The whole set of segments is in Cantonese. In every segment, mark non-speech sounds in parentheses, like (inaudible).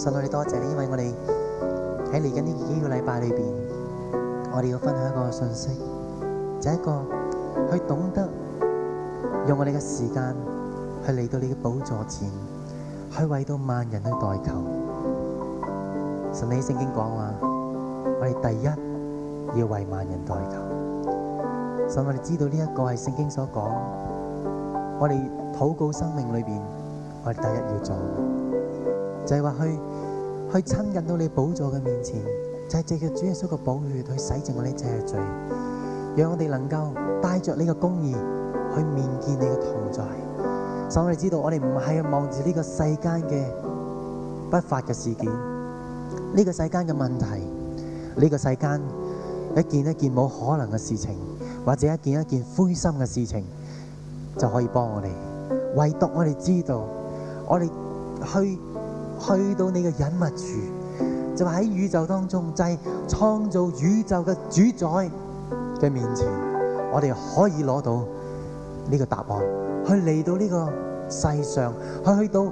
神我哋多謝你，因為我哋喺嚟緊呢幾個禮拜裏邊，我哋要分享一個信息，就是、一個去懂得用我哋嘅時間去嚟到你嘅寶座前，去為到萬人去代求。神喺聖經講話，我哋第一要為萬人代求。神我哋知道呢一個係聖經所講，我哋禱告生命裏邊，我哋第一要做嘅，就係、是、話去。去親近到你寶座嘅面前，就係、是、藉着主耶穌嘅寶血去洗淨我哋嘅罪，讓我哋能夠帶着呢個公義去面見你嘅同在。所以我哋知道我哋唔係望住呢個世間嘅不法嘅事件，呢、這個世間嘅問題，呢、這個世間一件一件冇可能嘅事情，或者一件一件灰心嘅事情，就可以幫我哋。唯獨我哋知道，我哋去。去到你嘅隱密處，就喺宇宙當中，就係、是、創造宇宙嘅主宰嘅面前，我哋可以攞到呢個答案，去嚟到呢個世上，去去到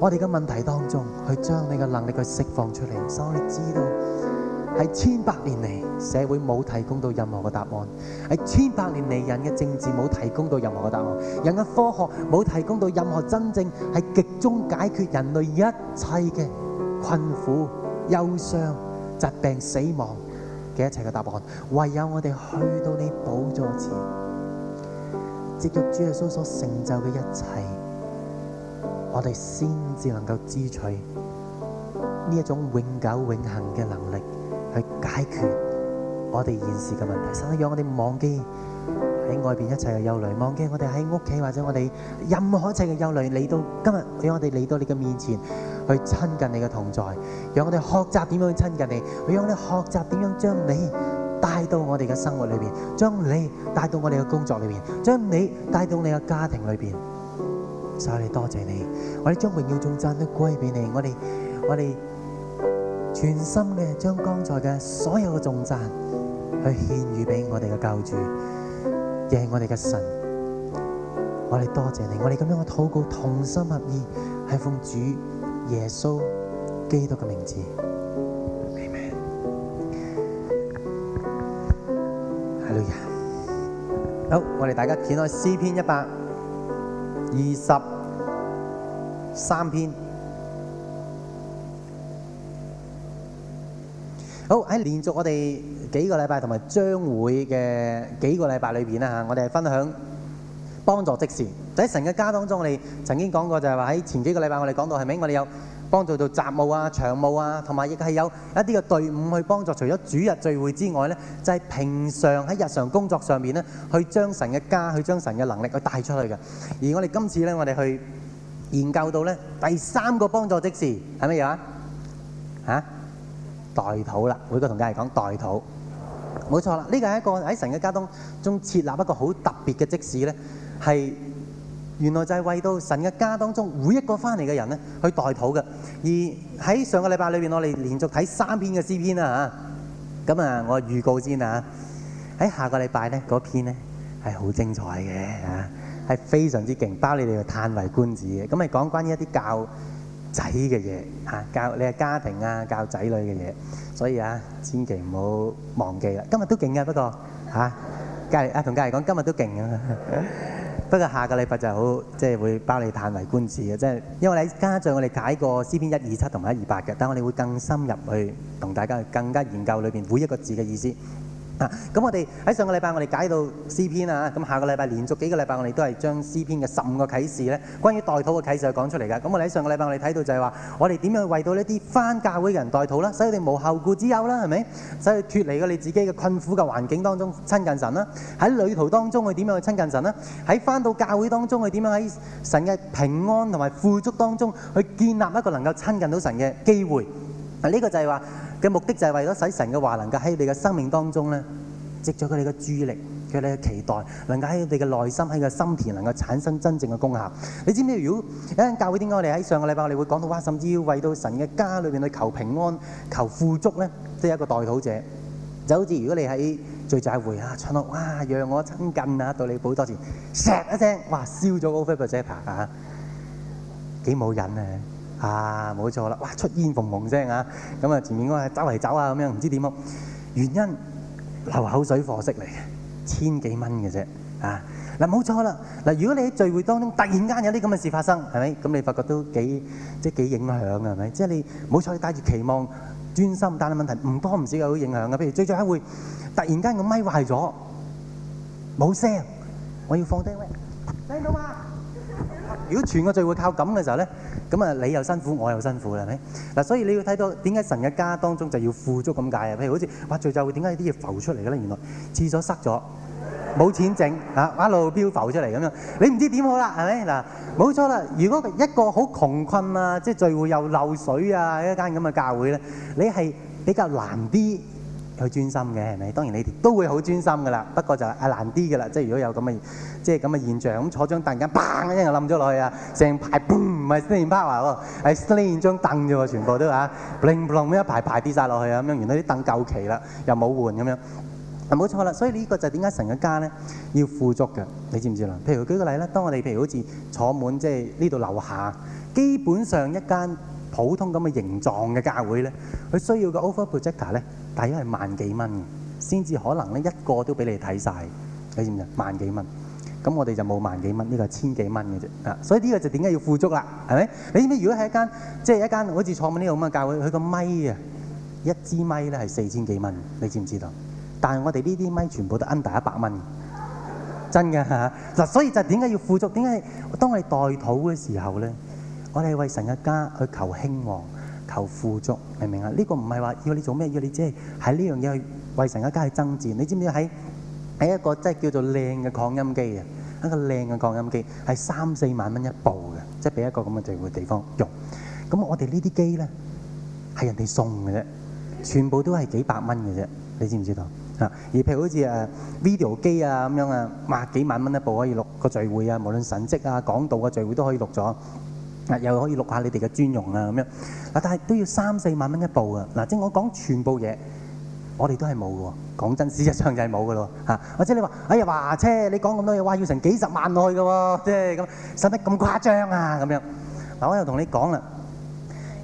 我哋嘅問題當中，去將你嘅能力去釋放出嚟，所以你知道。喺千百年嚟，社會冇提供到任何嘅答案；喺千百年嚟人嘅政治冇提供到任何嘅答案；人嘅科學冇提供到任何真正係極終解決人類一切嘅困苦、憂傷、疾病、死亡嘅一切嘅答案。唯有我哋去到你寶座前，接觸主耶穌所成就嘅一切，我哋先至能夠支取呢一種永久、永恒嘅能力。解決我哋現時嘅問題，神啊，讓我哋忘記喺外邊一切嘅憂慮，忘記我哋喺屋企或者我哋任何一切嘅憂慮。嚟到今日，讓我哋嚟到你嘅面前，去親近你嘅同在，讓我哋學習點樣去親近你，讓我哋學習點樣將你帶到我哋嘅生活裏邊，將你帶到我哋嘅工作裏邊，將你帶到你嘅家庭裏邊。所以，你多謝你，我哋將榮耀頌讚都歸俾你，我哋我哋。全心嘅將剛才嘅所有嘅頌讚去獻與俾我哋嘅救主，亦係我哋嘅神。我哋多謝你，我哋咁樣嘅禱告，同心合意，係奉主耶穌基督嘅名字。阿門。係咁嘅。好，我哋大家展開詩篇一百二十三篇。好，喺連續我哋幾個禮拜同埋將會嘅幾個禮拜裏邊啦嚇，我哋係分享幫助職事、就是、在神的就喺神嘅家當中，我哋曾經講過就係話喺前幾個禮拜我哋講到係咪？我哋有幫助到雜務啊、長務啊，同埋亦係有一啲嘅隊伍去幫助。除咗主日聚會之外呢就係、是、平常喺日常工作上面呢，去將神嘅家、去將神嘅能力去帶出去嘅。而我哋今次呢，我哋去研究到呢第三個幫助職事係咩嘢啊？嚇、啊！代禱啦，每個同家係講代禱，冇錯啦。呢個係一個喺神嘅家當中設立一個好特別嘅職事咧，係原來就係為到神嘅家當中每一個翻嚟嘅人咧，去代禱嘅。而喺上個禮拜裏邊，我哋連續睇三篇嘅詩篇啊，咁啊，我預告先啊，喺下個禮拜咧嗰篇咧係好精彩嘅，係非常之勁，包你哋去嘆為觀止嘅。咁係講關於一啲教仔嘅嘢嚇教你係家庭啊，教仔女嘅嘢，所以啊，千祈唔好忘記啦。今日都勁嘅，不過嚇，隔籬啊，同隔籬講今日都勁啊。 (laughs) 不過下個禮拜就好，即係會包你歎為觀止嘅，即係因為你家在我哋解過《詩篇》一二七同埋一二八嘅，但我哋會更深入去同大家更加研究裏邊每一個字嘅意思。咁我哋喺上個禮拜我哋解到詩篇啊，咁下個禮拜連續幾個禮拜我哋都係將詩篇嘅十五個啟示咧，關於代禱嘅啟示講出嚟㗎。咁我哋喺上個禮拜我哋睇到就係話，我哋點樣為到呢啲翻教會嘅人代禱啦，使佢哋無後顧之憂啦，係咪？使佢脫離個你自己嘅困苦嘅環境當中親近神啦，喺旅途當中佢點樣去親近神啦？喺翻到教會當中佢點樣喺神嘅平安同埋富足當中去建立一個能夠親近到神嘅機會？啊，呢個就係話。嘅目的就係為咗使神嘅話能夠喺你嘅生命當中呢，藉著佢哋嘅注意力、佢哋嘅期待，能夠喺你嘅內心、喺你個心田能夠產生真正嘅功效。你知唔知？如果喺教會點講，我哋喺上個禮拜我哋會講到哇，甚至要為到神嘅家裏面去求平安、求富足呢，即係一個代禱者。就好似如果你喺聚會啊唱到讓讓我親近啊到你寶座前，石一聲哇燒咗個 offer paper 啊，幾冇癮啊！啊，冇錯啦！哇，出煙縫蒙聲啊！咁啊，前面嗰個走嚟走啊咁樣，唔知點啊？原因流口水貨色嚟嘅，千幾蚊嘅啫啊！嗱，冇錯啦！嗱，如果你喺聚會當中突然間有啲咁嘅事發生，係咪？咁你發覺都幾即係幾影響啊？係咪？即係你冇錯，你帶住期望專心，但係問題唔多唔少有影響嘅。譬如最最會突然間個咪壞咗，冇聲，我要放低。聽到嘛？如果全個聚會靠咁嘅時候咧？咁啊，你又辛苦，我又辛苦啦，係咪？嗱，所以你要睇到點解神嘅家當中就要富足咁解啊？譬如好似話聚會點解有啲嘢浮出嚟㗎咧？原來廁所塞咗，冇錢整嚇，一路飆浮出嚟咁樣，你唔知點好啦，係咪？嗱，冇錯啦，如果一個好窮困啊，即係聚會又漏水啊，一間咁嘅教會咧，你係比較難啲。佢專心嘅係咪？當然你哋都會好專心噶啦，不過就係難啲噶啦。即係如果有咁嘅，即係咁嘅現象，咁坐張凳間砰一聲就冧咗落去啊，成排唔係撕麵包啊，係撕完張凳啫喎，全部都嚇，亂噉 (music) (music) 一排排跌晒落去啊咁樣。原來啲凳夠期啦，又冇換咁樣。啊冇錯啦，所以呢個就點解成個家咧要富足嘅？你知唔知啦？譬如舉個例啦，當我哋譬如好似坐滿，即係呢度樓下，基本上一間。普通咁嘅形狀嘅教會咧，佢需要嘅 offer projector 咧，大約係萬幾蚊，先至可能咧一個都俾你睇晒，你知唔、這個、知？萬幾蚊，咁、就是、我哋就冇萬幾蚊，呢個千幾蚊嘅啫。啊，所以呢個就點解要富足啦？係咪？你知唔知？如果係一間即係一間好似創文呢度咁嘅教會，佢個咪啊，一支咪咧係四千幾蚊，你知唔知道？但係我哋呢啲咪全部都 under 一百蚊，真嘅。嗱，所以就點解要富足？點解當我哋代禱嘅時候咧？我哋係為神嘅家去求興旺、求富足，明唔明啊？呢個唔係話要你做咩，要你即係喺呢樣嘢去為神嘅家去爭戰。你知唔知喺喺一個即係叫做靚嘅擴音機啊？一個靚嘅擴音機係三四萬蚊一部嘅，即係俾一個咁嘅聚會地方用。咁我哋呢啲機咧係人哋送嘅啫，全部都係幾百蚊嘅啫。你知唔知道啊？而譬如好似誒 video 機啊咁樣啊，萬幾萬蚊一部可以錄個聚會啊，無論神跡啊、講道嘅聚會都可以錄咗。嗱，又可以錄下你哋嘅尊容啊咁樣，嗱，但係都要三四萬蚊一部啊！嗱，即係我講全部嘢，我哋都係冇嘅喎。講真，事實上就係冇嘅咯嚇。或者你話：哎呀，華車，你講咁多嘢，哇，要成幾十萬去嘅喎，即係咁，使乜咁誇張啊？咁樣嗱，我又同你講啦。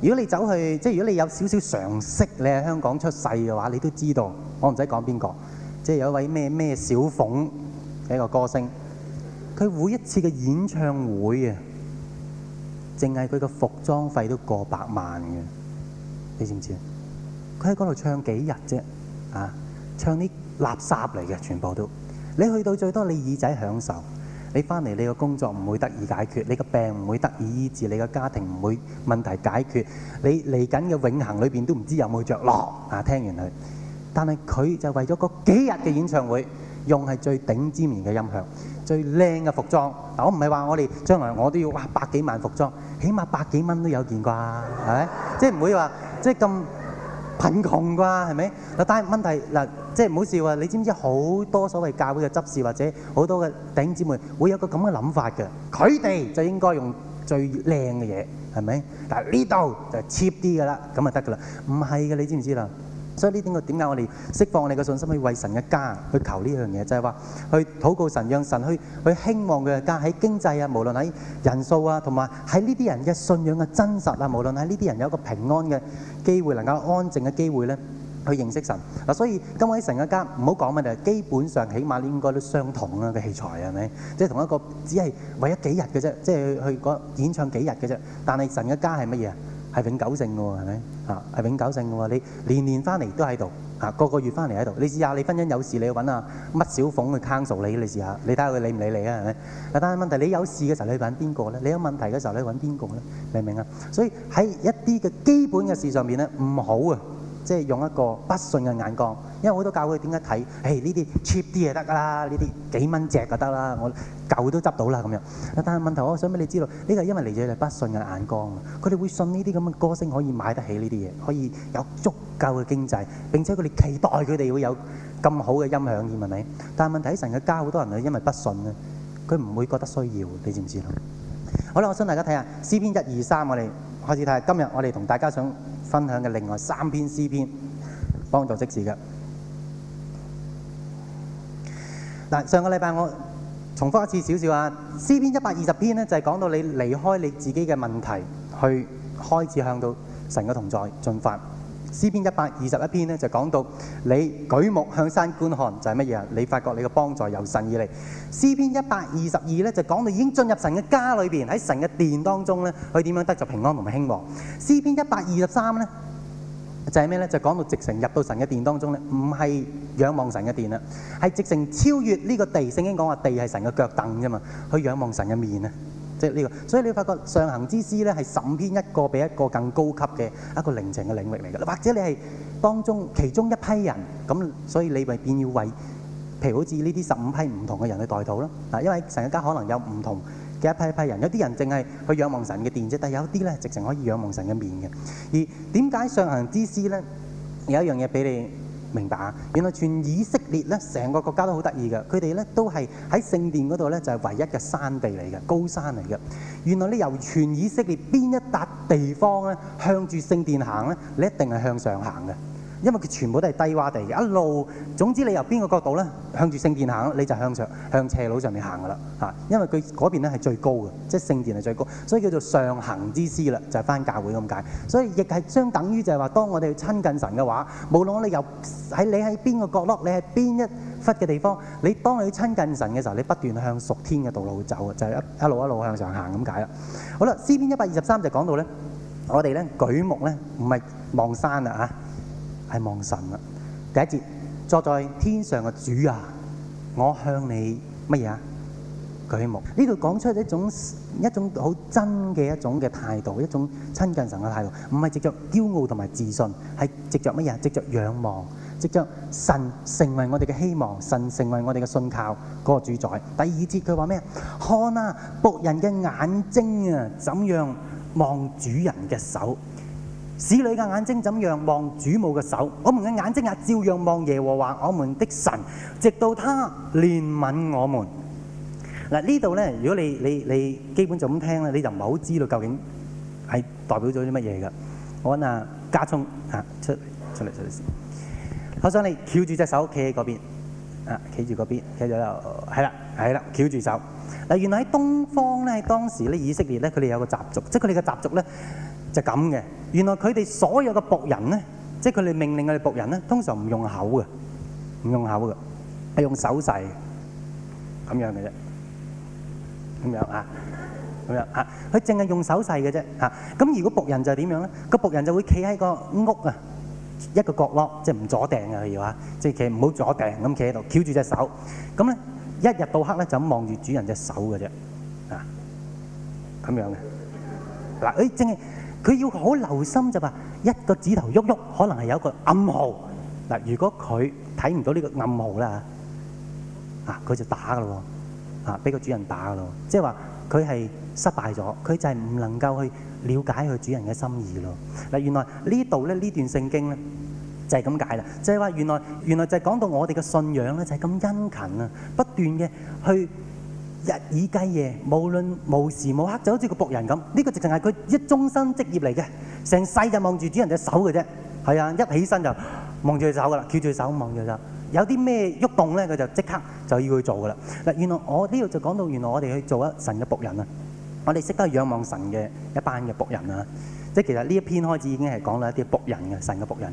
如果你走去，即係如果你有少少常識，你喺香港出世嘅話，你都知道。我唔使講邊個，即係有一位咩咩小鳳嘅一個歌星，佢每一次嘅演唱會啊。淨係佢個服裝費都過百萬嘅，你知唔知？佢喺嗰度唱幾日啫？啊，唱啲垃圾嚟嘅，全部都。你去到最多你耳仔享受，你翻嚟你個工作唔會得以解決，你個病唔會得以醫治，你個家庭唔會問題解決，你嚟緊嘅永恆裏邊都唔知有冇着落。啊，聽完佢，但係佢就為咗嗰幾日嘅演唱會，用係最頂尖嘅音響。最靚嘅服裝，嗱，我唔係話我哋將來我都要哇百幾萬服裝，起碼百幾蚊都有件啩，係咪？ (laughs) 即係唔會話即係咁貧窮啩，係咪？嗱，但係問題嗱，即係唔好笑啊！你知唔知好多所謂教會嘅執事或者好多嘅弟兄姊妹會有個咁嘅諗法嘅，佢哋就應該用最靚嘅嘢，係咪？但係呢度就 cheap 啲㗎啦，咁就得㗎啦，唔係嘅，你知唔知啦？所以呢點我點解我哋釋放我哋嘅信心去為神嘅家去求呢樣嘢，就係、是、話去禱告神，讓神去去希望佢嘅家喺經濟啊，無論喺人數啊，同埋喺呢啲人嘅信仰嘅真實啊，無論喺呢啲人有一個平安嘅機會，能夠安靜嘅機會呢，去認識神。所以今日喺神嘅家唔好講問題，基本上起碼應該都相同啦嘅器材，係咪？即係、就是、同一個只是，只係為咗幾日嘅啫，即係去去演唱幾日嘅啫。但係神嘅家係乜嘢？係永久性嘅喎，係咪啊？係永久性嘅喎，你年年翻嚟都喺度，啊個個月翻嚟喺度。你試下，你婚姻有事你去揾啊乜小鳳去 consult 你，你試下，你睇下佢理唔理你啊，係咪啊？但係問題，你有事嘅時候你去揾邊個咧？你有問題嘅時候你去揾邊個咧？明唔明啊？所以喺一啲嘅基本嘅事上邊咧，唔好啊，即係用一個不信嘅眼光。因為我都教會點解睇，誒呢啲 cheap 啲就得㗎啦，呢啲幾蚊隻就得啦。我舊都執到啦咁樣。但係問題，我想俾你知道，呢個因為嚟自不信嘅眼光，佢哋會信呢啲咁嘅歌星可以買得起呢啲嘢，可以有足夠嘅經濟，並且佢哋期待佢哋會有咁好嘅音響，係咪？但係問題喺神嘅家好多人係因為不信，咧，佢唔會覺得需要，你知唔知道？好啦，我想大家睇下詩篇一、二、三，我哋開始睇。今日我哋同大家想分享嘅另外三篇詩篇，幫助即時嘅。上個禮拜我重複一次少少啊。詩篇一百二十篇呢，就係講到你離開你自己嘅問題，去開始向到神嘅同在進發。詩篇一百二十一篇呢，就講到你舉目向山觀看，就係乜嘢？你發覺你嘅幫助由神而嚟。詩篇一百二十二呢，就講到已經進入神嘅家裏邊喺神嘅殿當中呢，可以點樣得著平安同埋興旺。詩篇一百二十三呢。就係咩咧？就講、是、到直成入到神嘅殿當中咧，唔係仰望神嘅殿啦，係直成超越呢個地。聖經講話地係神嘅腳凳啫嘛，去仰望神嘅面啊，即係呢個。所以你會發覺上行之詩咧，係十五篇一個比一個更高級嘅一個靈情嘅領域嚟嘅。或者你係當中其中一批人咁，所以你咪變要為，譬如好似呢啲十五批唔同嘅人去代禱啦嗱，因為神一家可能有唔同。嘅一批一批人，有啲人淨係去仰望神嘅殿啫，但係有啲咧，直情可以仰望神嘅面嘅。而點解上行之詩咧，有一樣嘢俾你明白啊？原來全以色列咧，成個國家都好得意嘅，佢哋咧都係喺聖殿嗰度咧，就係唯一嘅山地嚟嘅，高山嚟嘅。原來你由全以色列邊一笪地方咧，向住聖殿行咧，你一定係向上行嘅。因為佢全部都係低洼地，一路總之你由邊個角度呢？向住聖殿行，你就向上向斜路上面行㗎喇，因為佢嗰邊咧係最高嘅，即係聖殿係最高，所以叫做上行之詩啦，就係、是、返教會咁解。所以亦係相等於就係話，當我哋要親近神嘅話，無論你喺邊個角落，你喺邊一忽嘅地方，你當你親近神嘅時候，你不斷向屬天嘅道路走，就係、是、一路一路向上行咁解啦。好啦，詩篇一百二十三就講到呢：「我哋咧舉目呢，唔係望山啦啊。係望神啦、啊！第一節，坐在天上嘅主啊，我向你乜嘢啊？舉目，呢度講出一種一種好真嘅一種嘅態度，一種親近神嘅態度，唔係藉着驕傲同埋自信，係藉着乜嘢啊？藉著仰望，藉著神成為我哋嘅希望，神成為我哋嘅信靠嗰、那個主宰。第二節佢話咩啊？看啊，僕人嘅眼睛啊，怎樣望主人嘅手？使女嘅眼睛怎樣望主母嘅手？我們嘅眼睛啊，照樣望耶和華，我們的神，直到他憐憫我們。嗱呢度咧，如果你你你基本就咁聽咧，你就唔係好知道究竟係代表咗啲乜嘢㗎。我揾阿家聰啊出出嚟做啲事。我想你翹住隻手邊，企喺嗰邊啊，企住嗰邊，企咗又係啦係啦，翹住手。嗱，原來喺東方咧，喺當時咧，以色列咧，佢哋有個習俗，即係佢哋嘅習俗咧。就咁嘅，原來佢哋所有嘅僕人咧，即係佢哋命令佢哋僕人咧，通常唔用口嘅，唔用口嘅，係用手勢咁樣嘅啫，咁樣啊，咁樣啊，佢淨係用手勢嘅啫，嚇！咁如果僕人就點樣咧？個僕人就會企喺個屋啊一個角落，即係唔阻掟嘅，佢話即係企唔好阻掟咁企喺度，翹住隻手，咁咧一日到黑咧就咁望住主人隻手嘅啫，啊，咁樣嘅嗱，誒，正。佢要好留心就話一個指頭喐喐，可能係有個暗號嗱。如果佢睇唔到呢個暗號啦，啊，佢就打噶咯喎，啊，俾個主人打噶咯，即係話佢係失敗咗，佢就係唔能夠去了解佢主人嘅心意咯。嗱，原來呢度咧呢段聖經咧就係咁解啦，就係話原來原來就係講到我哋嘅信仰咧就係咁殷勤啊，不斷嘅去。日以繼夜，無論無時無刻，就好似個僕人咁。呢個直情係佢一終身職業嚟嘅，成世就望住主人隻手嘅啫。係啊，一起身就望住隻手噶啦，翹住隻手望住隻手。有啲咩喐動咧，佢就即刻就要去做噶啦。嗱，原來我呢度就講到原來我哋去做啊神嘅僕人啊，我哋識得仰望神嘅一班嘅僕人啊。即係其實呢一篇開始已經係講啦一啲僕人嘅神嘅僕人。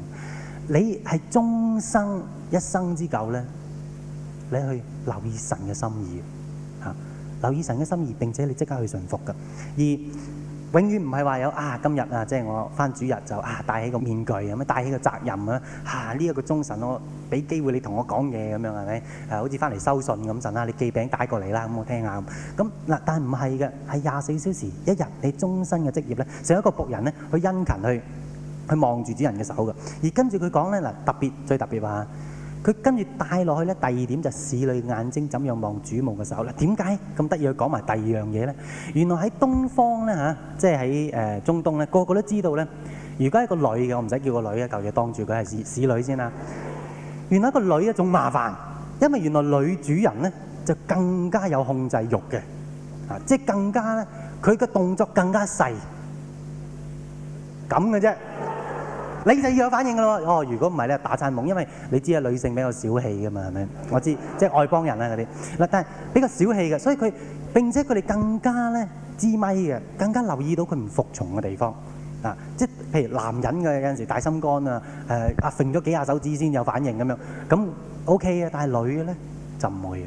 你係終生一生之久咧，你去留意神嘅心意。留意神嘅心意，並且你即刻去順服嘅。而永遠唔係話有啊，今日啊，即係我翻主日就啊，戴起個面具咁樣，戴起個責任咁樣。嚇呢一個忠臣，我俾機會你同我講嘢咁樣，係咪？係好似翻嚟收信咁陣啦，你寄餅帶過嚟啦，咁我聽下咁。嗱，但係唔係嘅，係廿四小時一日，你終身嘅職業咧，成一個僕人咧，去殷勤去去望住主人嘅手嘅。而跟住佢講咧嗱，特別最特別話。佢跟住帶落去咧，第二點就係侍女眼睛怎樣望主母嘅手啦。點解咁得意去講埋第二樣嘢咧？原來喺東方咧嚇，即係喺誒中東咧，個個都知道咧。如果係個女嘅，我唔使叫一個女嘅，舊嘢當住佢係侍侍女先啦。原來個女一仲麻煩，因為原來女主人咧就更加有控制欲嘅，啊，即係更加咧，佢嘅動作更加細，咁嘅啫。你就要有反應㗎喇喎！哦，如果唔係咧打餐懵，因為你知啊，女性比較小氣㗎嘛，係咪？我知，即係愛幫人啦嗰啲。嗱，但係比較小氣嘅，所以佢並且佢哋更加咧知咪嘅，更加留意到佢唔服從嘅地方啊！即係譬如男人嘅有陣時大心肝啊，誒啊揈咗幾下手指先有反應咁樣，咁 OK 啊！但係女嘅咧就唔會，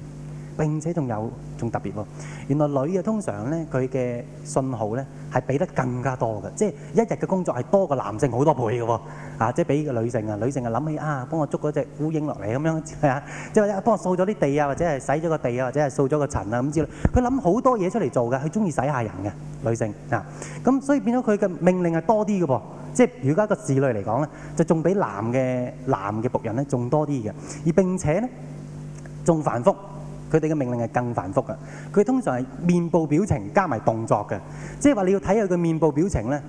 並且仲有。仲特別喎，原來女嘅通常咧佢嘅信號咧係俾得更加多嘅，即係一日嘅工作係多過男性好多，多，多倍嘅喎，啊即係俾個女性啊，女性就啊諗起啊幫我捉嗰隻烏蠅落嚟咁樣，啊，即係或者幫我掃咗啲地啊，或者係洗咗個地啊，或者係掃咗個塵啊咁之類，佢諗好多嘢出嚟做嘅，佢中意使下人嘅女性啊，咁所以變咗佢嘅命令係多啲嘅噃，即如果家個侍女嚟講咧，就仲比男嘅男嘅僕人咧仲多啲嘅，而並且咧仲繁複。佢哋嘅命令係更繁複嘅，佢通常係面部表情加埋動作嘅，即係話你要睇下佢面部表情呢，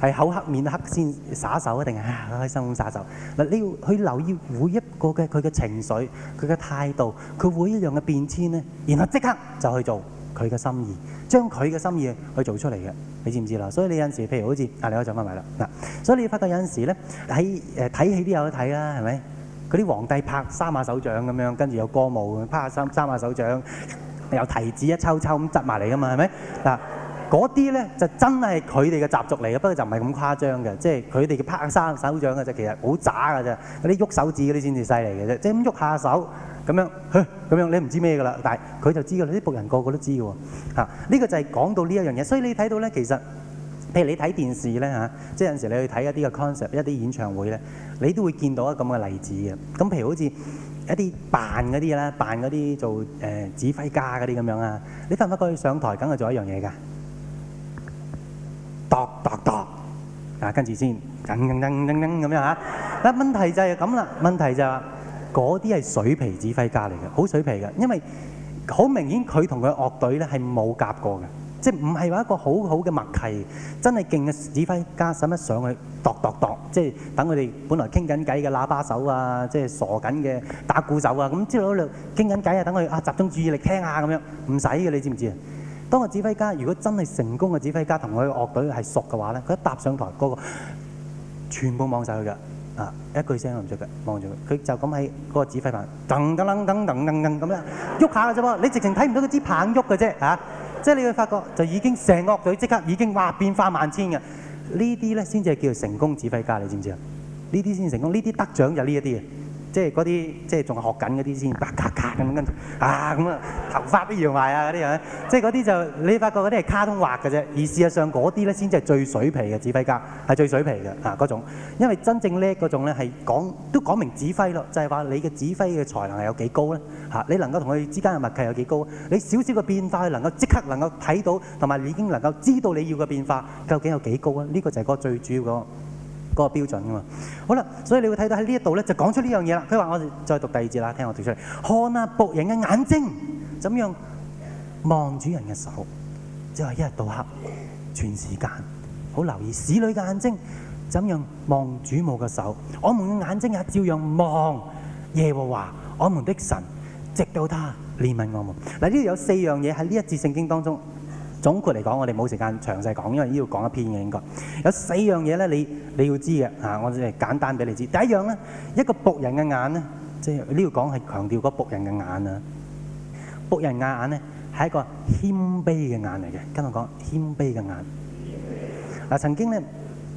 係口黑面黑先耍手啊，定係開心咁耍手？你要去留意每一個嘅佢嘅情緒、佢嘅態度、佢每一樣嘅變遷呢，然後即刻就去做佢嘅心意，將佢嘅心意去做出嚟嘅，你知唔知道？所以你有時，譬如好似你我走翻埋啦，所以你發覺有時呢，喺誒睇戲都有得睇啦，係咪？嗰啲皇帝拍三下手掌咁樣，跟住有歌舞咁，拍下三三下手掌，有提子一抽抽咁執埋嚟噶嘛，係咪嗱？嗰啲咧就真係佢哋嘅習俗嚟嘅，不過就唔係咁誇張嘅，即係佢哋嘅拍三下三手掌嘅就其實好渣嘅啫，嗰啲喐手指嗰啲先至犀利嘅啫，即係咁喐下手咁樣，哼，咁樣你唔知咩㗎啦，但係佢就知㗎啦，啲僕人個個都知㗎喎。呢個就係講到呢一樣嘢，所以你睇到咧，其實。譬如你睇電視咧嚇，即係有陣時你去睇一啲嘅 concert，一啲演唱會咧，你都會見到一個咁嘅例子嘅。咁譬如好似一啲扮嗰啲啦，扮嗰啲做誒指揮家嗰啲咁樣啊，你得唔得可以上台梗係做一樣嘢㗎？跺跺跺啊，跟住先噔噔噔噔噔咁樣嚇。嗱問題就係咁啦，問題就係嗰啲係水皮指揮家嚟嘅，好水皮嘅，因為好明顯佢同佢樂隊咧係冇夾過嘅。即係唔係話一個好好嘅默契，真係勁嘅指揮家使乜上去度度度？即係等佢哋本來傾緊偈嘅喇叭手啊，即係傻緊嘅打鼓手啊，咁之後喺度傾緊偈啊，等佢啊集中注意力聽下咁、啊、樣，唔使嘅，你知唔知啊？當個指揮家如果真係成功嘅指揮家同佢樂隊係熟嘅話咧，佢一搭上台嗰、那個，全部望晒佢㗎，啊一句聲都唔出嘅望住佢，佢就咁喺嗰個指揮棒噔噔噔噔噔噔咁樣喐下㗎啫噃，你直情睇唔到佢支棒喐嘅啫嚇。啊即係你會發覺，就已經成個樂隊即刻已經哇變化萬千嘅，這些呢啲咧先至係叫成功指揮家，你知唔知啊？呢啲先成功，呢啲得獎就呢一啲。即係嗰啲，即係仲學緊嗰啲先，咔咔咔咁跟住，啊咁啊樣頭髮都搖埋啊嗰啲啊，即係嗰啲就你發覺嗰啲係卡通畫嘅啫，而事實上嗰啲咧先至係最水皮嘅指揮家，係最水皮嘅啊嗰種，因為真正叻嗰種咧係講都講明指揮咯，就係話你嘅指揮嘅才能係有幾高咧嚇，啊，你能夠同佢之間嘅默契有幾高，你少少嘅變化佢能夠即刻能夠睇到，同埋已經能夠知道你要嘅變化究竟有幾高咧，呢個就係個最主要個。嗰個標準啊嘛，好啦，所以你會睇到喺呢一度咧，就講出呢樣嘢啦。佢話我哋再讀第二節啦，聽我讀出嚟。看啊，僕人嘅眼睛怎樣望主人嘅手，即係一日到黑，全時間好留意。使女嘅眼睛怎樣望主母嘅手，我們嘅眼睛也照樣望耶和華，我們的神，直到他憐憫我們。嗱，呢度有四樣嘢喺呢一節聖經當中。總括嚟講，我哋冇時間詳細講，因為呢度講一篇嘅應該有四樣嘢咧，你你要知嘅嚇，我哋簡單俾你知。第一樣咧，一個僕人嘅眼咧，即係呢度講係強調個僕人嘅眼啊。僕人嘅眼咧係一個謙卑嘅眼嚟嘅，跟我講謙卑嘅眼。嗱曾經咧，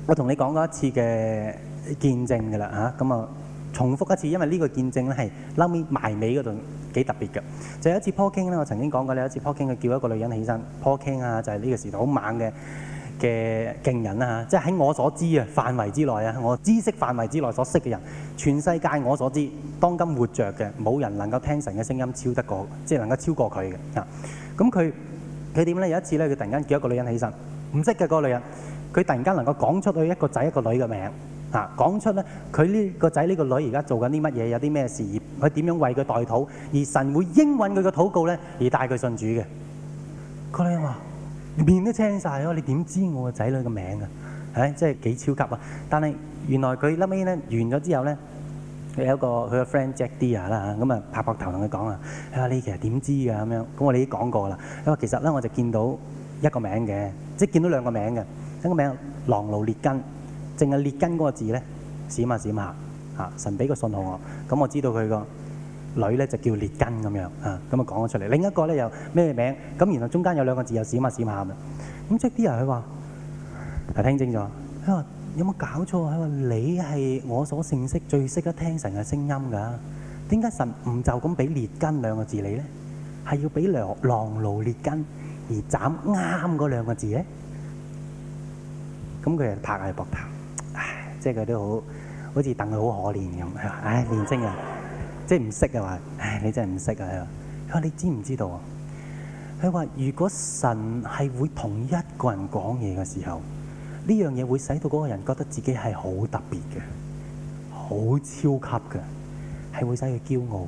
我同你講過一次嘅見證㗎啦嚇，咁啊我重複一次，因為呢個見證咧係撈尾埋尾嗰度。幾特別嘅，就有一次 Paul King 咧，我曾經講過咧，有一次 Paul King 佢叫一個女人起身，Paul King 啊，就係呢個時代好猛嘅嘅勁人啊，即係喺我所知啊範圍之內啊，我知識範圍之內所識嘅人，全世界我所知，當今活著嘅冇人能夠聽神嘅聲音超得過，即係能夠超過佢嘅啊。咁佢佢點咧？有一次咧，佢突然間叫一個女人起身，唔識嘅嗰個女人，佢突然間能夠講出去一個仔一個女嘅名字。嗱，講出咧佢呢個仔呢個女而家做緊啲乜嘢，有啲咩事業，佢點樣為佢代禱，而神會應允佢嘅禱告咧，而帶佢信主嘅。個女人話：面都青曬咯，你點知我個仔女個名㗎？唉，真係幾超級啊！但係原來佢後尾咧完咗之後咧，有一個佢嘅 friend Jack D 啦嚇，咁啊拍膊頭同佢講啊，你其實點知㗎咁樣？咁我哋已經講過啦，因為其實咧我就見到一個名嘅，即係見到兩個名嘅，一個名：朗奴列根。淨係列根嗰個字咧，閃下閃下，嚇！神俾個信號我，咁我知道佢個女咧就叫列根咁樣，嚇！咁啊講咗出嚟。另一個咧又咩名？咁然後中間有兩個字又閃下閃下嘅。咁即係啲人佢話：係聽清楚。佢話：有冇搞錯？佢話：你係我所認識最識得聽神嘅聲音㗎。點解神唔就咁俾列根兩個字你咧？係要俾狼狼奴列根而斬啱嗰兩個字咧？咁佢又拍下佢膊頭。即係佢都好好似等佢好可憐咁，唉、哎，年青人，即係唔識啊！話、哎、唉，你真係唔識啊！佢話：你知唔知道？佢話：如果神係會同一個人講嘢嘅時候，呢樣嘢會使到嗰個人覺得自己係好特別嘅，好超級嘅，係會使佢驕傲。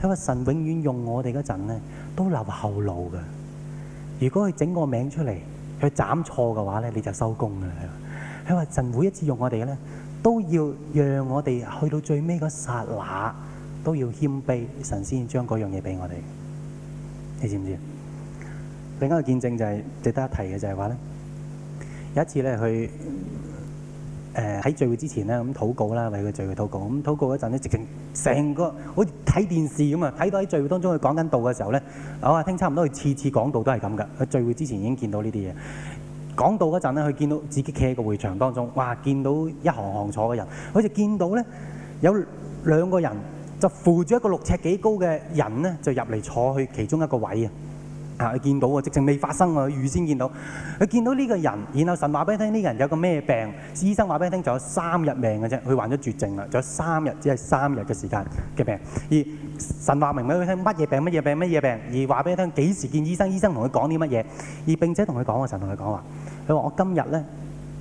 佢話：神永遠用我哋嗰陣咧，都留後路嘅。如果佢整個名出嚟，佢斬錯嘅話咧，你就收工啦。佢話神每一次用我哋嘅咧，都要讓我哋去到最尾嗰剎那，都要謙卑，神先將嗰樣嘢俾我哋。你知唔知？另一個見證就係值得一提嘅，就係話咧，有一次咧去誒喺聚會之前咧咁禱告啦，為佢聚會禱告。咁禱告嗰陣咧，直情成個好似睇電視咁啊！睇到喺聚會當中佢講緊道嘅時候咧，我話聽差唔多佢次次講道都係咁噶。佢聚會之前已經見到呢啲嘢。講到嗰陣咧，佢見到自己企喺個會場當中，哇！見到一行行坐嘅人，佢就見到咧有兩個人就扶住一個六尺幾高嘅人咧，就入嚟坐去其中一個位啊！嚇、啊！佢見到喎，直情未發生喎，預先見到佢見到呢個人，然後神話俾你聽，呢個人有個咩病？醫生話俾你聽，仲有三日命嘅啫，佢患咗絕症啦，仲有三日，只係三日嘅時間嘅病。而神話明俾佢聽，乜嘢病？乜嘢病？乜嘢病？而話俾你聽幾時見醫生？醫生同佢講啲乜嘢？而並且同佢講，我神同佢講話，佢話我今日咧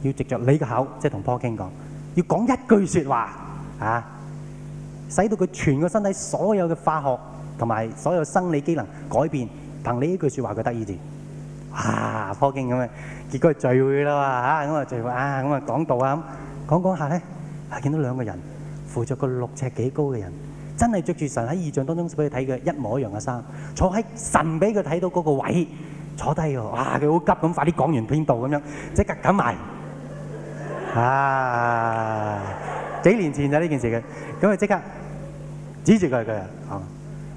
要藉着你個口，即係同 Paul King 講，要講一句説話啊，使到佢全個身體所有嘅化學同埋所有生理機能改變。憑呢句説話佢得意啲，哇，柯敬咁啊，結果聚會啦嘛嚇，咁啊聚會啊，咁啊講道啊咁，講講下咧，啊見到兩個人扶著個六尺幾高嘅人，真係著住神喺意象當中俾佢睇嘅一模一樣嘅衫，坐喺神俾佢睇到嗰個位，坐低喎，哇，佢好急咁，快啲講完邊度咁樣，即刻緊埋，啊，幾年前就呢件事嘅，咁啊即刻指住佢佢啊，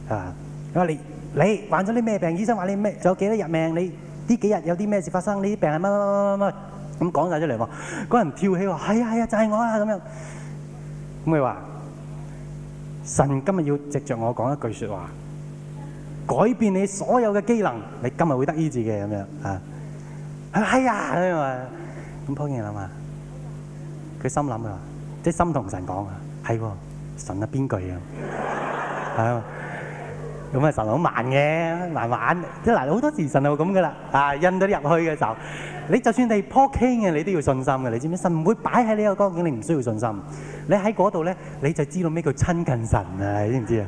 啊，我你。你患咗啲咩病？醫生話你咩？仲有幾多日命？你呢幾日有啲咩事發生？你啲病係乜乜乜乜乜咁講晒出嚟喎。嗰人跳起話：係啊係啊，就係我啊咁樣。咁佢話：神今日要藉著我講一句說話，改變你所有嘅機能，你今日會得醫治嘅咁樣啊。佢係啊，咁啊咁鋪緊嘢啦嘛。佢心諗佢話：即心同神講啊，係喎，神啊邊句啊，係啊。咁啊神好慢嘅，慢慢即嗱好多時神係咁噶啦，啊印到你入去嘅時候，你就算你坡傾嘅你都要信心嘅，你知唔知神唔會擺喺呢個光景，你唔需要信心。你喺嗰度咧，你就知道咩叫親近神啊，你知唔知啊？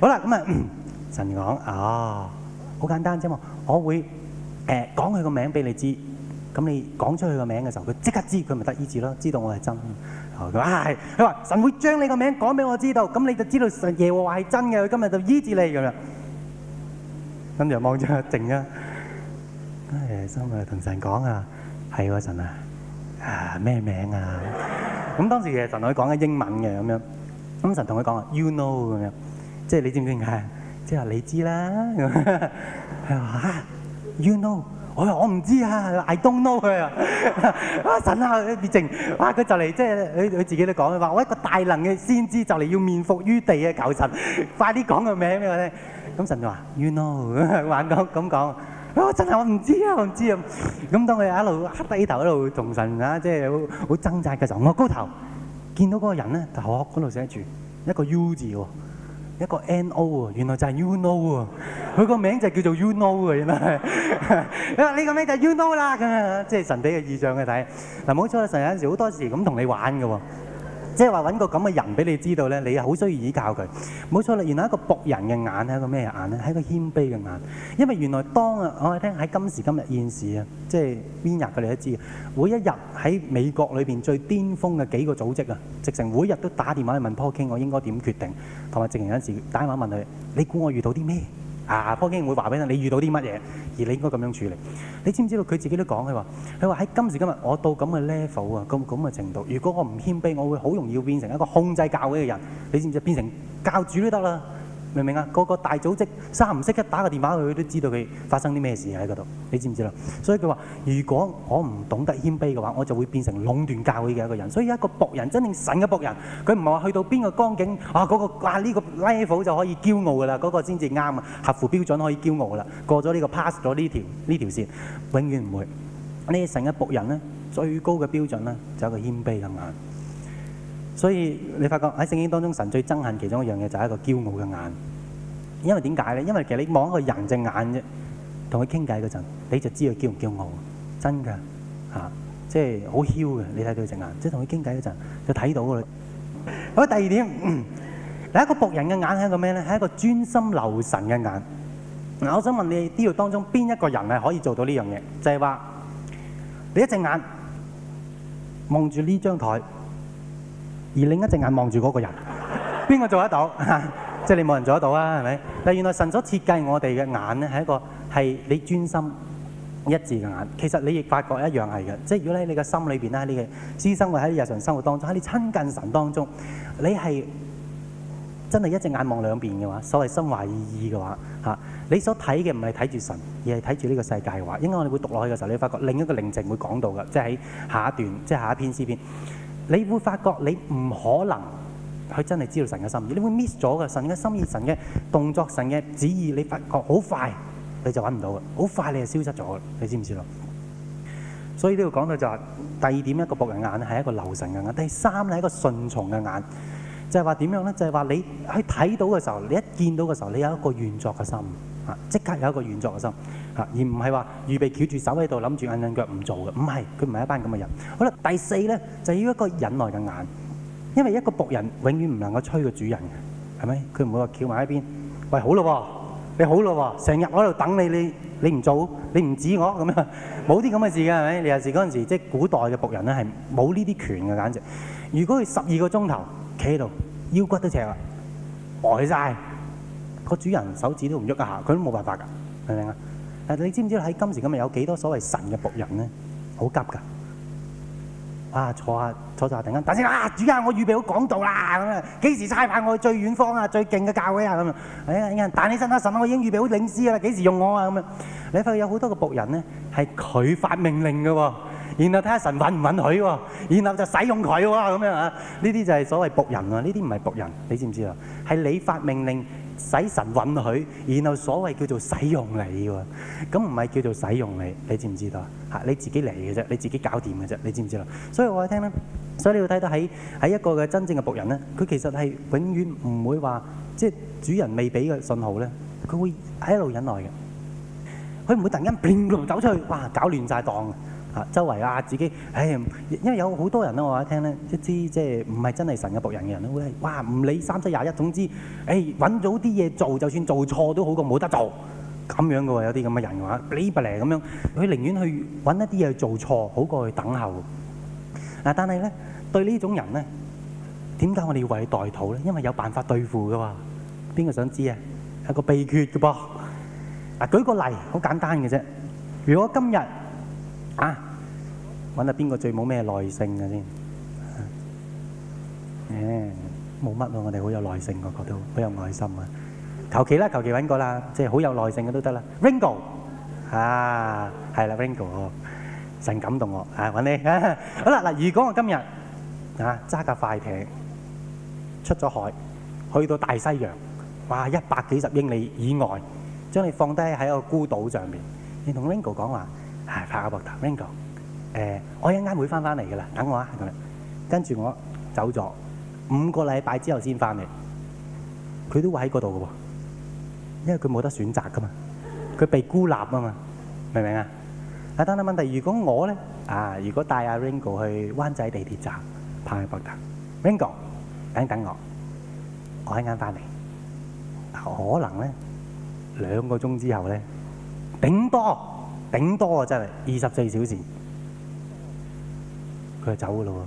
好啦，咁啊神講啊，好簡單啫嘛，我會誒講佢個名俾你知，咁你講出佢個名嘅時候，佢即刻知佢咪得醫治咯，知道我係真。哦，佢話神會將你個名講俾我知道，咁你就知道神耶和華係真嘅，佢今日就醫治你咁樣。咁就望住靜啊，跟住心啊同神講啊，係喎神啊，啊咩名啊？咁當時嘅神同佢講緊英文嘅咁樣，咁神同佢講啊，You know 咁樣，即係你知唔知？係，即係你知啦。佢話嚇，You know。我說我唔知啊，I don't know 佢啊！神啊，別靜，哇！佢就嚟即係佢自己都講，佢話我一個大能嘅先知就嚟要面伏於地啊！求神，快啲講個名俾我聽！咁神就話 You know，玩咁咁講，啊真係我唔知啊，我唔知啊！咁當佢一路低頭一路同神啊，即係好掙扎嘅時候，我高頭見到嗰個人咧，就喺嗰度寫住一個 U 字喎。一個 no 喎，原來就係 you know 喎，佢個名就叫做 you know 喎，原來係，啊 (laughs) 呢 (laughs) 個名就係 you know 啦，咁啊，即係神啲嘅意象嘅睇，嗱冇錯啦，神有時好多時咁同你玩嘅喎。即係話揾個咁嘅人俾你知道咧，你係好需要依靠佢。冇錯啦，原來一個僕人嘅眼係一個咩眼咧？係一個謙卑嘅眼，因為原來當啊，我哋聽喺今時今日現時啊，即係邊日佢哋都知嘅。每一日喺美國裏邊最巔峰嘅幾個組織啊，直情每日都打電話去問 Paul King，我應該點決定？同埋直情有陣時打電話問佢，你估我遇到啲咩？啊，方經會話俾你：「你遇到啲乜嘢，而你應該咁樣處理。你知唔知道佢自己都講佢話，佢話喺今時今日，我到咁嘅 level 啊，咁咁嘅程度，如果我唔謙卑，我會好容易變成一個控制教會嘅人。你知唔知變成教主都得啦？明唔明啊？個個大組織三唔識一，打個電話佢都知道佢發生啲咩事喺嗰度。你知唔知啦？所以佢話：如果我唔懂得謙卑嘅話，我就會變成壟斷教會嘅一個人。所以一個僕人，真正神嘅僕人，佢唔係話去到邊個光景啊嗰、嗰個啊呢、呢個 level 就可以驕傲㗎啦，嗰、嗰個先至啱啊，合乎標準可以驕傲㗎啦。過咗呢、呢個 pass 咗呢條呢條線，永遠唔會。神呢神嘅僕人咧，最高嘅標準咧，就係、個、謙卑咁樣。所以你發覺喺聖經當中，神最憎恨其中一樣嘢就係一個驕傲嘅眼。因為點解咧？因為其實你望一個人隻眼啫，同佢傾偈嗰陣，你就知佢驕唔驕傲，真㗎嚇，即係好囂嘅。你睇到佢隻眼，即係同佢傾偈嗰陣，就睇到㗎啦。好，第二點，第、嗯、一個僕人嘅眼係一個咩咧？係一個專心留神嘅眼。嗱，我想問你，呢度當中邊一個人係可以做到呢樣嘢？就係、是、話你一隻眼望住呢張台。而另一隻眼望住嗰個人，邊個做得到？即 (laughs) 係你冇人做得到啊，係咪？但原來神所設計我哋嘅眼咧，係一個係你專心一致嘅眼。其實你亦發覺是一樣係嘅，即係如果喺你嘅心裏邊啦，喺你嘅私生活、喺日常生活當中，喺你親近神當中，你係真係一隻眼望兩邊嘅話，所謂心懷二意嘅話，嚇你所睇嘅唔係睇住神，而係睇住呢個世界嘅話。應該我哋會讀落去嘅時候，你會發覺另一個寧靜會講到嘅，即係喺下一段，即係下一篇詩篇。你會發覺你唔可能去真係知道神嘅心意，你會 miss 咗嘅神嘅心意、神嘅動作、神嘅旨意。你發覺好快你就揾唔到嘅，好快你就消失咗嘅，你知唔知道？所以呢度講到就係第二點，一個博人眼係一個留神嘅眼。第三咧係一個順從嘅眼，就係話點樣咧？就係話你去睇到嘅時候，你一見到嘅時候，你有一個願作嘅心，即刻有一個願作嘅心。而唔係話預備翹住手喺度，諗住硬硬腳唔做嘅，唔係，佢唔係一班咁嘅人。好啦，第四咧就要一個忍耐嘅眼，因為一個僕人永遠唔能夠吹個主人嘅，係咪？佢唔會話翹埋一邊，喂，好咯喎、哦，你好咯喎、哦，成日我喺度等你，你你唔做，你唔指我咁樣，冇啲咁嘅事嘅，係咪？你有時時是嗰陣時，即係古代嘅僕人咧，係冇呢啲權嘅簡直。如果佢十二個鐘頭企喺度，腰骨都赤啦，呆晒，個主人手指都唔喐一下，佢都冇辦法㗎，明唔明啊？誒，你知唔知喺今時今日有幾多所謂神嘅僕人咧？好急㗎！啊，坐下坐坐下，等陣，等陣啦！主啊，我預備好講道啦！咁啊，幾時差派我去最遠方啊？最勁嘅教會啊！咁啊，哎呀，啲人彈起身啦，神啊，我已經預備好領師啦，幾時用我啊？咁啊，你發現有好多個僕人咧，係佢發命令嘅喎，然後睇下神允唔允許喎，然後就使用佢喎，咁樣啊？呢啲就係所謂僕人喎，呢啲唔係僕人，你知唔知啊？係你發命令。使神允許，然後所謂叫做使用你喎，咁唔係叫做使用你，你知唔知道？嚇，你自己嚟嘅啫，你自己搞掂嘅啫，你知唔知道？所以我喺聽咧，所以你要睇到喺喺一個嘅真正嘅僕人咧，佢其實係永遠唔會話即係主人未俾嘅信號咧，佢會喺一路忍耐嘅，佢唔會突然間砰咁走出去，哇，搞亂晒檔。周圍啊，自己，唉、哎，因為有好多人咧，我聽咧，一知即係唔係真係神嘅僕人嘅人咧，會係哇，唔理三七廿一，總之，唉、哎，揾到啲嘢做，就算做錯都好過冇得做，咁樣嘅喎，有啲咁嘅人嘅話，呢不嚟咁樣，佢寧願去揾一啲嘢做錯，好過去等候。嗱，但係咧，對呢種人咧，點解我哋要為代禱咧？因為有辦法對付嘅嘛。邊個想知啊？係個秘訣嘅噃。嗱，舉個例，好簡單嘅啫。如果今日啊！揾下邊個最冇咩耐性嘅先？誒，冇乜咯，我哋好有耐性，我，覺得好有耐心啊！求其啦，求其揾個啦，即係好有耐性嘅都得啦。Ringo，啊，係啦，Ringo，神感動我啊，揾你好啦嗱。如果我今日啊揸架快艇出咗海，去到大西洋，哇一百幾十英里以外，將你放低喺一個孤島上面，你同 Ringo 講話。係、啊，拍下膊頭，Ringo，誒、欸，我一陣間會翻翻嚟嘅啦，等我啊，同你，跟住我走咗五個禮拜之後先翻嚟，佢都會喺嗰度嘅喎，因為佢冇得選擇嘅嘛，佢被孤立啊嘛，明唔明啊？啊等等問題，如果我咧啊，如果帶阿 Ringo 去灣仔地鐵站拍下膊頭，Ringo，等等我，我一陣間翻嚟，可能咧兩個鐘之後咧，頂多。頂多啊，真係二十四小時，佢就走噶咯喎，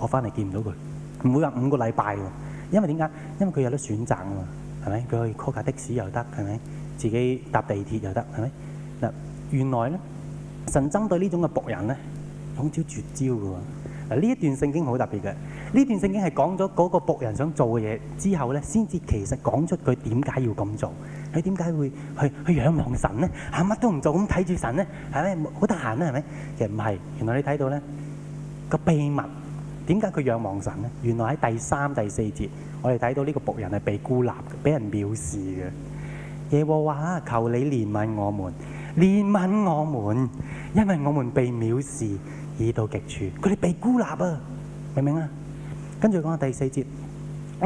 我翻嚟見唔到佢，唔會話五個禮拜喎，因為點解？因為佢有得選擇啊嘛，係咪？佢可以 call 架的士又得，係咪？自己搭地鐵又得，係咪？嗱，原來咧，神針對呢種嘅僕人咧，用招絕招噶喎。嗱，呢一段聖經好特別嘅，呢段聖經係講咗嗰個僕人想做嘅嘢之後咧，先至其實講出佢點解要咁做。佢點解會去去仰望神咧？嚇，乜都唔做咁睇住神咧，係咪好得閒咧？係咪？其實唔係，原來你睇到咧，個秘密點解佢仰望神咧？原來喺第三、第四節，我哋睇到呢個僕人係被孤立嘅，俾人藐視嘅。耶和華，求你憐憫我們，憐憫我們，因為我們被藐視，已到極處。佢哋被孤立啊，明唔明啊？跟住講下第四節。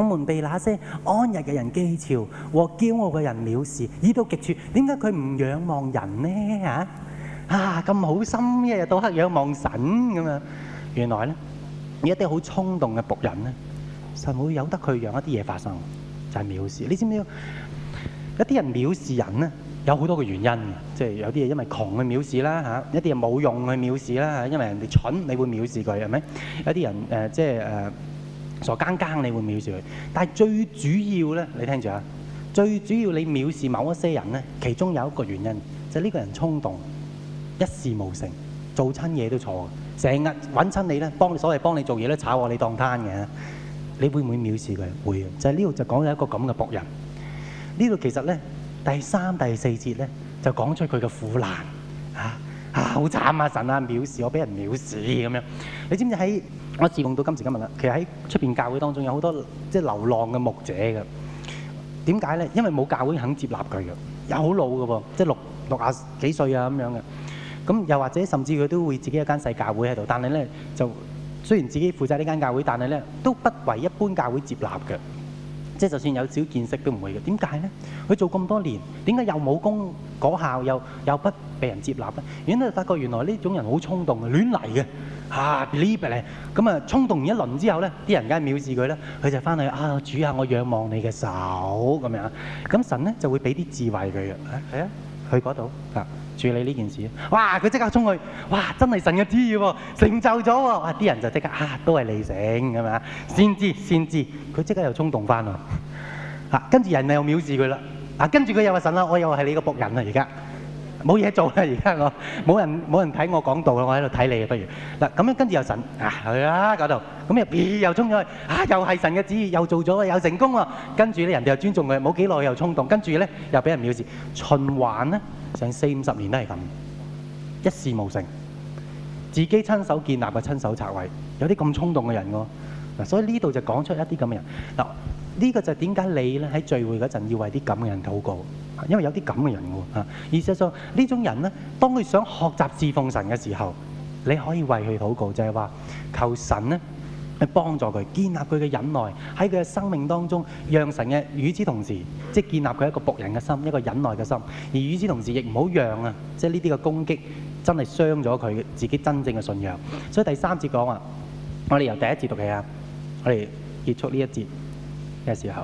我們被那些安逸嘅人譏笑和驕傲嘅人藐視，已到極處。點解佢唔仰望人呢？嚇！啊咁好心，一日到黑仰望神咁樣，原來咧一啲好衝動嘅僕人咧，就會有得佢讓一啲嘢發生，就係藐視。你知唔知？有啲人藐視人咧，有好多個原因嘅，即係有啲嘢因為窮去藐視啦嚇，一啲人冇用去藐視啦嚇，因為人哋蠢，你會藐視佢係咪？一啲人誒，即係誒。傻更更，你會藐視佢。但係最主要咧，你聽住啊，最主要你藐視某一些人咧，其中有一個原因就係、是、呢個人衝動，一事無成，做親嘢都錯，成日揾親你咧，幫你所謂幫你做嘢咧炒我，你當攤嘅。你會唔會藐視佢？會啊，就係呢度就講咗一個咁嘅僕人。呢度其實咧第三第四節咧就講出佢嘅苦難啊。好、啊、慘啊！神啊，藐視我，俾人藐視咁樣。你知唔知喺我侍奉到今時今日啦？其實喺出邊教會當中有好多即係、就是、流浪嘅牧者嘅。點解咧？因為冇教會肯接納佢嘅，有、嗯、好老嘅喎，即係六六十幾歲啊幾歲啊咁樣嘅。咁又或者甚至佢都會自己有一間細教會喺度，但係咧就雖然自己負責呢間教會，但係咧都不為一般教會接納嘅。即係就算有少見識都唔會嘅，點解咧？佢做咁多年，點解又冇功效，又又不被人接納咧？然後發覺原來呢種人好衝動嘅，亂嚟嘅，啊，liberal 咁啊！衝動完一輪之後咧，啲人梗係藐視佢啦，佢就翻去啊，主啊，我仰望你嘅手咁樣。咁神咧就會俾啲智慧佢嘅，係啊，去嗰度啊。處理呢件事，哇！佢即刻衝去，哇！真係神嘅旨意喎，成就咗喎，啊，啲人就即刻啊，都係你成，係咪？先知先知，佢即刻又衝動翻喎，啊！跟住人又藐視佢啦，啊！跟住佢又話神啊，我又係你個僕人啊，而家冇嘢做啦，而家我冇人冇人睇我講道啊，我喺度睇你啊，不如嗱咁、啊、樣跟住又神啊，去啦嗰度，咁又、啊、又衝咗去，啊！又係神嘅旨意，又做咗，又成功喎，跟住咧人哋又尊重佢，冇幾耐又衝動，跟住咧又俾人藐視，循環咧。成四五十年都係咁，一事無成，自己親手建立嘅，親手拆毀，有啲咁衝動嘅人喎。嗱，所以呢度就講出一啲咁嘅人。嗱，呢個就點解你咧喺聚會嗰陣要為啲咁嘅人禱告？因為有啲咁嘅人喎。啊，意思就呢種人咧，當佢想學習侍奉神嘅時候，你可以為佢禱告，就係話求神咧。去幫助佢，建立佢嘅忍耐喺佢嘅生命當中，讓神嘅與之同時，即建立佢一個僕人嘅心，一個忍耐嘅心。而與之同時，亦唔好讓啊，即呢啲嘅攻擊真係傷咗佢自己真正嘅信仰。所以第三節講啊，我哋由第一節讀起啊，我哋結束呢一節嘅時候，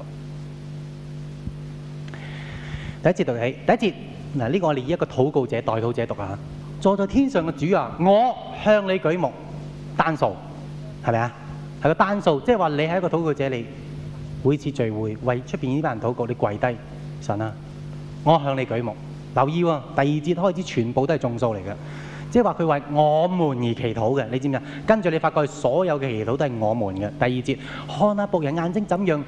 第一節讀起，第一節嗱，呢個我哋以一個禱告者代禱者讀啊，坐在天上嘅主啊，我向你舉目單數，係咪啊？係個單數，即係話你喺一個禱告者，你每次聚會為出邊呢班人禱告，你跪低，神啊，我向你舉目留意喎，啊。第二節開始全部都係眾數嚟嘅，即係話佢為我們而祈禱嘅，你知唔知啊？跟住你發覺所有嘅祈禱都係我們嘅。第二節，看下僕人眼睛怎樣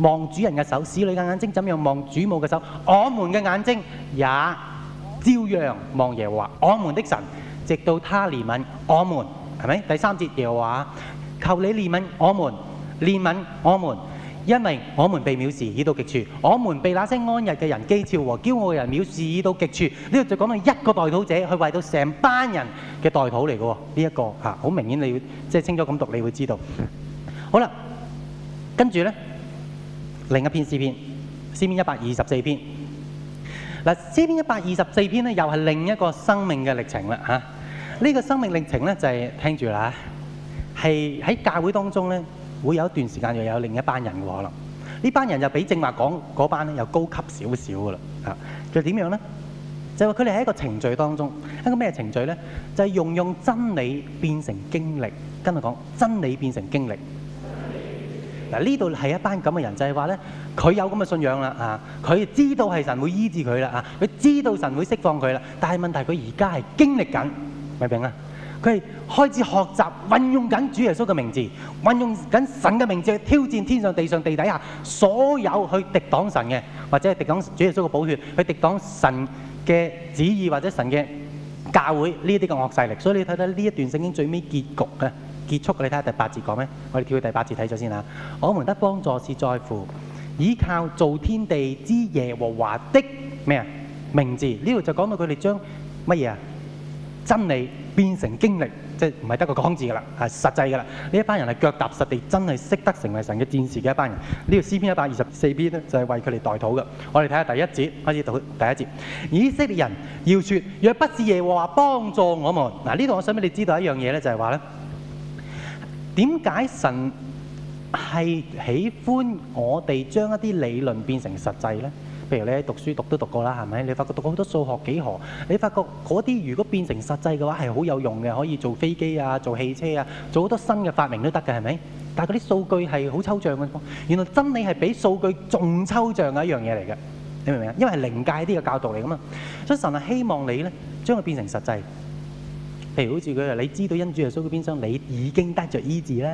望主人嘅手，侍女嘅眼睛怎樣望主母嘅手，我們嘅眼睛也照樣望耶和華，我們的神，直到他憐憫我們，係咪？第三節嘅話。耶和華求你憐憫我們，憐憫我們，因為我們被藐視已到極處，我們被那些安逸嘅人譏誚和驕傲嘅人藐視已到極處。呢、這個就講到一個代禱者去為到成班人嘅代禱嚟嘅，呢、這、一個吓好、啊、明顯，你即係清楚咁讀，你會知道。好啦，跟住呢另一篇詩篇，詩篇一百二十四篇。嗱，詩篇一百二十四篇呢，又係另一個生命嘅歷程啦，吓、啊、呢、這個生命歷程呢，就係、是、聽住啦。係喺教會當中咧，會有一段時間又有另一班人嘅可能。呢班人又比正話講嗰班咧又高級少少嘅啦。啊，就點樣咧？就係話佢哋喺一個程序當中，一個咩程序咧？就係、是、用用真理變成經歷，跟住講真理變成經歷。嗱、啊，呢度係一班咁嘅人，就係話咧，佢有咁嘅信仰啦，啊，佢知道係神會醫治佢啦，啊，佢知道神會釋放佢啦，但係問題佢而家係經歷緊，明唔明啊？佢係開始學習運用緊主耶穌嘅名字，運用緊神嘅名字去挑戰天上地上地底下所有去敵擋神嘅，或者係敵擋主耶穌嘅寶血，去敵擋神嘅旨意或者神嘅教會呢啲嘅惡勢力。所以你睇睇呢一段聖經最尾結局嘅結束，你睇下第八字講咩？我哋跳去第八節睇咗先。我們得幫助是在乎倚靠造天地之耶和華的咩啊名字？呢度就講到佢哋將乜嘢真理變成經歷，即係唔係得個講字噶啦，係實際噶啦。呢一班人係腳踏實地，真係識得成為神嘅戰士嘅一班人。呢個詩篇一百二十四篇咧就係為佢哋代禱嘅。我哋睇下第一節，開始讀第一節。以色列人要説：若不是耶和華幫助我們，嗱呢度我想俾你知道一樣嘢咧，就係話咧，點解神係喜歡我哋將一啲理論變成實際咧？譬如你喺讀書讀都讀過啦，係咪？你發覺讀過好多數學幾何，你發覺嗰啲如果變成實際嘅話係好有用嘅，可以做飛機啊、做汽車啊、做好多新嘅發明都得嘅，係咪？但係嗰啲數據係好抽象嘅，原來真理係比數據仲抽象嘅一樣嘢嚟嘅，你明唔明啊？因為係靈界啲嘅教導嚟嘅嘛，所以神係、啊、希望你咧將佢變成實際。譬如好似佢話，你知道因主耶穌嘅鞭傷，你已經得着醫治啦，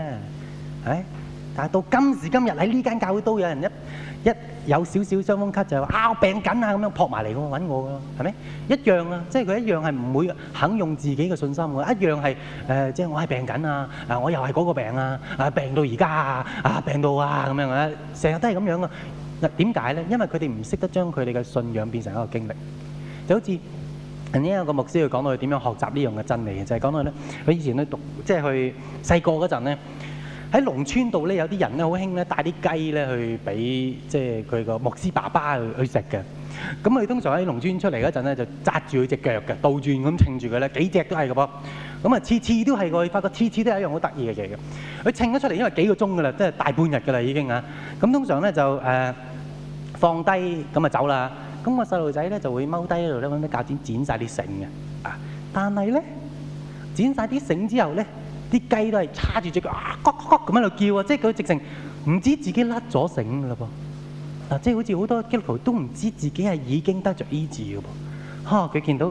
係。但係到今時今日喺呢間教會都有人一一有少少傷風咳就係話啊，病緊啊，咁樣撲埋嚟㗎揾我㗎，係咪一樣啊？即係佢一樣係唔會肯用自己嘅信心㗎，一樣係誒，即係我係病緊啊！啊我又係嗰個病啊！啊病到而家啊！啊病到啊咁樣啊，成日都係咁樣㗎。點解咧？因為佢哋唔識得將佢哋嘅信仰變成一個經歷。就好似曾經有個牧師佢講到佢點樣學習呢樣嘅真理嘅，就係講到咧佢以前咧讀即係去細個嗰陣咧。喺農村度咧，有啲人咧好興咧，帶啲雞咧去俾即係佢個牧師爸爸去去食嘅。咁佢通常喺農村出嚟嗰陣咧，就紮住佢隻腳嘅，倒轉咁稱住佢咧，幾隻都係嘅噃。咁啊，次次都係佢，發覺次次都係一樣好得意嘅嘢嘅。佢稱咗出嚟，因為幾個鐘噶啦，即係大半日噶啦已經啊。咁通常咧就誒、呃、放低咁啊走啦。咁、個細路仔咧就會踎低喺度咧揾啲鉸剪剪晒啲繩嘅啊。但係咧剪晒啲繩之後咧。啲雞都係叉住隻腳，啊，咁喺度叫啊，即係佢直情唔知自己甩咗繩嘅嘞噃，嗱，即係好似好多基督徒都唔知自己係已經得著醫治嘅噃，嚇佢見到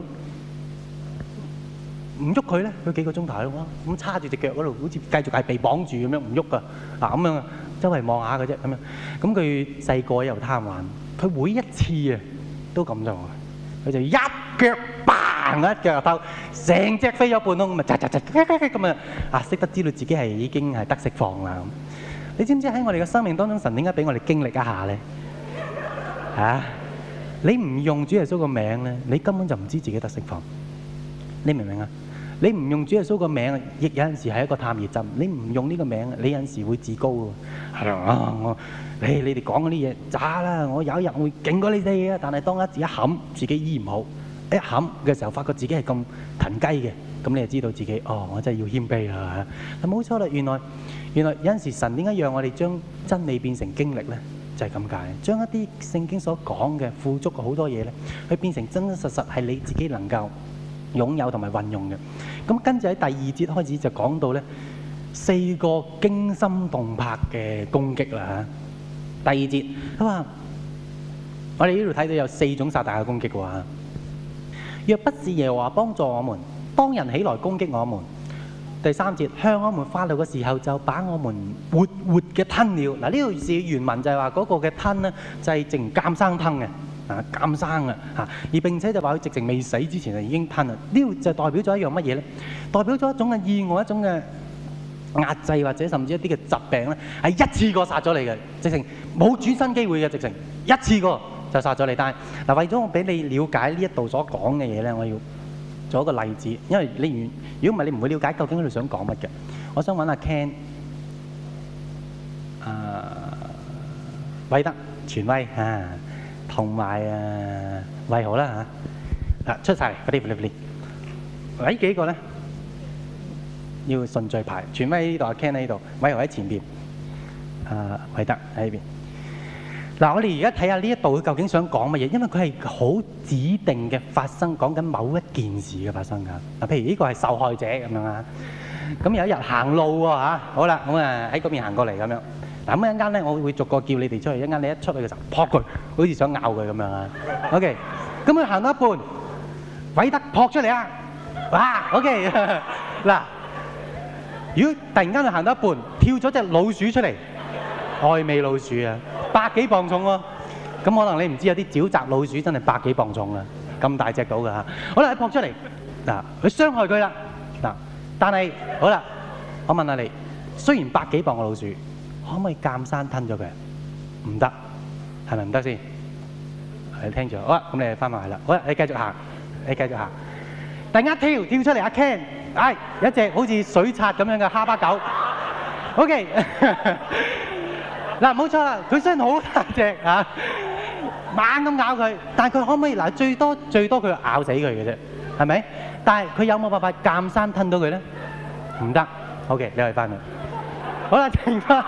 唔喐佢咧，佢幾個鐘頭咯，咁叉住隻腳嗰度，好似繼續係被綁住咁、啊、樣，唔喐噶，嗱，咁樣周圍望下嘅啫，咁樣，咁佢細個又貪玩，佢每一次啊，都咁做，佢就一腳。b 一腳又兜，成隻飛咗半空，咁咪喳喳喳咁啊！啊，識得知道自己係已經係得釋放啦！你知唔知喺我哋嘅生命當中，神點解俾我哋經歷一下咧？嚇、啊！你唔用主耶穌個名咧，你根本就唔知自己得釋放。你明唔明啊？你唔用主耶穌個名，亦有陣時係一個探熱針。你唔用呢個名，你有陣時會自高喎。係啊！我你哋講嗰啲嘢渣啦！我有一日會勁過你哋啊！但係當一字一冚，自己依然唔好。一喊嘅時候，發覺自己係咁騰雞嘅，咁你就知道自己哦，我真係要謙卑啦，冇錯啦，原來原來有陣時神點解讓我哋將真理變成經歷咧，就係咁解，將一啲聖經所講嘅富足嘅好多嘢咧，去變成真真實實係你自己能夠擁有同埋運用嘅。咁跟住喺第二節開始就講到咧四個驚心動魄嘅攻擊啦。第二節，我哋呢度睇到有四種曬大嘅攻擊喎，話若不是耶和華幫助我們，當人起來攻擊我們。第三節向我們發怒嘅時候，就把我們活活嘅吞了。嗱，呢度是原文就係話嗰個嘅吞呢，就係淨監生吞嘅，啊監生啊嚇。而並且就話佢直情未死之前就已經吞啦。呢度就代表咗一樣乜嘢咧？代表咗一種嘅意外，一種嘅壓制或者甚至一啲嘅疾病咧，係一次過殺咗你嘅，直情冇轉身機會嘅，直情一次過。就殺咗你，但係嗱，為咗我俾你了解呢一度所講嘅嘢咧，我要做一個例子，因為你如如果唔係你唔會了解究竟佢想講乜嘅。我想揾阿 Ken，啊，偉德、全威嚇，同埋啊偉豪啦嚇。嗱，出晒嚟，快啲、快啲、快啲！呢幾個咧？要順序排，全威喺度，阿 Ken 喺度，偉豪喺前邊，啊偉德喺呢邊。嗱，我哋而家睇下呢一度佢究竟想講乜嘢，因為佢係好指定嘅發生，講緊某一件事嘅發生㗎。嗱，譬如呢個係受害者咁樣啊。咁有一日行路喎嚇，好啦，咁啊喺嗰邊行過嚟咁樣。嗱，咁一陣間咧，我會逐個叫你哋出去，一陣間你一出去嘅時候，撲佢，好似想咬佢咁樣啊。OK，咁佢行到一半，偉德撲出嚟啊！哇，OK，嗱，如果突然間佢行到一半，跳咗隻老鼠出嚟。愛美老鼠啊，百幾磅重喎，啊，咁可能你唔知有啲沼澤老鼠真係百幾磅重啊，咁大隻到噶嚇。好啦，你撲出嚟，嗱，你傷害佢啦，嗱，但係好啦，我問下你，雖然百幾磅嘅老鼠，可唔可以鑑山吞咗佢？唔得，係咪唔得先？你聽住，好啦，咁你翻埋去啦。好啦，你繼續行，你繼續行，突然間跳跳出嚟阿 Ken，係、哎、一隻好似水刷咁樣嘅哈巴狗。OK。 (laughs) 嗱，冇錯啦，佢雖然好大隻啊，猛咁咬佢，但係佢可唔可以嗱？最多最多佢咬死佢嘅啫，係咪？但係佢有冇辦法鑑生吞到佢咧？唔得，OK，你係翻去。好啦，停翻。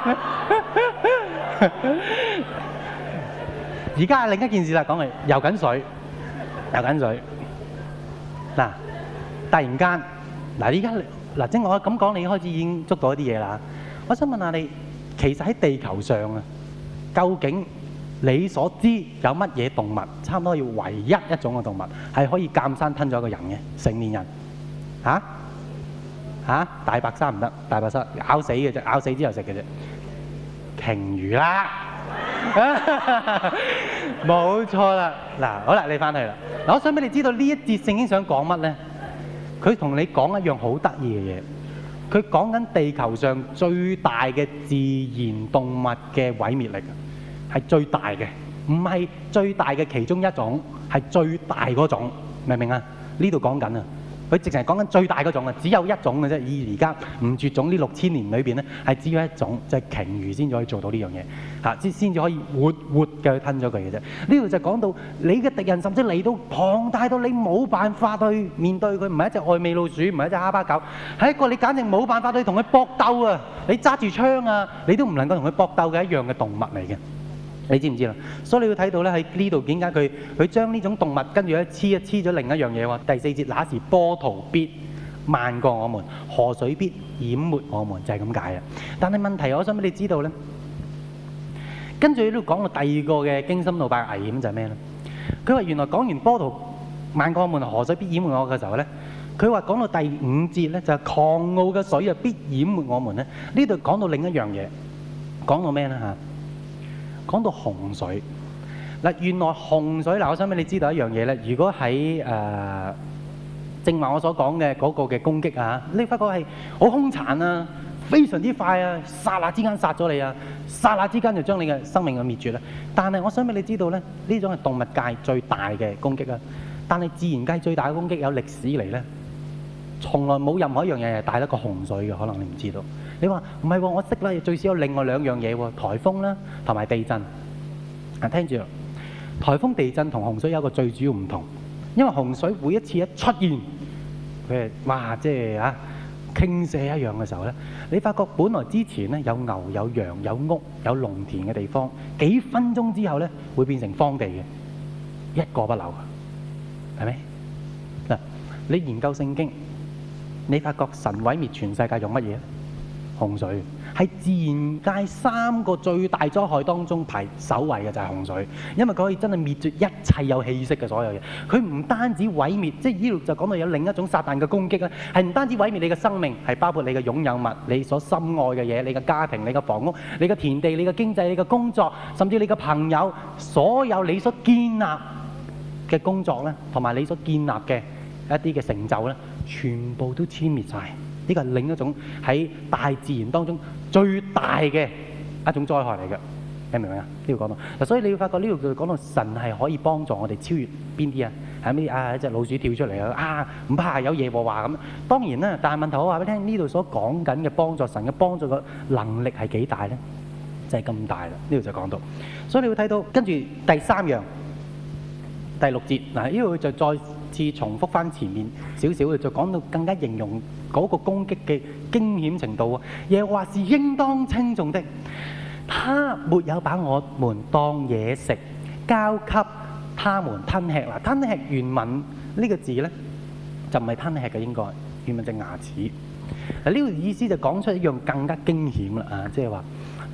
而家另一件事啦，講嚟，游緊水，遊緊水。嗱，突然間，嗱，依家嗱，即我咁講，你開始已經捉到一啲嘢啦。我想問下你。其實喺地球上啊，究竟你所知有乜嘢動物？差唔多要唯一一種嘅動物，係可以生吞咗一個人嘅成年人。嚇嚇，大白鯊唔得，大白鯊咬死嘅啫，咬死之後食嘅啫。鯨魚啦，冇錯啦。嗱，好啦，你返去啦。嗱，我想俾你知道呢一節聖經想講乜咧？佢同你講一樣好得意嘅嘢。佢講緊地球上最大嘅自然動物嘅毀滅力，係最大嘅，唔係最大嘅其中一種，係最大嗰種，明唔明啊？呢度講緊啊，佢直情係講緊最大嗰種啊，只有一種嘅啫。以而家唔絕種呢六千年裏邊咧，係只有一種，就係鯨魚先至可以做到呢樣嘢。先至可以活活嘅去吞咗佢嘅啫。呢度就講到你嘅敵人，甚至嚟到龐大到你冇辦法去面對佢，唔係一隻愛美老鼠，唔係一隻哈巴狗，係一個你簡直冇辦法去同佢搏鬥啊！你揸住槍啊，你都唔能夠同佢搏鬥嘅一樣嘅動物嚟嘅，你知唔知啦？所以你要睇到咧喺呢度點解佢佢將呢種動物跟住咧黐一黐咗另一樣嘢喎。第四節，那時波濤必漫過我們，河水必淹沒我們，就係咁解啊！但係問題，我想俾你知道呢。跟住你都講到第二個嘅驚心怒敗危險就係咩咧？佢話原來講完波濤猛過門河水必淹沒我嘅時候咧，佢話講到第五節咧就係狂傲嘅水啊必淹沒我們咧。呢度講到另一樣嘢，講到咩咧嚇？講到洪水嗱，原來洪水嗱，我想畀你知道一樣嘢咧？如果喺誒正話我所講嘅嗰個嘅攻擊啊，你發覺係好凶殘啊！非常之快啊！剎那之間殺咗你啊！剎那之間就將你嘅生命嘅滅絕啦、啊。但係我想俾你知道咧，呢種係動物界最大嘅攻擊啦、啊。但係自然界最大嘅攻擊有歷史嚟咧，從來冇任何一樣嘢係大得過洪水嘅。可能你唔知道，你話唔係喎，我識啦，最少有另外兩樣嘢喎、啊，颱風啦同埋地震。啊，聽住，颱風、地震同洪水有個最主要唔同，因為洪水每一次一出現，佢係哇，即係啊！傾瀉一樣嘅時候咧，你發覺本來之前咧有牛有羊有屋有農田嘅地方，幾分鐘之後咧會變成荒地嘅，一個不留，係咪？嗱，你研究聖經，你發覺神毀滅全世界用乜嘢？洪水。喺自然界三個最大災害當中排首位嘅就係洪水，因為佢可以真係滅絕一切有氣息嘅所有嘢。佢唔單止毀滅，即係呢度就講到有另一種撒旦嘅攻擊咧，係唔單止毀滅你嘅生命，係包括你嘅擁有物、你所深愛嘅嘢、你嘅家庭、你嘅房屋、你嘅田地、你嘅經濟、你嘅工作，甚至你嘅朋友，所有你所建立嘅工作咧，同埋你所建立嘅一啲嘅成就咧，全部都殲滅晒。呢個係另一種喺大自然當中。最大嘅一種災害嚟嘅，聽唔明啊？呢度講到嗱，所以你要發覺呢度就講到神係可以幫助我哋超越邊啲啊？係咪啲啊？一隻老鼠跳出嚟啦啊！唔怕有耶和華咁。當然啦，但係問題我話俾你聽，呢度所講緊嘅幫助神嘅幫助嘅能力係幾大咧？就係、是、咁大啦。呢度就講到，所以你要睇到跟住第三樣第六節嗱，呢度就再。次重複翻前面少少嘅，就講到更加形容嗰個攻擊嘅驚險程度啊！耶和華是應當稱頌的，他沒有把我們當野食交給他們吞吃啦。吞吃原文呢個字呢，就唔係吞吃嘅應該，原文隻牙齒。嗱呢個意思就講出一樣更加驚險啦啊！即係話。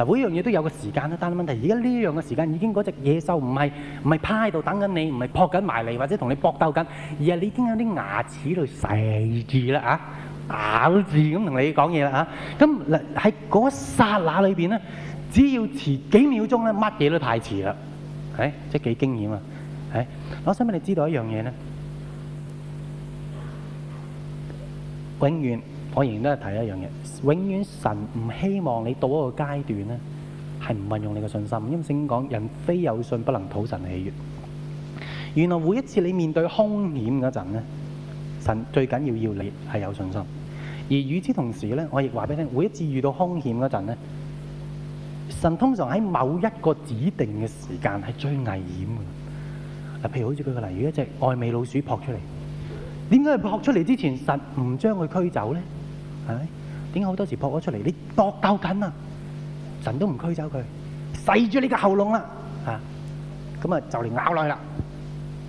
每樣嘢都有個時間啦，但係問題而家呢樣嘅時間已經嗰隻野獸唔係唔係趴喺度等緊你，唔係撲緊埋嚟或者同你搏鬥緊，而係你已經喺啲牙齒度噬住啦，啊，咬住噉同你講嘢啦，啊，噉喺嗰一剎那裏邊呢，只要遲幾秒鐘呢，乜嘢都太遲啦，即係幾驚險呀。我想畀你知道一樣嘢呢,永遠。我仍然都係提一樣嘢，永遠神唔希望你到一個階段呢，係唔運用你嘅信心。因為聖經講：人非有信不能討神喜悅。原來每一次你面對凶險嗰陣咧，神最緊要要你係有信心。而與此同時呢，我亦話俾你聽：每一次遇到凶險嗰陣咧，神通常喺某一個指定嘅時間係最危險嘅。譬如好似舉個例，如果一隻愛美老鼠撲出嚟，點解佢撲出嚟之前神唔將佢驅走呢？係咪點解好多時撲咗出嚟？你搏鬥緊啊！神都唔驅走佢，使住你個喉嚨啦嚇。咁啊，就嚟咬落去啦，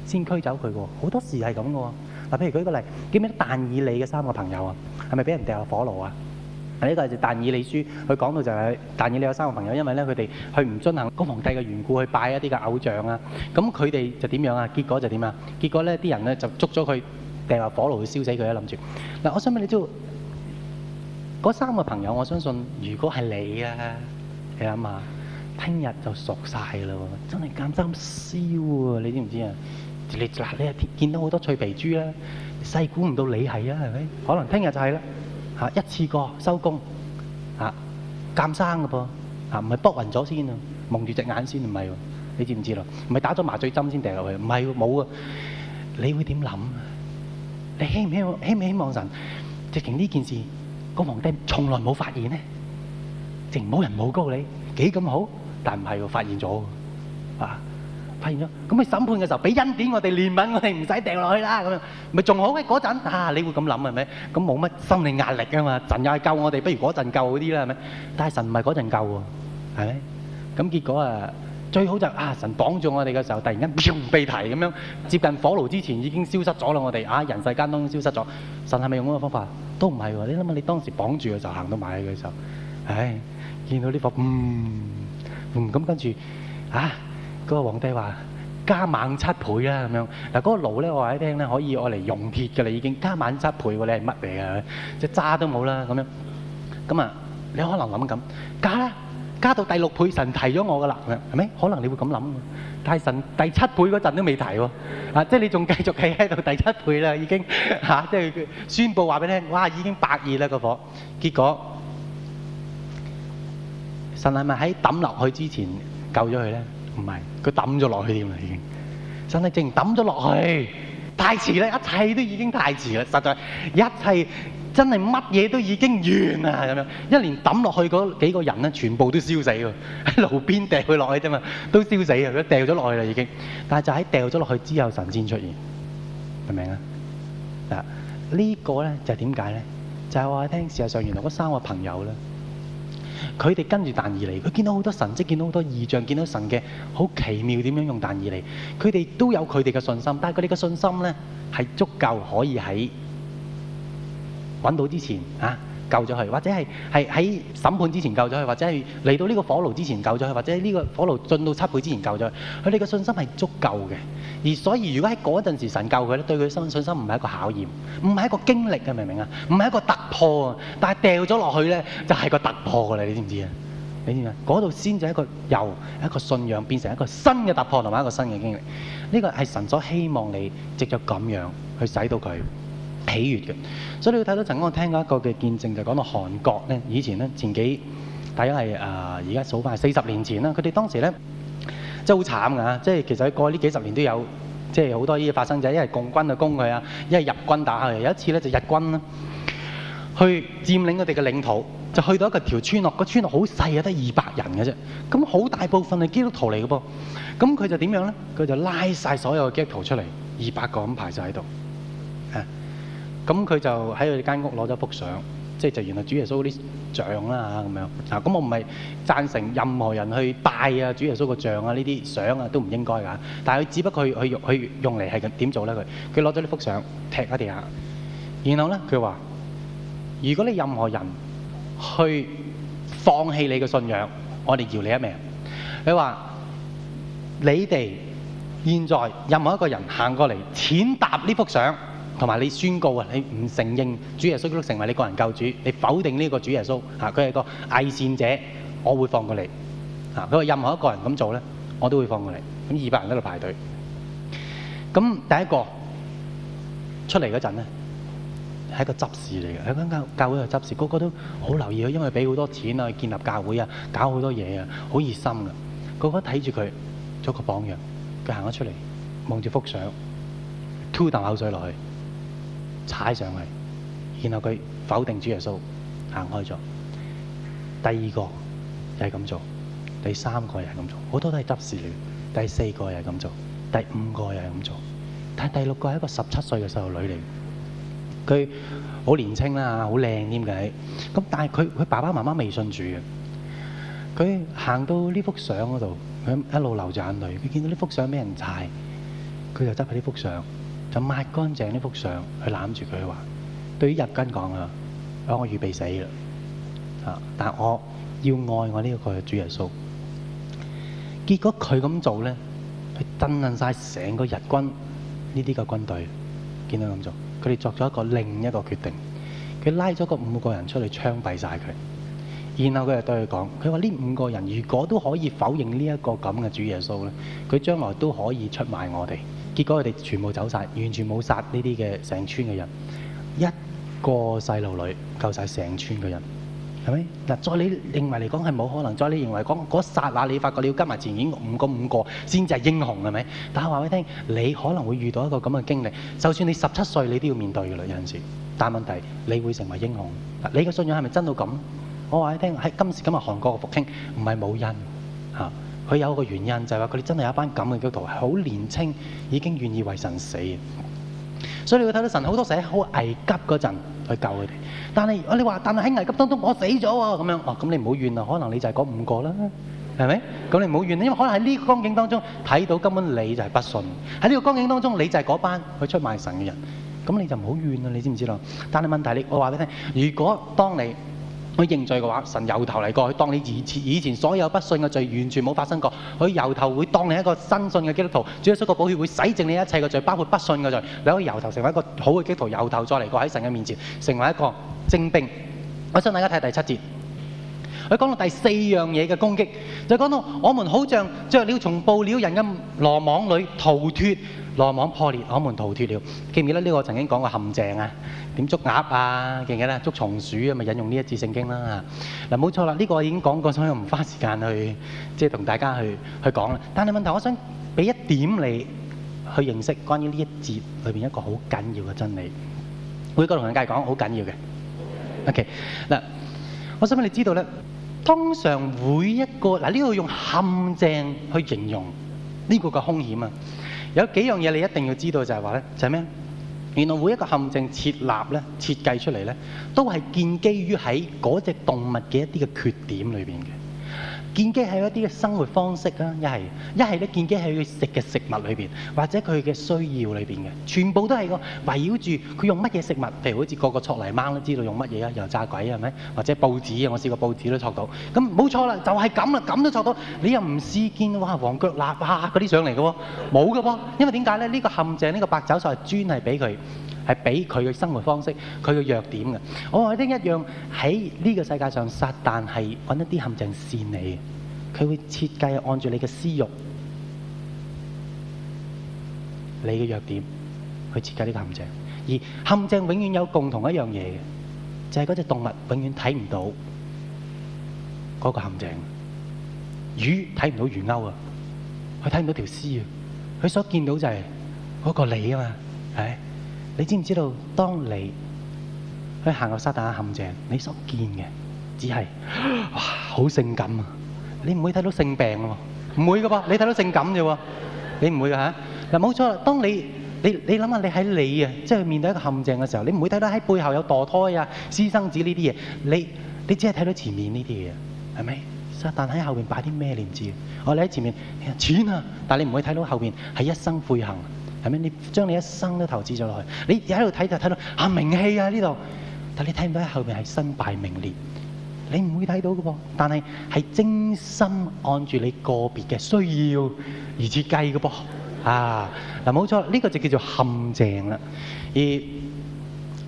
先驅走佢嘅喎。好多時係咁嘅喎。嗱，譬如舉個例，記唔記得但以理嘅三個朋友啊？係咪俾人掟落火爐啊？係呢個就但以理書佢講到就係但以理有三個朋友，因為咧佢哋去唔遵行高皇帝嘅緣故去拜一啲嘅偶像啊。咁佢哋就點樣啊？結果就點啊？結果咧啲人咧就捉咗佢掟落火爐去燒死佢啊！諗住嗱，我想問你知？嗰三個朋友，我相信如果係你啊，你諗下，聽日就熟曬咯，真係間針燒啊！你知唔知啊？你嗱，你係見到好多脆皮豬啦，細估唔到你係啊，係咪？可能聽日就係啦，嚇一次過收工，嚇鑑生嘅噃，嚇唔係卜暈咗先啊，蒙住隻眼先唔係喎，你知唔知咯？唔係打咗麻醉針先掉入去，唔係冇嘅，你會點諗？你希唔希希唔希望神直情呢件事？個皇帝從來冇發現咧，淨冇人誣告你，幾咁好？但唔係喎，發現咗，啊，發現咗。咁喺審判嘅時候，俾恩典我哋憐憫我哋，唔使掟落去啦。咁樣咪仲好嘅？嗰陣，啊，你會咁諗係咪？咁冇乜心理壓力啊嘛。神又係救我哋，不如嗰陣救嗰啲啦，係咪？但係神唔係嗰陣救喎，係咪？咁結果啊。最好就係、啊，神綁住我哋嘅時候，突然間用鼻提咁樣接近火爐之前已經消失咗啦，我哋啊，人世間當中消失咗。神係咪用嗰個方法？都唔係喎，你諗下你當時綁住嘅就行到埋去嘅時候，唉、哎，見到呢幅，嗯嗯咁、嗯、跟住啊，嗰個皇帝話加猛七倍啦咁樣嗱，嗰、嗰個爐咧我話你聽咧可以愛嚟熔鐵嘅啦已經，加猛七倍喎，你係乜嚟㗎？即係渣都冇啦咁樣，咁啊你可能諗咁加啦。加到第六倍，神提咗我噶啦，係咪？可能你會咁諗啊，但係神第七倍嗰陣都未提喎、啊，啊，即係你仲繼續企喺度第七倍啦，已經嚇、啊，即係宣佈話俾你聽，哇，已經百二啦個火，結果神係咪喺抌落去之前救咗佢咧？唔係，佢抌咗落去添啦已經，真係正抌咗落去，太遲啦，一切都已經太遲啦，實在一切。真係乜嘢都已經完啦咁樣，一連抌落去嗰幾個人咧，全部都燒死喎！喺路邊掉佢落去啫嘛，都燒死啊，佢掉咗落去啦已經。但係就喺掉咗落去之後，神先出現，明唔明啊？嗱，呢個咧就係點解咧？就話聽事實上，原來嗰三個朋友咧，佢哋跟住但以理，佢見到好多神跡，見到好多異象，見到神嘅好奇妙點樣用但以理，佢哋都有佢哋嘅信心，但係佢哋嘅信心咧係足夠可以喺。搵到之前啊救咗佢，或者係係喺審判之前救咗佢，或者係嚟到呢個火爐之前救咗佢，或者呢個火爐進到七倍之前救咗佢。佢哋嘅信心係足夠嘅。而所以，如果喺嗰陣時神救佢咧，對佢嘅信心唔係一個考驗，唔係一個經歷啊，明唔明啊？唔係一個突破啊。但係掉咗落去咧，就係個突破㗎啦。你知唔知啊？你知唔知啊？嗰度先就係一個由一個信仰變成一個新嘅突破同埋一個新嘅經歷。呢個係神所希望你藉着咁樣去使到佢。喜悅嘅，所以你要睇到曾經，我聽過一個嘅見證，就講到韓國咧，以前咧前幾大家係啊，呃、而家數翻四十年前啦，佢哋當時咧真係好慘㗎，即係其實喺過去呢幾十年都有，即係好多呢啲發生。就一係共軍攻佢啊，一係日軍打佢。有一次咧就日軍去佔領佢哋嘅領土，就去到一個條村落，個村落好細啊，得二百人嘅啫。咁好大部分係基督徒嚟嘅噃，咁佢就點樣咧？佢就拉晒所有嘅基督徒出嚟，二百個咁排晒喺度。咁佢就喺佢間屋攞咗幅相，即係就原來主耶穌嗰啲像啦嚇咁樣。嗱，咁我唔係贊成任何人去拜啊主耶穌個像啊呢啲相啊都唔應該㗎。但係佢只不過佢佢用佢用嚟係點做咧？佢佢攞咗呢幅相踢喺地下，然後咧佢話：如果你任何人去放棄你嘅信仰，我哋饒你一命。佢話你哋現在任何一個人行過嚟踐踏呢幅相？同埋你宣告啊！你唔承認主耶穌都成為你個人救主，你否定呢個主耶穌，佢係個偽善者，我會放過你。佢話任何一個人咁做咧，我都會放過你。咁二百人喺度排隊，咁第一個出嚟嗰陣咧，係一個執事嚟嘅，喺間教教會度執事，個個都好留意佢，因為俾好多錢啊，建立教會啊，搞好多嘢啊，好熱心㗎。個個睇住佢，做個榜樣。佢行咗出嚟，望住幅相，吐啖口水落去。踩上去，然後佢否定主耶穌，行開咗。第二個又係咁做，第三個又係咁做，好多都係執事嚟嘅。第四個又係咁做，第五個又係咁做，但第六個係一個十七歲嘅細路女嚟。佢好年輕啦，好靚添嘅。咁但係佢佢爸爸媽媽未信主嘅。佢行到呢幅相嗰度，佢一路流住眼淚。佢見到呢幅相俾人踩，佢就執起呢幅相。就抹乾淨呢幅相，去攬住佢話：對於日軍講啊，我預備死啦！嚇，但我要愛我呢個佢嘅主耶穌。結果佢咁做咧，佢震撼曬成個日軍呢啲嘅軍隊，見到咁做，佢哋作咗一個另一個決定，佢拉咗個五個人出嚟槍斃曬佢。然後佢又對佢講：佢話呢五個人如果都可以否認呢一個咁嘅主耶穌咧，佢將來都可以出賣我哋。結果佢哋全部走曬，完全冇殺呢啲嘅成村嘅人，一個細路女救曬成村嘅人，係咪？嗱，在你認為嚟講係冇可能，在你認為講嗰剎那，你發覺你要加埋前面五個五個先至係英雄，係咪？但係話俾你聽，你可能會遇到一個咁嘅經歷，就算你十七歲，你都要面對嘅啦，有陣時。但係問題，你會成為英雄，你嘅信仰係咪真到咁？我話你聽，喺今時今日韓國嘅復興唔係冇因嚇。佢有個原因就係話佢哋真係有一班咁嘅基督徒，好年輕，已經願意為神死。所以你會睇到神好多時喺好危急嗰陣去救佢哋。但係如果你話，但係喺危急當中我死咗喎咁樣，哦！咁你唔好怨啊，可能你就係嗰五個啦，係咪？咁你唔好怨，因為可能喺呢個光景當中睇到根本你就係不信，喺呢個光景當中你就係嗰班去出賣神嘅人。咁你就唔好怨啊，你知唔知咯？但係問題你，我話畀你聽，如果當你佢認罪嘅話，神由頭嚟過，佢當你以前以前所有不信嘅罪完全冇發生過，佢由頭會當你一個新信嘅基督徒，主耶穌嘅寶血會洗淨你一切嘅罪，包括不信嘅罪，你可以由頭成為一個好嘅基督徒，由頭再嚟過喺神嘅面前，成為一個精兵。我想大家睇第七節，佢講到第四樣嘢嘅攻擊，就講到我們好像著了從捕鳥人嘅羅網裏逃脫。羅網破裂，我們逃脫了。記唔記得呢個曾經講過陷阱啊？點捉鴨啊？記唔記得捉松鼠啊？咪引用呢一節聖經啦嚇。嗱，冇錯啦，呢個已經講過，所以唔花時間去即係同大家去去講啦。但係問題，我想俾一點你去認識關於呢一節裏邊一個好緊要嘅真理。每個同人介講好緊要嘅。OK，嗱，我想俾你知道咧？通常每一個嗱呢個用陷阱去形容呢個嘅風險啊。有幾樣嘢你一定要知道，就是話呢、就是咩？原來每一個陷阱設立呢，設計出來呢，都是建基於在那隻動物的一些缺點裏面的建基喺一啲嘅生活方式啊，一係一係咧建基喺佢食嘅食物裏邊，或者佢嘅需要裏邊嘅，全部都係個圍繞住佢用乜嘢食物，譬如好似個個撮泥掹都知道用乜嘢啊，油炸鬼係咪？或者報紙啊，我試過報紙都撮到。咁冇錯啦，就係咁啦，咁都撮到，你又唔試見哇黃腳蠟啊嗰啲上嚟嘅喎，冇嘅噃，因為點解咧？呢個陷阱呢個白酒菜專係俾佢。係俾佢嘅生活方式，佢嘅弱點嘅。我話呢一樣喺呢個世界上撒但係揾一啲陷阱試你，佢會設計按住你嘅私慾，你嘅弱點去設計呢個陷阱。而陷阱永遠有共同一樣嘢，就係、是、嗰隻動物永遠睇唔到嗰個陷阱。魚睇唔到魚鈎啊，佢睇唔到條絲啊，佢所見到就係嗰個你啊嘛，係。你知唔知道？當你去行個沙灘陷阱，你所見嘅只係哇好性感啊！你唔會睇到性病喎，唔會噶噃，你睇到性感啫喎，你唔會嘅嚇。嗱、啊、冇錯，當你你你諗下，你喺你啊，即係面對一個陷阱嘅時候，你唔會睇到喺背後有墮胎啊、私生子呢啲嘢，你你只係睇到前面呢啲嘢，係咪？沙灘喺後面擺啲咩你唔知道？你喺前面錢啊，但你唔會睇到後面，係一生悔恨。咁樣你將你一生都投資咗落去，你又喺度睇就睇到啊名氣啊呢度，但你睇唔到喺後邊係身敗名裂，你唔會睇到嘅噃。但係係精心按住你個別嘅需要而設計嘅噃啊嗱，冇錯，呢個就叫做陷阱啦。而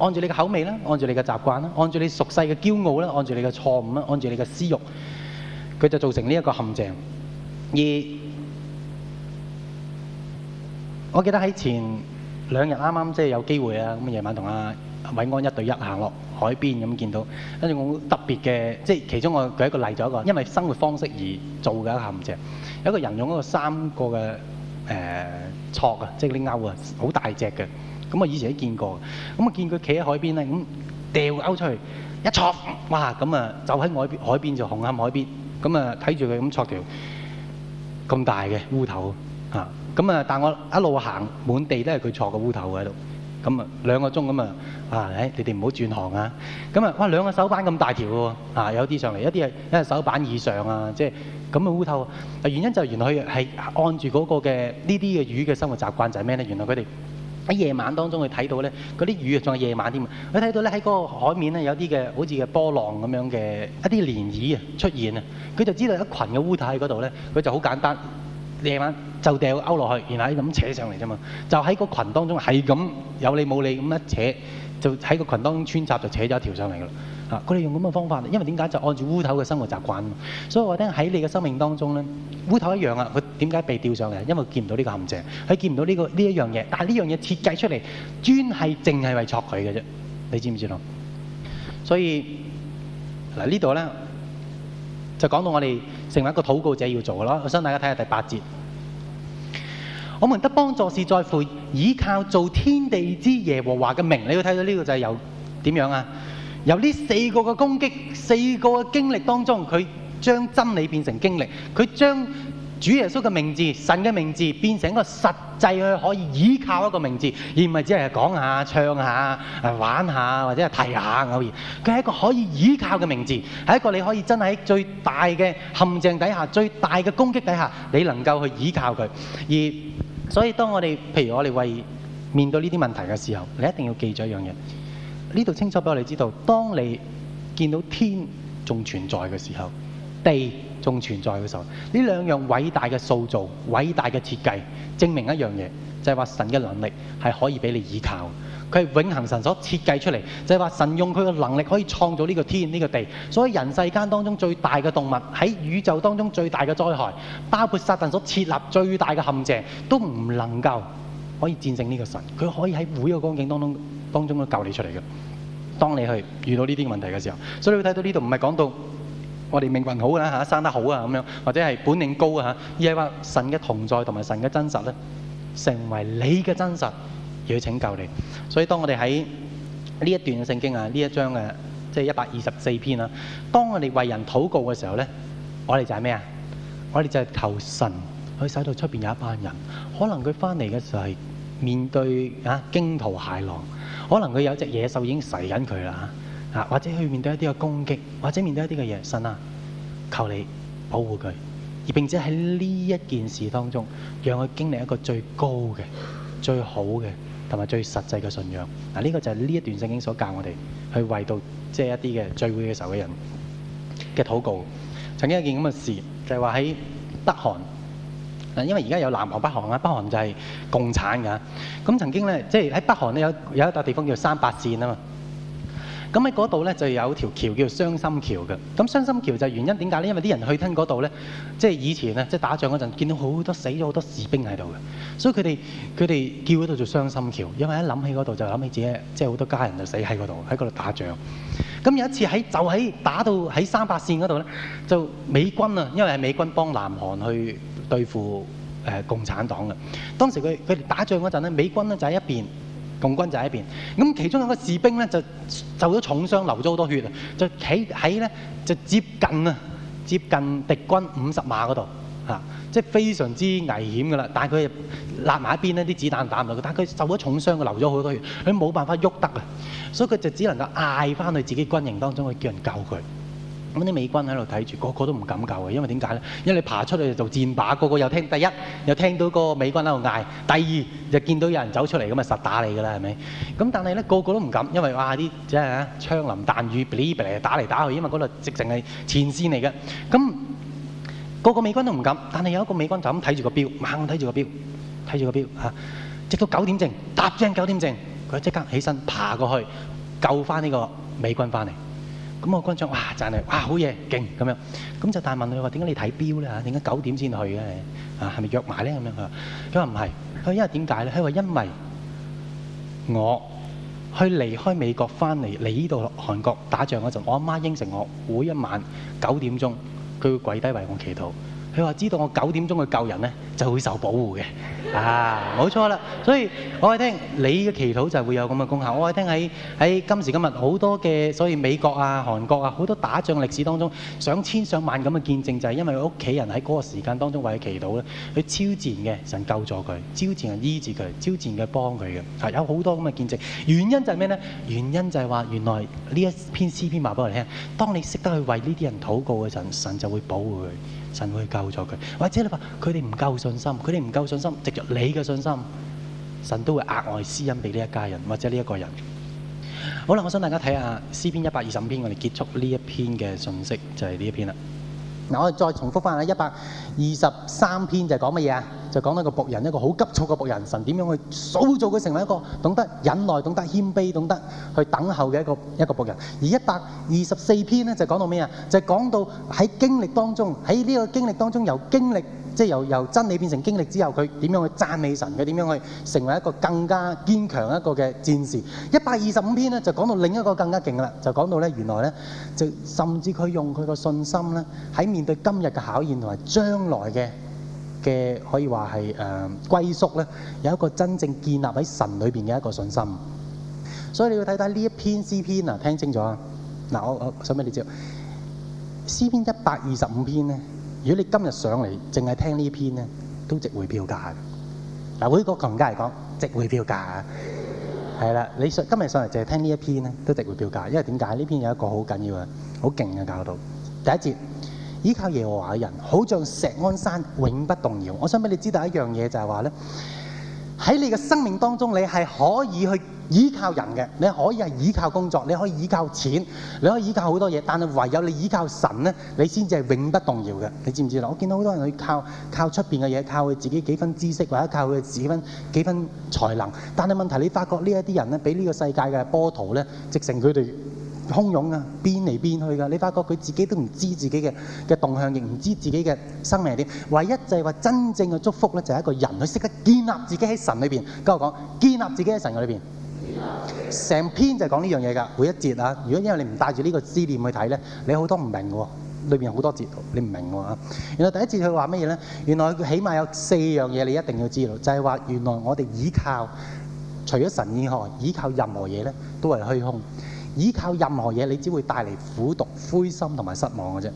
按住你嘅口味啦，按住你嘅習慣啦，按住你熟悉嘅驕傲啦，按住你嘅錯誤啦，按住你嘅私欲，佢就造成呢一個陷阱。而我記得喺前兩日啱啱即係有機會啊！咁夜晚同阿偉安一對一行落海邊咁見到，跟住我特別嘅，即係其中我舉一個例咗一個，因為生活方式而做嘅一陷阱。有一個人用一個三個嘅誒戳啊，即係釣鈎啊，好大隻嘅。咁我以前都見過。咁啊，見佢企喺海邊咧，咁掉鈎出去一戳，哇！咁啊，就喺外海邊就紅磡海邊，咁啊睇住佢咁戳條咁大嘅烏頭啊！咁啊！但我一路行，滿地都係佢坐嘅烏頭喺度。咁啊，兩個鐘咁啊，啊！你哋唔好轉行啊！咁啊，哇！兩個手板咁大條喎，啊！有啲上嚟，一啲啊，一隻手板以上啊，即係咁嘅烏頭。原因就係原來佢係按住嗰個嘅呢啲嘅魚嘅生活習慣就係咩咧？原來佢哋喺夜晚當中去睇到咧，嗰啲魚仲係夜晚添。佢睇到咧喺嗰個海面咧有啲嘅好似嘅波浪咁樣嘅一啲漣漪啊出現啊，佢就知道一群嘅烏頭喺嗰度咧，佢就好簡單。夜晚就掉勾落去，然後咁扯上嚟啫嘛，就喺個群當中係咁，有理冇理咁一扯，就喺個群當中穿插，就扯咗一條上嚟噶啦。嚇、啊，佢哋用咁嘅方法，因為點解就按住烏頭嘅生活習慣。所以我聽喺你嘅生命當中咧，烏頭一樣啊，佢點解被吊上嚟？因為見唔到呢個陷阱，佢見唔到呢、這個呢一樣嘢。但係呢樣嘢設計出嚟，專係淨係為捉佢嘅啫。你知唔知道？所以嗱，呢度咧。就講到我哋成為一個禱告者要做嘅咯，我想大家睇下第八節。我們得幫助是在乎倚靠做天地之耶和華嘅名，你要睇到呢個就係由點樣啊？由呢四個嘅攻擊、四個嘅經歷當中，佢將真理變成經歷，佢將。主耶穌嘅名字，神嘅名字，變成一個實際去可以依靠一個名字，而唔係只係講下、唱下、玩下或者係睇下偶爾。佢係一個可以依靠嘅名字，係一個你可以真係喺最大嘅陷阱底下、最大嘅攻擊底下，你能夠去依靠佢。而所以當我哋，譬如我哋為面對呢啲問題嘅時候，你一定要記住一樣嘢。呢度清楚俾我哋知道，當你見到天仲存在嘅時候，地，仲存在嘅時候，呢兩樣偉大嘅塑造、偉大嘅設計，證明一樣嘢，就係話神嘅能力係可以俾你依靠。佢係永恒神所設計出嚟，就係話神用佢嘅能力可以創造呢個天、呢個地。所以人世間當中最大嘅動物，喺宇宙當中最大嘅災害，包括撒但所設立最大嘅陷阱，都唔能夠可以戰勝呢個神。佢可以喺每個光景當中，當中都救你出嚟嘅。當你去遇到呢啲問題嘅時候，所以你會睇到呢度唔係講到。我哋命運好啦嚇，生得好啊咁樣，或者係本領高啊嚇。依一神嘅同在同埋神嘅真實咧，成為你嘅真實，要去拯救你。所以當我哋喺呢一段聖經啊，呢一章嘅即係一百二十四篇啦。當我哋為人禱告嘅時候咧，我哋就係咩啊？我哋就係求神去使到出邊有一班人，可能佢翻嚟嘅時候係面對啊驚濤駭浪，可能佢有一隻野獸已經噬緊佢啦嚇。啊，或者去面對一啲嘅攻擊，或者面對一啲嘅邪神啊，求你保護佢，而並且喺呢一件事當中，讓佢經歷一個最高嘅、最好嘅同埋最實際嘅信仰。嗱，呢個就係呢一段聖經所教我哋去為到即係一啲嘅聚會嘅時候嘅人嘅禱告。曾經有件咁嘅事，就係話喺北韓，嗱，因為而家有南韓、北韓啊，北韓就係共產㗎。咁曾經咧，即係喺北韓咧有有一笪地方叫三八線啊嘛。咁喺嗰度咧，就有一條橋叫傷心橋嘅。咁傷心橋就原因點解呢？因為啲人去親嗰度咧，即係以前即係打仗嗰陣，見到好多死咗好多士兵喺度嘅，所以佢哋，佢哋叫嗰度做傷心橋，因為一諗起嗰度就諗起自己即係好多家人就死喺嗰度，喺嗰度打仗。咁有一次喺就喺打到喺三八線嗰度咧，就美軍啊，因為係美軍幫南韓去對付共產黨嘅。當時佢哋打仗嗰陣咧，美軍咧就喺一邊。共軍就喺一邊，咁其中一個士兵呢，就受咗重傷，流咗好多血。就喺就接近敵接近敵軍五十碼嗰度，即非常之危險㗎啦！但係佢立埋一邊，啲子彈打唔到，但係佢受咗重傷，流咗好多血，佢冇辦法喐得，所以佢就只能夠嗌翻去自己軍營當中去叫人救佢。咁啲美軍喺度睇住，個個都唔敢救嘅，因為點解咧？因為你爬出去做戰靶，個個又聽第一又聽到個美軍喺度嗌，第二就見到有人走出嚟，咁啊實打你㗎啦，係咪？咁但係咧，個個都唔敢，因為哇啲即係啊槍林彈雨 bilibili 打嚟打去，因為嗰度直情係前線嚟嘅。咁、那個個美軍都唔敢，但係有一個美軍就咁睇住個錶，猛睇住個錶，睇住個錶啊，直到九點正，踏正九點正，佢即刻起身爬過去救翻呢個美軍翻嚟。咁我軍長哇，讚你哇，好嘢勁，咁樣，咁就但問佢話點解你睇表呢？為點解九點先去？係咪約埋呢？咁樣？佢話唔係，佢因為點解呢？佢話因為我去離開美國返嚟嚟呢度韓國打仗嗰陣，我阿媽應承我每一晚九點鐘佢會跪低為我祈禱。你話知道我九點鐘去救人咧，就會受保護嘅，啊，冇錯啦。所以我係聽你嘅祈禱就係會有咁嘅功效。我係聽喺喺今時今日好多嘅，所以美國啊、韓國啊，好多打仗歷史當中，上千上萬咁嘅見證就係因為屋企人喺嗰個時間當中為佢祈禱咧，佢超自然嘅神救助佢，超自然嘅醫治佢，超自然嘅幫佢嘅，係有好多咁嘅見證。原因就係咩咧？原因就係話原來呢一篇詩篇話俾我聽，當你識得去為呢啲人禱告嘅陣，神就會保護佢。神會救咗佢，或者你話佢哋唔夠信心，佢哋唔夠信心，藉著你嘅信心，神都會額外施恩俾呢一家人，或者呢一個人。好啦，我想大家睇下詩篇一百二十五篇，我哋結束呢一篇嘅信息，就係、是、呢一篇啦。嗱，我哋再重複翻啊，一百二十三篇就講乜嘢啊？就講呢個僕人，一個好急躁嘅僕人，神點樣去塑造佢成為一個懂得忍耐、懂得謙卑、懂得去等候嘅一個一個僕人。而一百二十四篇呢，就講到咩啊？就講到喺經歷當中，喺呢個經歷當中由經歷。即係由由真理變成經歷之後，佢點樣去讚美神，佢點樣去成為一個更加堅強一個嘅戰士？一百二十五篇咧就講到另一個更加勁啦，就講到咧原來咧就甚至佢用佢個信心咧喺面對今日嘅考驗同埋將來嘅嘅可以話係誒歸宿咧有一個真正建立喺神裏邊嘅一個信心。所以你要睇睇呢一篇詩篇啊，聽清楚啊？嗱，我我想俾你知詩篇一百二十五篇咧。如果你今日上嚟淨係聽呢篇咧，都值回票價嘅。嗱，我依個強家嚟講，值回票價，係啦。你今天上今日上嚟淨係聽呢一篇咧，都值回票價，因為點解？呢篇有一個好緊要嘅、好勁嘅教導。第一節，依靠耶和華嘅人，好像錫安山，永不動搖。我想俾你知道一樣嘢，就係話咧。喺你嘅生命當中，你係可以去依靠人嘅，你可以係依靠工作，你可以依靠錢，你可以依靠好多嘢，但係唯有你依靠神呢，你先至係永不動搖嘅。你知唔知道？我見到好多人去靠靠出面嘅嘢，靠佢自己幾分知識或者靠佢自己分幾分才能，但係問題是你發覺呢一啲人呢，俾呢個世界嘅波濤呢，直成佢哋。洶湧噶，變嚟變去噶，你發覺佢自己都唔知自己嘅嘅動向，亦唔知自己嘅生命係點。唯一就係話真正嘅祝福咧，就係一個人佢識得建立自己喺神裏邊。咁我講建立自己喺神裏邊，成篇就係講呢樣嘢㗎。每一節啊，如果因為你唔帶住呢個思念去睇咧，你好多唔明㗎喎。裏邊好多節你唔明㗎喎。原來第一節佢話乜嘢咧？原來佢起碼有四樣嘢你一定要知道，就係話原來我哋倚靠除咗神以外，倚靠任何嘢咧都係虛空，依靠任何嘢，你只會帶嚟苦毒、灰心同埋失望嘅啫。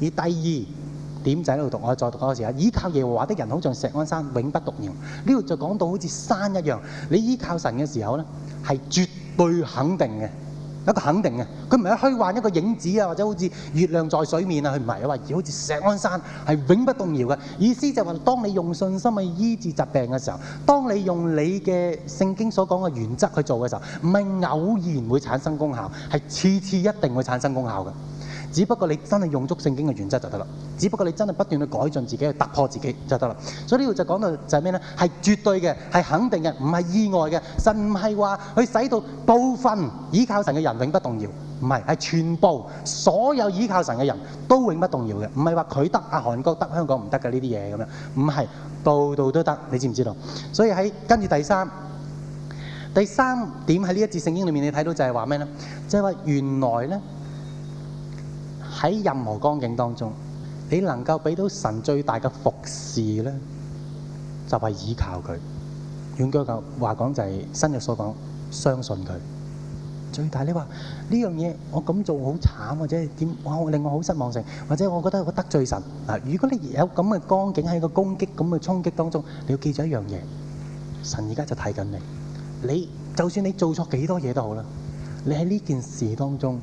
而第二點仔喺度讀，我再讀多次啊！依靠耶和華的人，好像錫安山，永不動搖。呢度就講到好似山一樣，你依靠神嘅時候咧，係絕對肯定嘅。一個肯定嘅，佢唔係虛幻一個影子啊，或者好似月亮在水面啊，佢唔係，佢而好似石安山係永不動搖嘅。意思就話，當你用信心去醫治疾病嘅時候，當你用你嘅聖經所講嘅原則去做嘅時候，唔係偶然會產生功效，係次次一定會產生功效嘅。只不過你真係用足聖經嘅原則就得啦。只不過你真係不斷去改進自己、去突破自己就得啦。所以呢度就講到就係咩咧？係絕對嘅，係肯定嘅，唔係意外嘅，神唔係話去使到部分倚靠神嘅人永不動搖。唔係，係全部所有倚靠神嘅人都永不動搖嘅。唔係話佢得啊，韓國得，香港唔得嘅呢啲嘢咁樣。唔係，度度都得，你知唔知道？所以喺跟住第三第三點喺呢一節聖經裡面你睇到就係話咩咧？就係話原來咧。喺任何光景當中，你能夠畀到神最大嘅服侍咧，就係依靠佢。換句話講就係新約所講，相信佢最大。你話呢樣嘢我咁做好慘，或者點令我好失望性，或者我覺得我得罪神嗱。如果你有咁嘅光景喺個攻擊咁嘅衝擊當中，你要記住一樣嘢，神而家就睇緊你。你就算你做錯幾多嘢都好啦，你喺呢件事當中，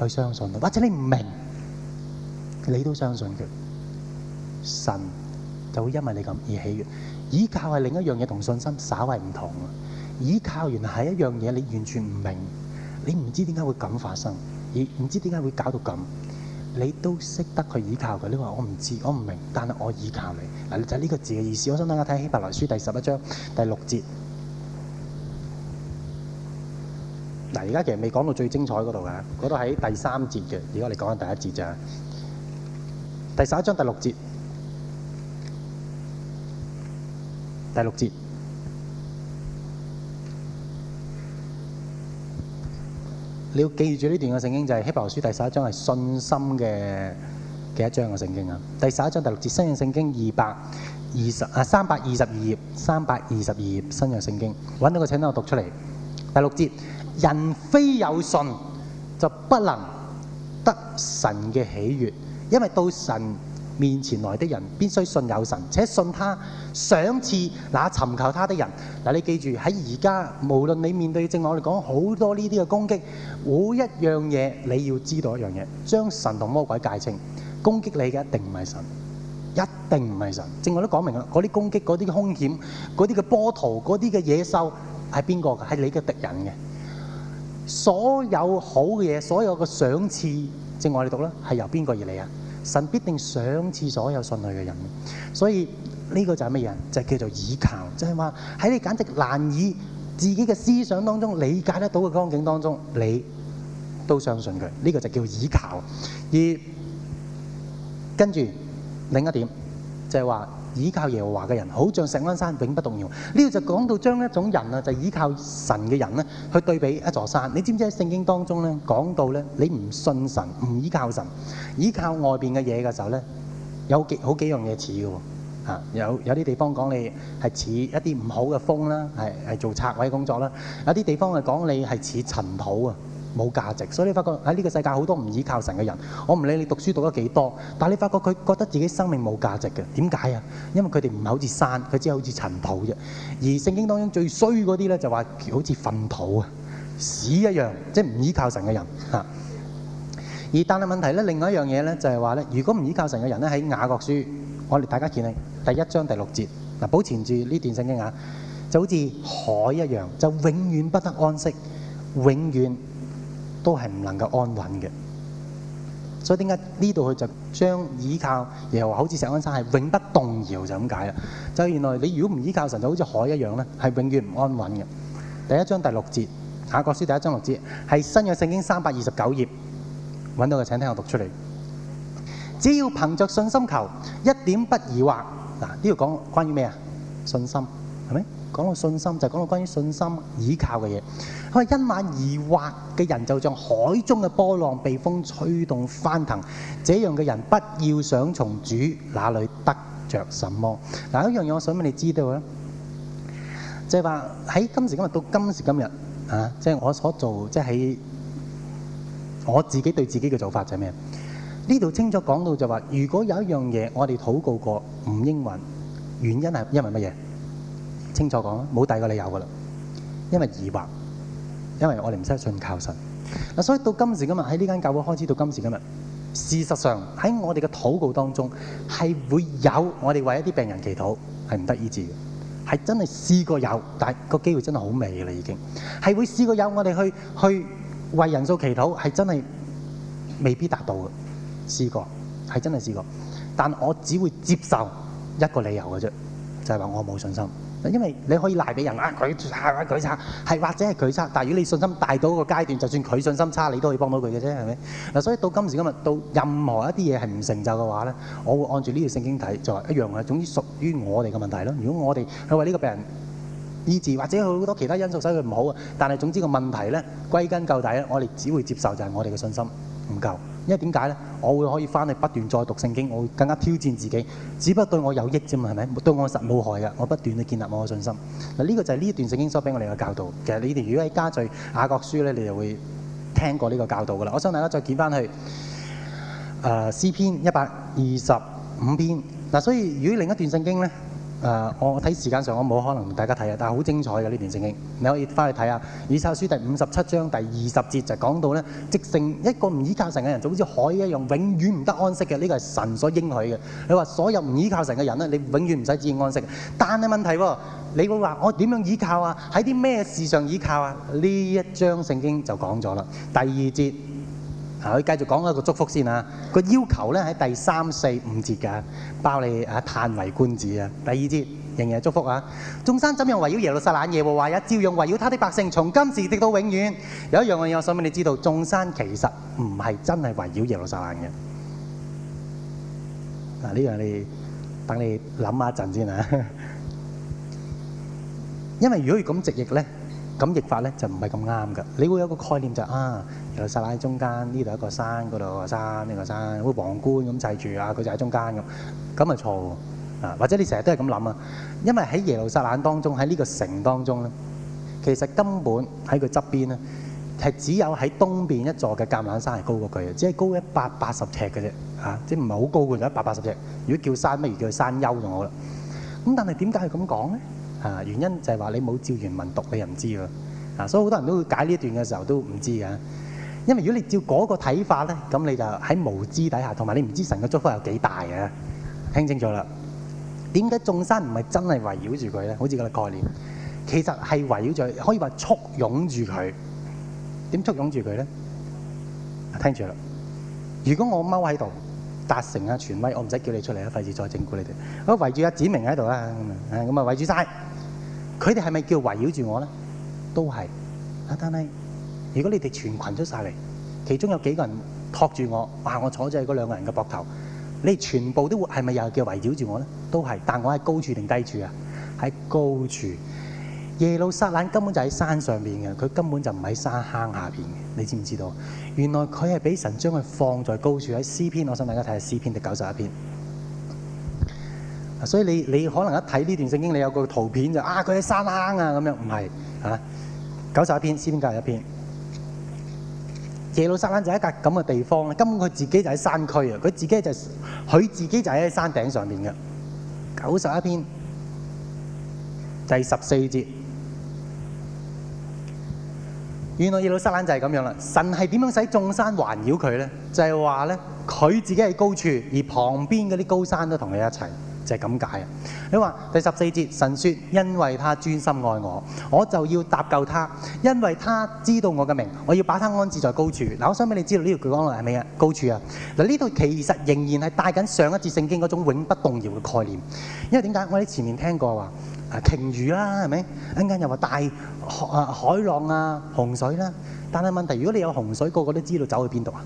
去相信，或者你唔明，你都相信佢，神就會因為你咁而喜悅。倚靠係另一樣嘢，同信心稍為唔同，依倚靠原來係一樣嘢，你完全唔明，你唔知點解會咁發生，而唔知點解會搞到咁，你都識得去倚靠佢。你話我唔知，我唔明，但係我倚靠你，就係、是、呢個字嘅意思。我想大家睇希伯來書第十一章第六節。嗱，而家其實未講到最精彩嗰度嘅，嗰度喺第三節嘅。而家你講緊第一節咋？第十一章第六節，第六節你要記住呢段嘅聖經就係希伯來書第十一章係信心嘅嗰一章嘅聖經啊？第十一章第六節，新約聖經二百二十啊三百二十二頁，三百二十二頁新約聖經揾到個，請等，我讀出嚟第六節。人非有信就不能得神嘅喜悦，因為到神面前來的人必須信有神，且信他賞賜那尋求他的人嗱。你記住喺而家，無論你面對正我哋講好多呢啲嘅攻擊，每一樣嘢你要知道一樣嘢，將神同魔鬼界清。攻擊你嘅一定唔係神，一定唔係神。正我都講明啦，嗰啲攻擊嗰啲凶險嗰啲嘅波濤嗰啲嘅野獸係邊個？係你嘅敵人嘅。所有好嘅嘢，所有嘅賞賜，正我哋讀啦，係由邊個而嚟啊？神必定賞賜所有信佢嘅人。所以呢個就係乜嘢？就叫做倚靠。就係話，喺你簡直難以自己嘅思想當中理解得到嘅光景當中，你都相信佢。呢個就叫倚靠。而跟住另一點，就係話依靠耶和華嘅人，好像錫安山永不動搖。呢度就講到將一種人啊，就是、依靠神嘅人咧，去對比一座山。你知唔知喺聖經當中咧，講到咧，你唔信神、唔依靠神、依靠外邊嘅嘢嘅時候咧，有幾好幾樣嘢似嘅喎。吓，有有啲地方講你係似一啲唔好嘅風啦，係係做拆毀工作啦。有啲地方係講你係似塵土啊。冇價值，所以你發覺喺呢個世界好多唔依靠神嘅人。我唔理你讀書讀得幾多少，但係你發覺佢覺得自己生命冇價值嘅點解啊？因為佢哋唔係好似山，佢只係好似塵土啫。而聖經當中最衰嗰啲咧就話好似糞土啊，屎一樣，即係唔依靠神嘅人嚇。而但係問題咧，另外一樣嘢咧就係話咧，如果唔依靠神嘅人咧，喺雅各書，我哋大家見啊第一章第六節嗱，保存住呢段聖經啊，就好似海一樣，就永遠不得安息，永遠。都係唔能夠安穩嘅，所以點解呢度佢就將倚靠然後話好似錫安山係永不動搖就咁解啦？就原來你如果唔依靠神就好似海一樣咧，係永遠唔安穩嘅。第一章第六節，雅各書第一章第六節係新約聖經三百二十九頁，揾到嘅請聽我讀出嚟。只要憑著信心求，一點不疑惑。嗱，呢度講關於咩啊？信心，係咪？講到信心，就講到關於信心倚靠嘅嘢。因為一慢而惑嘅人，就像海中嘅波浪，被風吹動翻騰。這樣嘅人，不要想從主那裏得着什麼。嗱，有一樣嘢，我想問你知道咧，即係話喺今時今日到今時今日啊，即係我所做，即係我自己對自己嘅做法就係咩？呢度清楚講到就話，如果有一樣嘢我哋禱告過唔應允，原因係因為乜嘢？清楚講啊，冇第二個理由噶啦，因為疑惑，因為我哋唔相信靠神嗱。所以到今時今日喺呢間教會開始到今時今日，事實上喺我哋嘅禱告當中係會有我哋為一啲病人祈禱係唔得醫治嘅，係真係試過有，但個機會真係好微啦，已經係會試過有我哋去去為人數祈禱係真係未必達到嘅，試過係真係試過，但我只會接受一個理由嘅啫，就係話我冇信心。因為你可以賴俾人啊，佢拆佢拆，係、啊啊、或者係佢拆，但係如果你信心大到個階段，就算佢信心差，你都可以幫到佢嘅啫，係咪？所以到今時今日，到任何一啲嘢係唔成就嘅話呢，我會按住呢條聖經睇，就係一樣嘅。總之屬於我哋嘅問題咯。如果我哋佢話呢個病人意志或者有好多其他因素使佢唔好，但係總之這個問題咧，歸根究底我哋只會接受就係我哋嘅信心唔夠。不夠因為點解呢？我會可以返去不斷再讀聖經，我會更加挑戰自己，只不過對我有益啫嘛，係咪？對我實冇害㗎。我不斷地建立我嘅信心。嗱，呢個就係呢一段聖經所畀我哋嘅教導。其實你哋如果喺加在家雅各書咧，你就會聽過呢個教導噶喇。我想大家再看翻去呃、詩篇一百二十五篇。嗱、呃，所以如果另一段聖經呢。Uh, 我睇時間上我冇可能同大家睇啊，但係好精彩嘅呢段聖經，你可以翻去睇啊。以賽亞書第五十七章第二十節就講到呢，即成一個唔依靠神嘅人，總之海一樣，永遠唔得安息嘅。呢個係神所應許嘅。你話所有唔依靠神嘅人，你永遠唔使自己安息。但係問題喎、啊，你會話我點樣依靠啊？喺啲咩事上依靠啊？呢一章聖經就講咗啦。第二節。啊！佢繼續講一個祝福先啦。個要求咧喺第三四五節㗎，包你啊歎為觀止啊！第二節仍然係祝福啊！眾山怎樣圍繞耶路撒冷？耶和華也照樣圍繞他的百姓，從今時直到永遠。有一樣嘅嘢，我想畀你知道，眾山其實唔係真係圍繞耶路撒冷嘅。嗱，呢樣你等你諗下一陣先啦。因為如果佢咁直譯咧。咁譯法咧就唔係咁啱㗎，你會有個概念就啊耶路撒冷喺中間，呢度一個山，嗰度個山，呢個山，好似皇冠咁砌住啊，佢就喺中間咁，咁咪錯喎啊！或者你成日都係咁諗啊，因為喺耶路撒冷當中喺呢個城當中咧，其實根本喺佢側邊咧係只有喺東邊一座嘅橄欖山係高過佢嘅，只係高一百八十呎嘅啫嚇，即係唔係好高㗎，就一百八十呎。如果叫山，不如叫山丘就好啦。咁但係點解係咁講咧？啊，原因就係話你冇照原文讀，你又唔知㗎。啊，所以好多人都會解呢一段嘅時候都唔知㗎。因為如果你照嗰個睇法咧，咁你就喺無知底下，同埋你唔知道神嘅祝福有幾大嘅。聽清楚啦。點解眾山唔係真係圍繞住佢咧？好似個概念，其實係圍繞住，可以話簇擁住佢。點簇擁住佢咧？聽住啦。如果我踎喺度，達成啊全威，我唔使叫你出嚟啦，費事再整蠱你哋。好，圍住阿子明喺度啦。誒，咁啊圍住晒。佢哋係咪叫圍繞住我咧？都係。但係如果你哋全群出晒嚟，其中有幾個人托住我，哇！我坐咗喺嗰兩個人嘅膊頭，你全部都係咪又係叫圍繞住我咧？都係。但我係高處定低處啊？喺高處。耶路撒冷根本就喺山上邊嘅，佢根本就唔喺山坑下邊嘅。你知唔知道？原來佢係俾神將佢放在高處。喺詩篇，我想大家睇下詩篇第九十一篇。所以你你可能一睇呢段聖經，你有個圖片就啊，佢喺山坑啊咁樣，唔係啊。九十一篇，詩篇九十一篇，耶路撒冷就係一個咁嘅地方啦。根本佢自己就喺山區啊，佢自己就佢自己就喺山頂上面嘅。九十一篇第十四節，原來耶路撒冷就係咁樣啦。神係點樣使眾山環繞佢呢？就係話呢，佢自己喺高處，而旁邊嗰啲高山都同佢一齊。就係咁解啊！你話第十四節，神說：因為他專心愛我，我就要搭救他；因為他知道我嘅名，我要把他安置在高處。嗱，我想俾你知道呢條句講到係咩啊？高處啊！嗱，呢度其實仍然係帶緊上一節聖經嗰種永不動搖嘅概念。因為點解？我喺前面聽過話啊，鯨魚啦、啊，係咪？一陣間又話大啊海浪啊洪水啦、啊。但係問題，如果你有洪水，個個都知道走去邊度啊？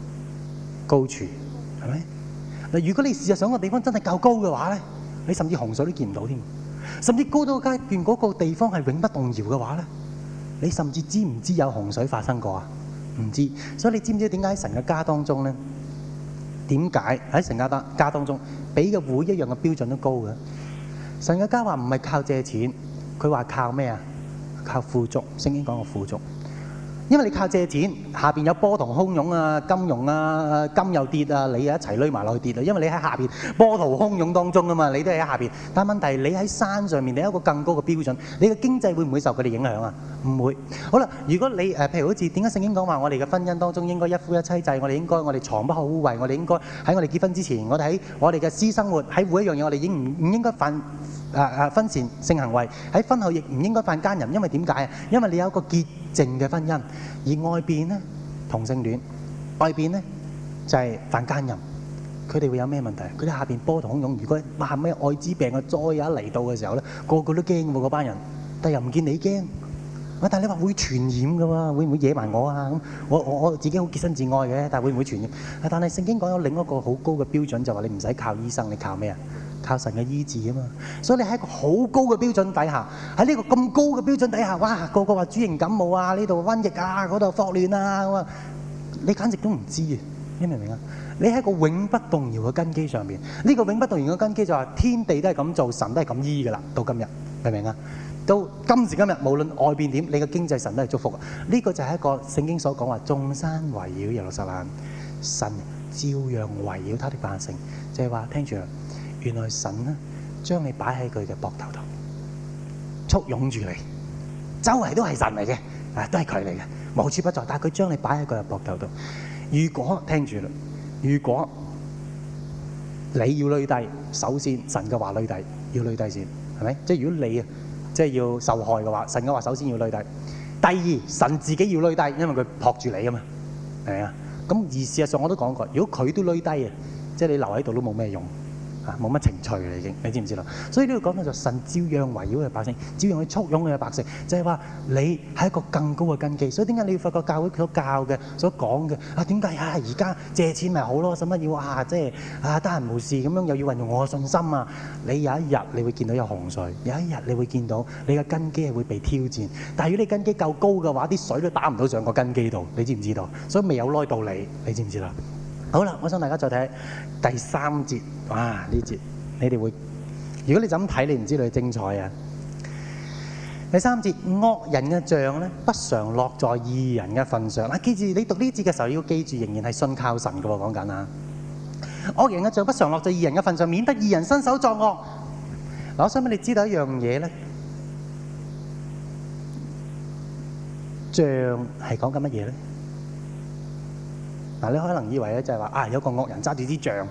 高處係咪？嗱，如果你事實上個地方真係夠高嘅話咧？你甚至洪水都見唔到添，甚至高到階段嗰個地方係永不動搖嘅話呢？你甚至知唔知有洪水發生過啊？唔知，所以你知唔知點解喺神嘅家當中呢？點解喺神家當中，俾嘅會一樣嘅標準都高嘅？神嘅家話唔係靠借錢，佢話靠咩啊？靠富足，聖經講嘅富足。因為你靠借錢，下面有波濤洶湧啊、金融啊、金又跌啊、你又一齊累埋落去跌啊。因為你喺下面，波濤洶湧當中啊嘛，你都喺下面。但問題是你喺山上面，你有一個更高嘅標準，你嘅經濟會唔會受佢哋影響啊？唔會好啦。如果你誒，譬如好似點解聖經講話，我哋嘅婚姻當中應該一夫一妻制，我哋應該我哋牀不可污穢，我哋應該喺我哋結婚之前，我哋喺我哋嘅私生活喺每一樣嘢，我哋應唔應該犯誒誒婚前性行為？喺婚後亦唔應該犯奸淫，因為點解啊？因為你有個潔淨嘅婚姻，而外邊咧同性戀，外邊咧就係犯奸淫，佢哋會有咩問題？佢哋下邊波濤洶湧，如果萬萬艾滋病啊再一嚟到嘅時候咧，個個都驚喎嗰班人，但又唔見你驚。喂，但係你話會傳染嘅喎，會唔會惹埋我啊？咁我我我自己好潔身自愛嘅，但係會唔會傳染？啊！但係聖經講有另一個好高嘅標準，就話你唔使靠醫生，你靠咩啊？靠神嘅醫治啊嘛！所以你喺一個好高嘅標準底下，喺呢個咁高嘅標準底下，哇！個個話豬型感冒啊，呢度瘟疫啊，嗰度霍亂啊，咁啊，你簡直都唔知嘅，你明唔明啊？你喺一個永不動搖嘅根基上面，呢個永不動搖嘅根基就話天地都係咁做，神都係咁醫嘅啦，到今日，明唔明啊？到今時今日，無論外邊點，你嘅經濟神都係祝福。呢個就係一個聖經所講話，眾山圍繞耶路撒冷，神照樣圍繞他的百姓，就係話聽住啦。原來神咧將你擺喺佢嘅膊頭度，簇擁住你，周圍都係神嚟嘅，啊都係佢嚟嘅，無處不在。但係佢將你擺喺佢嘅膊頭度。如果聽住啦，如果你要墜低，首先神嘅話墜低要墜低先係咪？即係如果你啊。即係要受害嘅話，神嘅話首先要擂低，第二神自己要擂低，因為佢撲住你吖嘛，係咪啊？咁而事實上我都講過，如果佢都擂低嘅，即係你留喺度都冇咩用。冇乜情趣啦，已經，你知唔知啦？所以呢度講法就神，照樣圍繞佢百姓，照樣去簇擁佢嘅百姓，就係話你係一個更高嘅根基。所以點解你要發覺教，教會佢所教嘅、所講嘅啊？點解啊？而家借錢咪好咯？使乜要啊？即係啊，得閒無事咁樣又要運用我嘅信心啊？你有一日你會見到有洪水，有一日你會見到你嘅根基係會被挑戰。但係如果你根基夠高嘅話，啲水都打唔到上個根基度，你知唔知道？所以未有耐到你，你知唔知啦？好啦，我想大家再睇第三節，哇！呢節你哋會，如果你就咁睇，你唔知佢精彩啊。第三節惡人嘅杖咧，不常落在義人嘅份上。嗱，記住你讀呢節嘅時候，要記住仍然係信靠神噶喎。講緊啊，惡人嘅杖不常落在義人嘅份上，免得義人伸手作惡。嗱，我想問你知道一樣嘢咧，杖係講緊乜嘢咧？嗱，你可能以為咧就係話啊，有個惡人揸住啲杖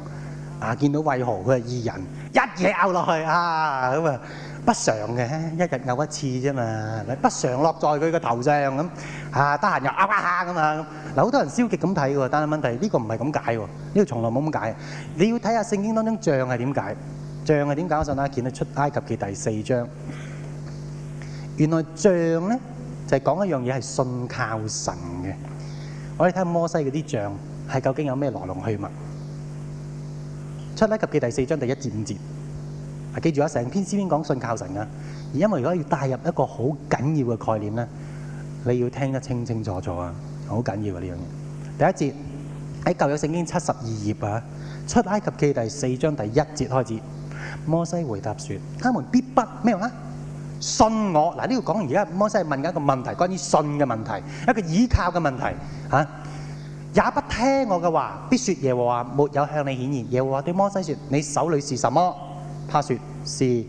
啊，見到為何佢係義人，一嘢咬落去啊，咁啊不常嘅，一日咬一次啫嘛，唔係不常落在佢個頭上咁啊，得閒又啊啊咁嘛，嗱好多人消極咁睇喎，但係問題呢個唔係咁解喎，呢個從來冇咁解，你要睇下聖經當中杖係點解，杖係點解？我上次見到出埃及記第四章，原來杖咧就係講一樣嘢係信靠神嘅。我哋睇摩西嗰啲像，係究竟有咩來龍去脈？出埃及記第四章第一至五節，啊記住啊，成篇詩篇講信靠神啊。而因為如果要帶入一個好緊要嘅概念呢，你要聽得清清楚楚啊，好緊要啊呢樣嘢。第一節喺舊約聖經七十二頁啊，《出埃及記》第四章第一節開始，摩西回答說：他們必不咩啊？什麼信我，嗱，呢度講而家摩西問緊一個問題，關於信嘅問題，一個倚靠嘅問題嚇、啊。也不聽我嘅話，必説耶和華沒有向你顯現。耶和華對摩西説：你手裏是什麼？他説是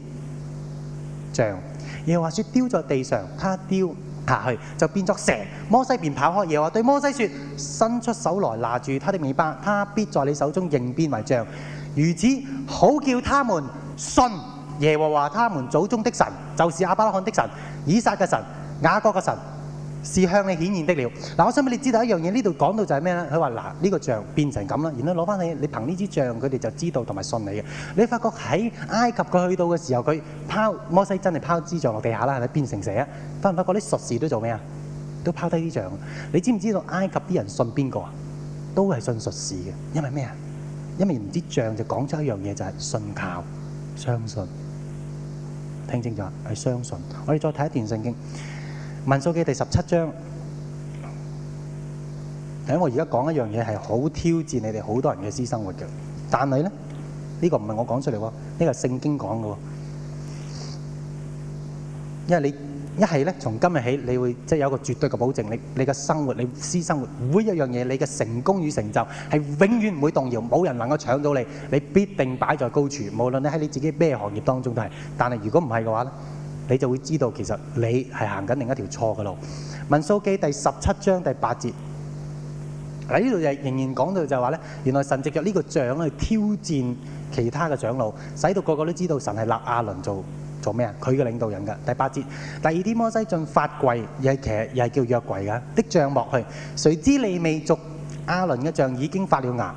杖。」耶和華説：丟在地上，他丟下去就變作蛇。摩西便跑開。耶和華對摩西説：伸出手來拿住他的尾巴，他必在你手中仍變為杖。」如此好叫他們信。耶和華他們祖宗的神就是亞伯拉罕的神、以撒嘅神、雅各嘅神，是向你顯現的了。嗱，我想俾你知道一樣嘢，呢度講到就係咩咧？佢話嗱，呢、這個像變成咁啦，然後攞翻去你憑呢支像，佢哋就知道同埋信你嘅。你發覺喺埃及佢去到嘅時候，佢拋摩西真係拋支像落地下啦，係咪變成蛇啊？發唔發覺啲術士都做咩啊？都拋低啲像。你知唔知道埃及啲人信邊個啊？都係信術士嘅，因為咩啊？因為唔知像就講出一樣嘢就係、是、信靠、相信。聽清楚，係相信。我哋再睇一段聖經，《民數記》第十七章。等我而家講一樣嘢係好挑戰你哋好多人嘅私生活嘅，但係呢，呢個唔係我講出嚟喎，呢個係聖經講嘅。因為你。一係咧，從今日起，你會即係有一個絕對嘅保證，你你嘅生活，你私生活，每一樣嘢，你嘅成功與成就係永遠唔會動搖，冇人能夠搶到你，你必定擺在高處。無論你喺你自己咩行業當中都係，但係如果唔係嘅話咧，你就會知道其實你係行緊另一條錯嘅路。民數記第十七章第八節喺呢度就仍然講到就係話咧，原來神藉著呢個杖去挑戰其他嘅長老，使到個個都知道神係立亞倫做。做咩啊？佢嘅領導人噶。第八節，第二啲摩西進法櫃，亦係其實亦係叫約櫃噶啲帳幕去。誰知利未族亞倫嘅杖已經發了芽，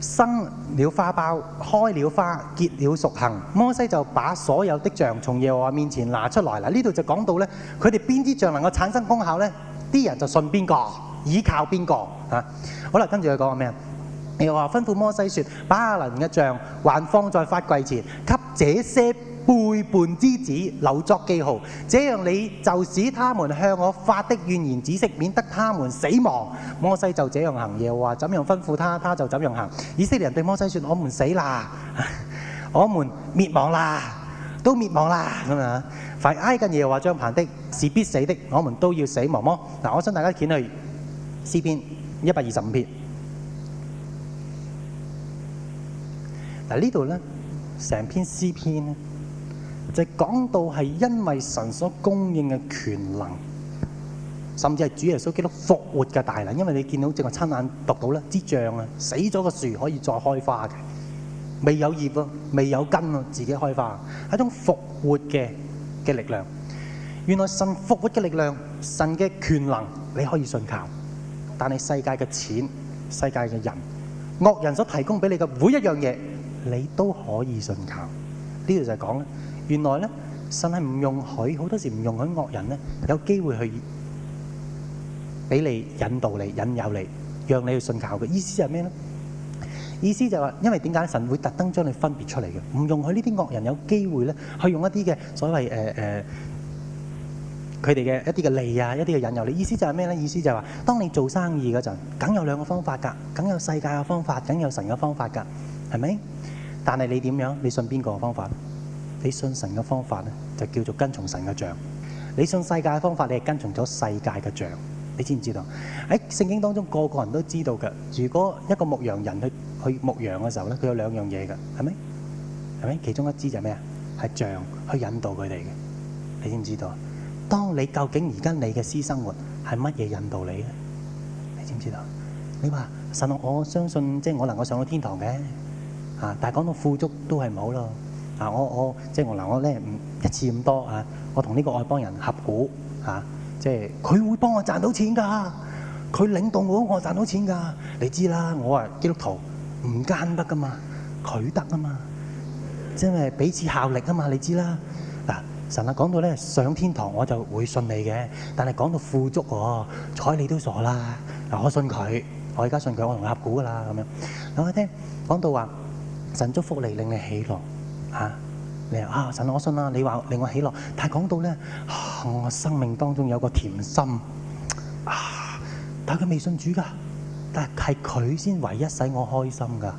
生了花苞，開了花，結了熟杏。摩西就把所有的杖從耶和華面前拿出來啦。呢度就講到咧，佢哋邊啲杖能夠產生功效咧？啲人就信邊個，依靠邊個嚇。好啦，跟住佢講話咩啊？耶和華吩咐摩西說：把亞倫嘅杖還放在法櫃前，給這些，背叛之子留作記號，這樣你就使他們向我發的怨言止息，免得他們死亡。摩西就這樣行，耶和華怎樣吩咐他，他就怎樣行。以色列人對摩西說：我們死啦， (laughs) 我們滅亡啦，都滅亡啦咁啊！凡挨近耶和華帳幕的是必死的，我們都要死亡麼？嗱，我想大家卷去詩篇一百二十五篇。嗱呢度咧，成篇詩篇咧。就係、是、講到係因為神所供應嘅權能，甚至係主耶穌基督復活嘅大能。因為你見到，正話親眼讀到咧，支杖啊，死咗個樹可以再開花嘅，未有葉啊，未有根啊，自己開花係一種復活嘅嘅力量。原來神復活嘅力量，神嘅權能，你可以信靠。但係世界嘅錢、世界嘅人、惡人所提供俾你嘅每一樣嘢，你都可以信靠。呢度就係講咧。原來咧，神係唔容許，好多時唔容許惡人咧，有機會去俾你引導你、引誘你，讓你去信教嘅。意思就係咩咧？意思就係話，因為點解神會特登將你分別出嚟嘅？唔容許呢啲惡人，有機會咧，去用一啲嘅所謂誒誒，佢哋嘅一啲嘅利啊，一啲嘅引誘你。意思就係咩咧？意思就係話，當你做生意嗰陣，梗有兩個方法㗎，梗有世界嘅方法，梗有神嘅方法㗎，係咪？但係你點樣？你信邊個嘅方法？你信神嘅方法咧，就叫做跟從神嘅杖；你信世界嘅方法，你係跟從咗世界嘅杖。你知唔知道？喺聖經當中，個個人都知道嘅。如果一個牧羊人去去牧羊嘅時候咧，佢有兩樣嘢嘅，係咪？係咪？其中一支就係咩啊？係杖去引導佢哋嘅。你知唔知道？當你究竟而家你嘅私生活係乜嘢引導你咧？你知唔知道？你話神，我相信即係我能夠上到天堂嘅。啊！但係講到富足都係唔好咯。嗱，我即我即係我嗱，我咧唔一次咁多啊！我同呢個外邦人合股嚇、啊，即係佢會幫我賺到錢㗎。佢領導我，我賺到錢㗎。你知啦，我係基督徒，唔奸不得㗎嘛，佢得㗎嘛，即係彼此效力啊嘛。你知啦嗱、啊，神啊講到咧上天堂我就會信你嘅，但係講到富足喎，睬你都傻啦嗱！我信佢，我而家信佢，我同佢合股㗎啦咁樣。咁我聽講到話神祝福你，令你喜樂。吓，你話，神，我信啦。你話令我喜樂，但係講到咧，我生命當中有個甜心，但係佢未信主噶但係佢先唯一使我開心噶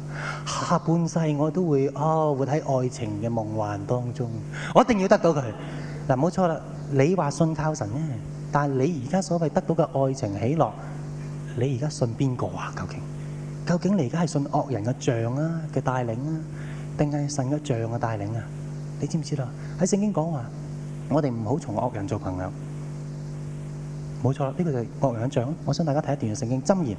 下半世我都會啊，活喺愛情嘅夢幻當中，我一定要得到佢嗱，冇錯啦。你話信靠神呢，但係你而家所謂得到嘅愛情喜樂，你而家信邊個啊？究竟，究竟你而家係信惡人嘅像啊嘅帶領啊？定係神嘅像嘅帶領啊！你知唔知道？喺聖經講話，我哋唔好同惡人做朋友。冇錯，呢個就係惡人嘅像。我想大家睇一段聖經箴言。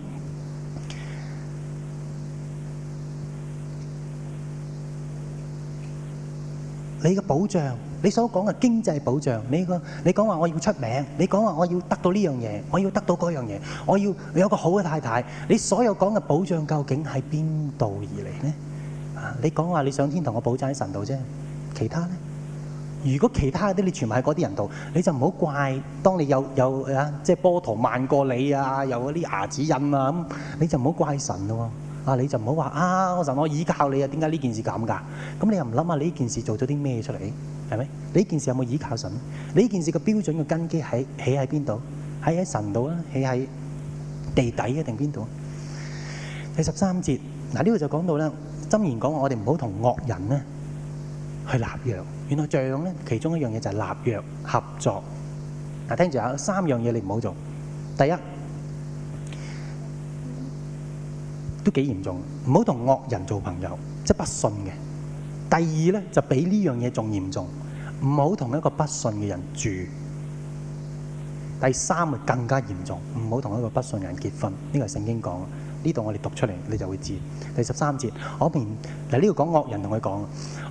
你嘅保障，你所講嘅經濟保障，你個你講話我要出名，你講話我要得到呢樣嘢，我要得到嗰樣嘢，我要有個好嘅太太。你所有講嘅保障，究竟喺邊度而嚟呢？你講話你上天同我保證喺神度啫。其他咧，如果其他啲你全部喺嗰啲人度，你就唔好怪。當你有有啊，即係波濤漫過你啊，有嗰啲牙齒印啊咁，你就唔好怪神咯。啊，你就唔好話啊，神我倚靠你啊，點解呢件事咁㗎？咁你又唔諗下你呢件事做咗啲咩出嚟？係咪你呢件事有冇倚靠神？你呢件事嘅標準嘅根基喺起喺邊度？喺喺神度啊，起喺地底啊定邊度？第十三節嗱，呢度就講到啦。箴言講：我哋唔好同惡人咧去立約。原來仗咧其中一樣嘢就係立約合作。嗱，聽住有三樣嘢你唔好做。第一都幾嚴重，唔好同惡人做朋友，即係不信嘅。第二咧就比呢樣嘢仲嚴重，唔好同一個不信嘅人住。第三咪更加嚴重，唔好同一個不信嘅人結婚。呢個係聖經講。呢度我哋讀出嚟，你就會知道。第十三節，我便嗱呢度講惡人同佢講：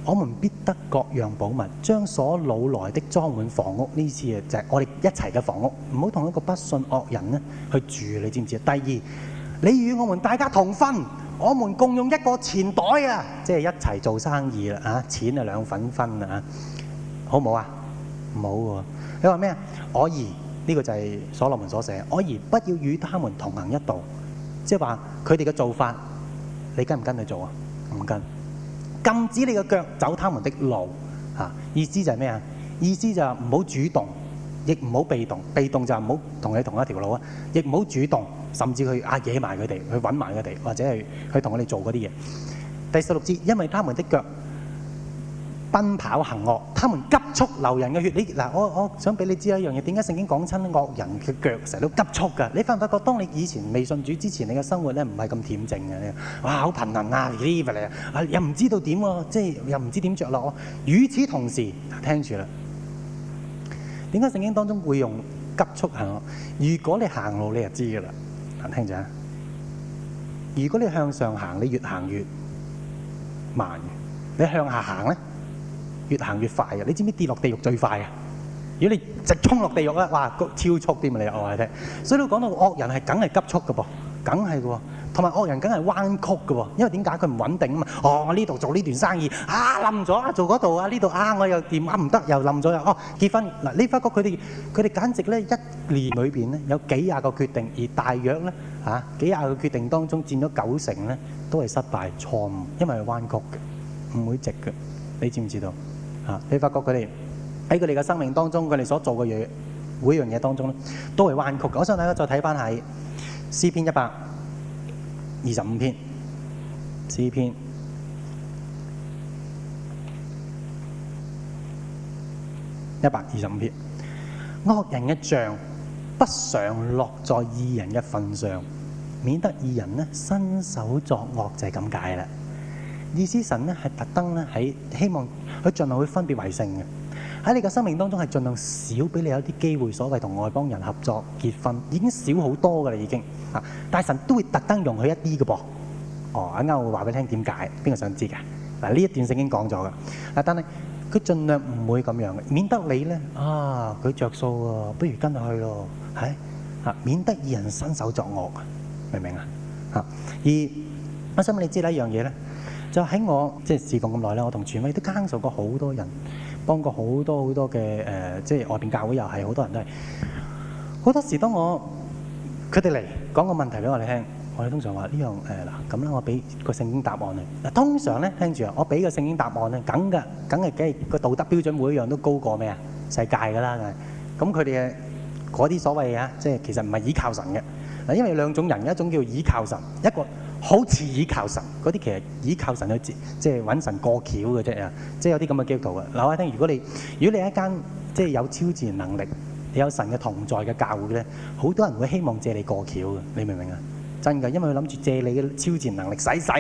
我們必得各樣寶物，將所攞來的裝滿房屋。呢次就係我哋一齊嘅房屋，唔好同一個不信惡人咧去住。你知唔知啊？第二，你與我們大家同分，我們共用一個錢袋啊，即係一齊做生意啦嚇，錢啊兩份分啊，好唔好啊？唔好喎。你話咩啊？我兒，呢、這個就係所羅門所寫，我兒，不要與他們同行一道。即係話佢哋嘅做法，你跟唔跟佢做啊？唔跟，禁止你嘅腳走他們的路。嚇，意思就係咩啊？意思就係唔好主動，亦唔好被動。被動就係唔好同佢同一條路啊，亦唔好主動，甚至去惹埋佢哋，去揾埋佢哋，或者係去同佢哋做嗰啲嘢。第十六節，因為他們的腳。奔跑行惡，他們急速流人嘅血。你嗱，我我想俾你知道一樣嘢，點解聖經講親惡人嘅腳成日都急速嘅？你發唔發覺？當你以前未信主之前，你嘅生活咧唔係咁恬靜嘅。哇，好貧能啊，leave 又唔知道點喎、啊，即係又唔知點着落哦、啊。與此同時，聽住啦，點解聖經當中會用急速行惡？如果你行路，你就知嘅啦。聽住啊，如果你向上行，你越行越慢；你向下行呢？越行越快啊，你知唔知跌落地獄最快啊？如果你直衝落地獄咧，哇，超速添啊！你又話你聽，所以你講到惡人係梗係急速嘅噃，梗係嘅喎，同埋惡人梗係彎曲嘅喎，因為點解佢唔穩定嘛啊？哦，我呢度做呢段生意啊，冧咗啊，做嗰度啊，呢度啊，我又點啊，唔得又冧咗又哦，結婚嗱，你發覺佢哋佢哋簡直咧一年裏邊咧有幾廿個決定，而大約咧嚇幾廿個決定當中，佔咗九成咧都係失敗錯誤，因為係彎曲嘅，唔會直嘅，你知唔知道？啊！你發覺佢哋喺佢哋嘅生命當中，佢哋所做嘅嘢每一樣嘢當中都係彎曲嘅。我想大家再睇返係詩篇一百二十五篇，詩篇一百二十五篇，惡人嘅杖，不常落在義人嘅份上，免得義人咧伸手作惡就係咁解啦。意思神咧係特登咧喺希望佢儘量會分別為聖嘅，喺你嘅生命當中係儘量少俾你有啲機會，所謂同外邦人合作結婚已經少好多嘅啦，已經啊，但係神都會特登容許一啲嘅噃。哦，啱啱我會話俾你聽點解，邊個想知嘅？嗱，呢一段聖經講咗嘅。嗱，但係佢儘量唔會咁樣嘅，免得你咧啊，佢着數喎，不如跟佢咯，係啊，免得二人伸手作惡，明唔明啊？啊而我想問你知啦一樣嘢咧。就喺我即係事奉咁耐啦，我同傳喚都跟熟過好多人，幫過好多好多嘅誒、呃，即係外邊教會又係好多人都係。好多時當我佢哋嚟講個問題俾我哋聽，我哋通常話呢、呢個呃、樣誒嗱咁啦，我俾個聖經答案你。嗱通常咧聽住啊，我俾個聖經答案咧，梗噶，梗係幾個道德標準每一樣都高過咩啊？世界噶啦，咁佢哋嘅嗰啲所謂啊，即係其實唔係倚靠神嘅。嗱，因為有兩種人，一種叫倚靠神，一個。好似倚靠神嗰啲，那些其實倚靠神去即係揾神過橋嘅啫啊！即係有啲咁嘅基督徒啊，嗱我話你聽，如果你如果你係一間即係有超自然能力、你有神嘅同在嘅教會咧，好多人會希望借你過橋嘅，你明唔明啊？真㗎，因為佢諗住借你嘅超自然能力使使，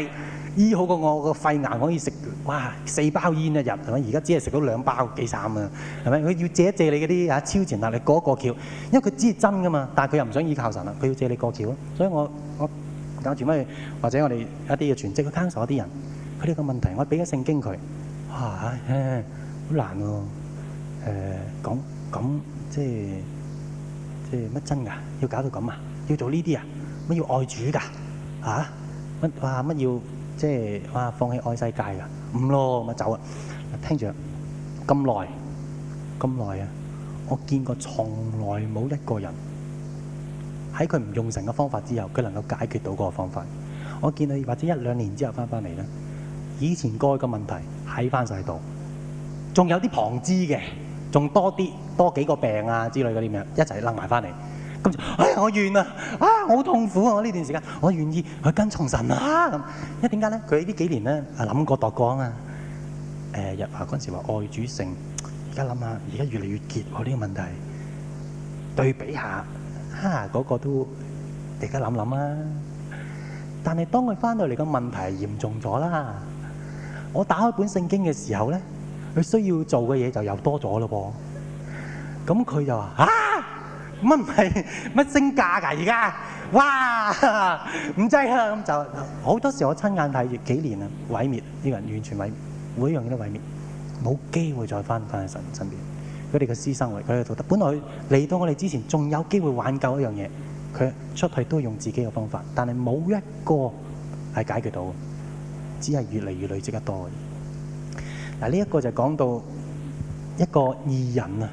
醫好過我個肺癌，可以食哇四包煙一日係咪？而家只係食到兩包，幾慘啊係咪？佢要借一借你嗰啲嚇超自然能力過一過橋，因為佢知係真㗎嘛，但係佢又唔想倚靠神啦，佢要借你過橋啊！所以我我。搞住咩？或者我哋一啲嘅全職嘅 counsel 一啲人，佢哋個問題，我俾咗聖經佢，哇，好、哎、難喎、啊！誒、呃，咁即係即係乜真㗎？要搞到咁啊？要做呢啲啊？乜要愛主㗎？嚇、啊？乜、啊、哇？乜要即係哇放棄愛世界㗎？唔、嗯、咯，咪走啊！聽住咁耐咁耐啊！我見過從來冇一個人。喺佢唔用神嘅方法之後，佢能夠解決到嗰個方法。我見佢或者一兩年之後翻返嚟咧，以前該嘅問題喺翻晒度，仲有啲旁支嘅，仲多啲多幾個病啊之類嗰啲咩，一齊甩埋翻嚟。咁就唉、哎，我怨啊，啊，我好痛苦啊！我呢段時間，我願意去跟從神啊，啊。因為點解咧？佢呢幾年咧諗過度過啊嘛。日華嗰陣時話愛主城，而家諗下，而家越嚟越結喎、啊、呢、這個問題。對比下。哈！嗰個都大家諗諗啊！但係當佢翻到嚟個問題嚴重咗啦。我打開本聖經嘅時候咧，佢需要做嘅嘢就又多咗咯噃。咁佢就話：啊，乜唔係乜升價㗎而家？哇！唔制啦，咁就好多時我親眼睇住幾年啊，毀滅呢個人，完全毀滅，每樣嘢都毀滅，冇機會再翻翻去神身邊。佢哋嘅私生活，佢哋嘅道德，本來嚟到我哋之前，仲有機會挽救一樣嘢。佢出去都用自己嘅方法，但係冇一個係解決到，只係越嚟越累積得多嘅。嗱，呢一個就講到一個義人啊，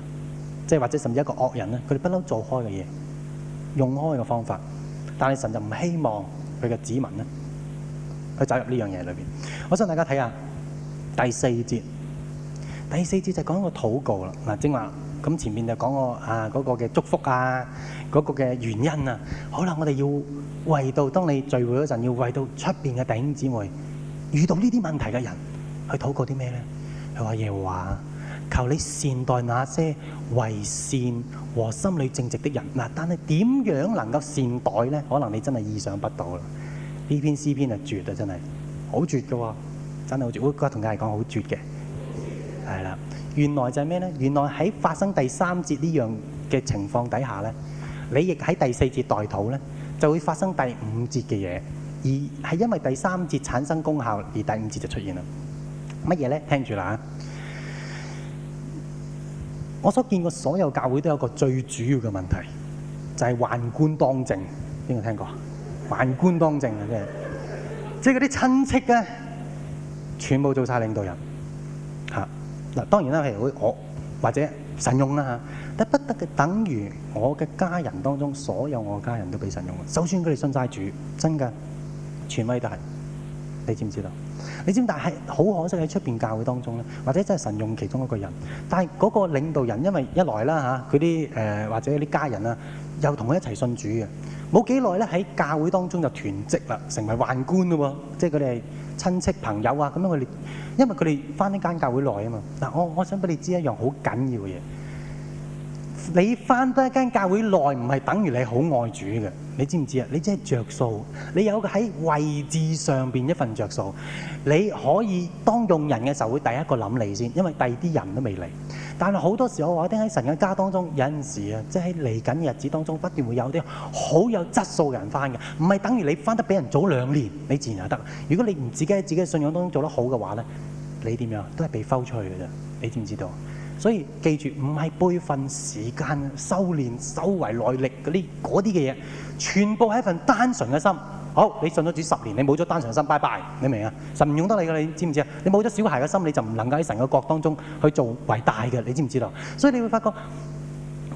即係或者甚至一個惡人咧，佢哋不嬲做開嘅嘢，用開嘅方法，但係神就唔希望佢嘅子民咧，佢走入呢樣嘢裏邊。我想大家睇下第四節。第四節就講個禱告啦，嗱，即係話咁前面就講個啊嗰個嘅祝福啊，嗰個嘅原因啊，好啦，我哋要為到當你聚會嗰陣，要為到出邊嘅弟兄姊妹遇到呢啲問題嘅人去禱告啲咩咧？佢話耶和華，求你善待那些為善和心裏正直的人。嗱，但係點樣能夠善待咧？可能你真係意想不到啦。呢篇詩篇啊，絕啊，真係好絕嘅喎，真係好絕。我覺得同佢哋講好絕嘅。係啦，原來就係咩咧？原來喺發生第三節呢樣嘅情況底下咧，你亦喺第四節代禱咧，就會發生第五節嘅嘢。而係因為第三節產生功效，而第五節就出現啦。乜嘢咧？聽住啦嚇！我所見過所有教會都有一個最主要嘅問題，就係、是、宦官當政。邊個聽過？宦官當政啊！即係即係嗰啲親戚咧、啊，全部做晒領導人。嗱，當然啦，譬如我，或者神用啦嚇，但不得嘅等於我嘅家人當中，所有我嘅家人都俾神用嘅。就算佢哋信曬主，真嘅，權威大，你知唔知道？你知？唔知？但係好可惜喺出邊教會當中咧，或者真係神用其中一個人，但係嗰個領導人因為一來啦嚇，佢啲誒或者啲家人啊，又同佢一齊信主嘅。冇幾耐咧，喺教會當中就團職了成為宦官噶喎，即係佢哋係親戚朋友啊，咁樣佢哋，因為佢哋返呢間教會耐啊嘛。我。我想俾你知一樣好緊要嘅嘢。你翻得一間教會內唔係等於你好愛主嘅，你知唔知啊？你只係着數，你有喺位置上邊一份着數，你可以當用人嘅時候會第一個諗你先，因為第二啲人都未嚟。但係好多時候我話聽喺神嘅家當中，有陣時啊，即係喺嚟緊日子當中不斷會有啲好有質素嘅人翻嘅，唔係等於你翻得比人早兩年，你自然就得。如果你唔自己喺自己嘅信仰當中做得好嘅話咧，你點樣都係被篩出去嘅啫，你知唔知道？所以記住，唔係輩份、時間、修練、修為耐力嗰啲嗰啲嘅嘢，全部係一份單純嘅心。好，你信咗主十年，你冇咗單純嘅心，拜拜，你明啊？神唔用得你噶，你知唔知啊？你冇咗小孩嘅心，你就唔能夠喺神嘅國當中去做偉大嘅，你知唔知道？所以你會發覺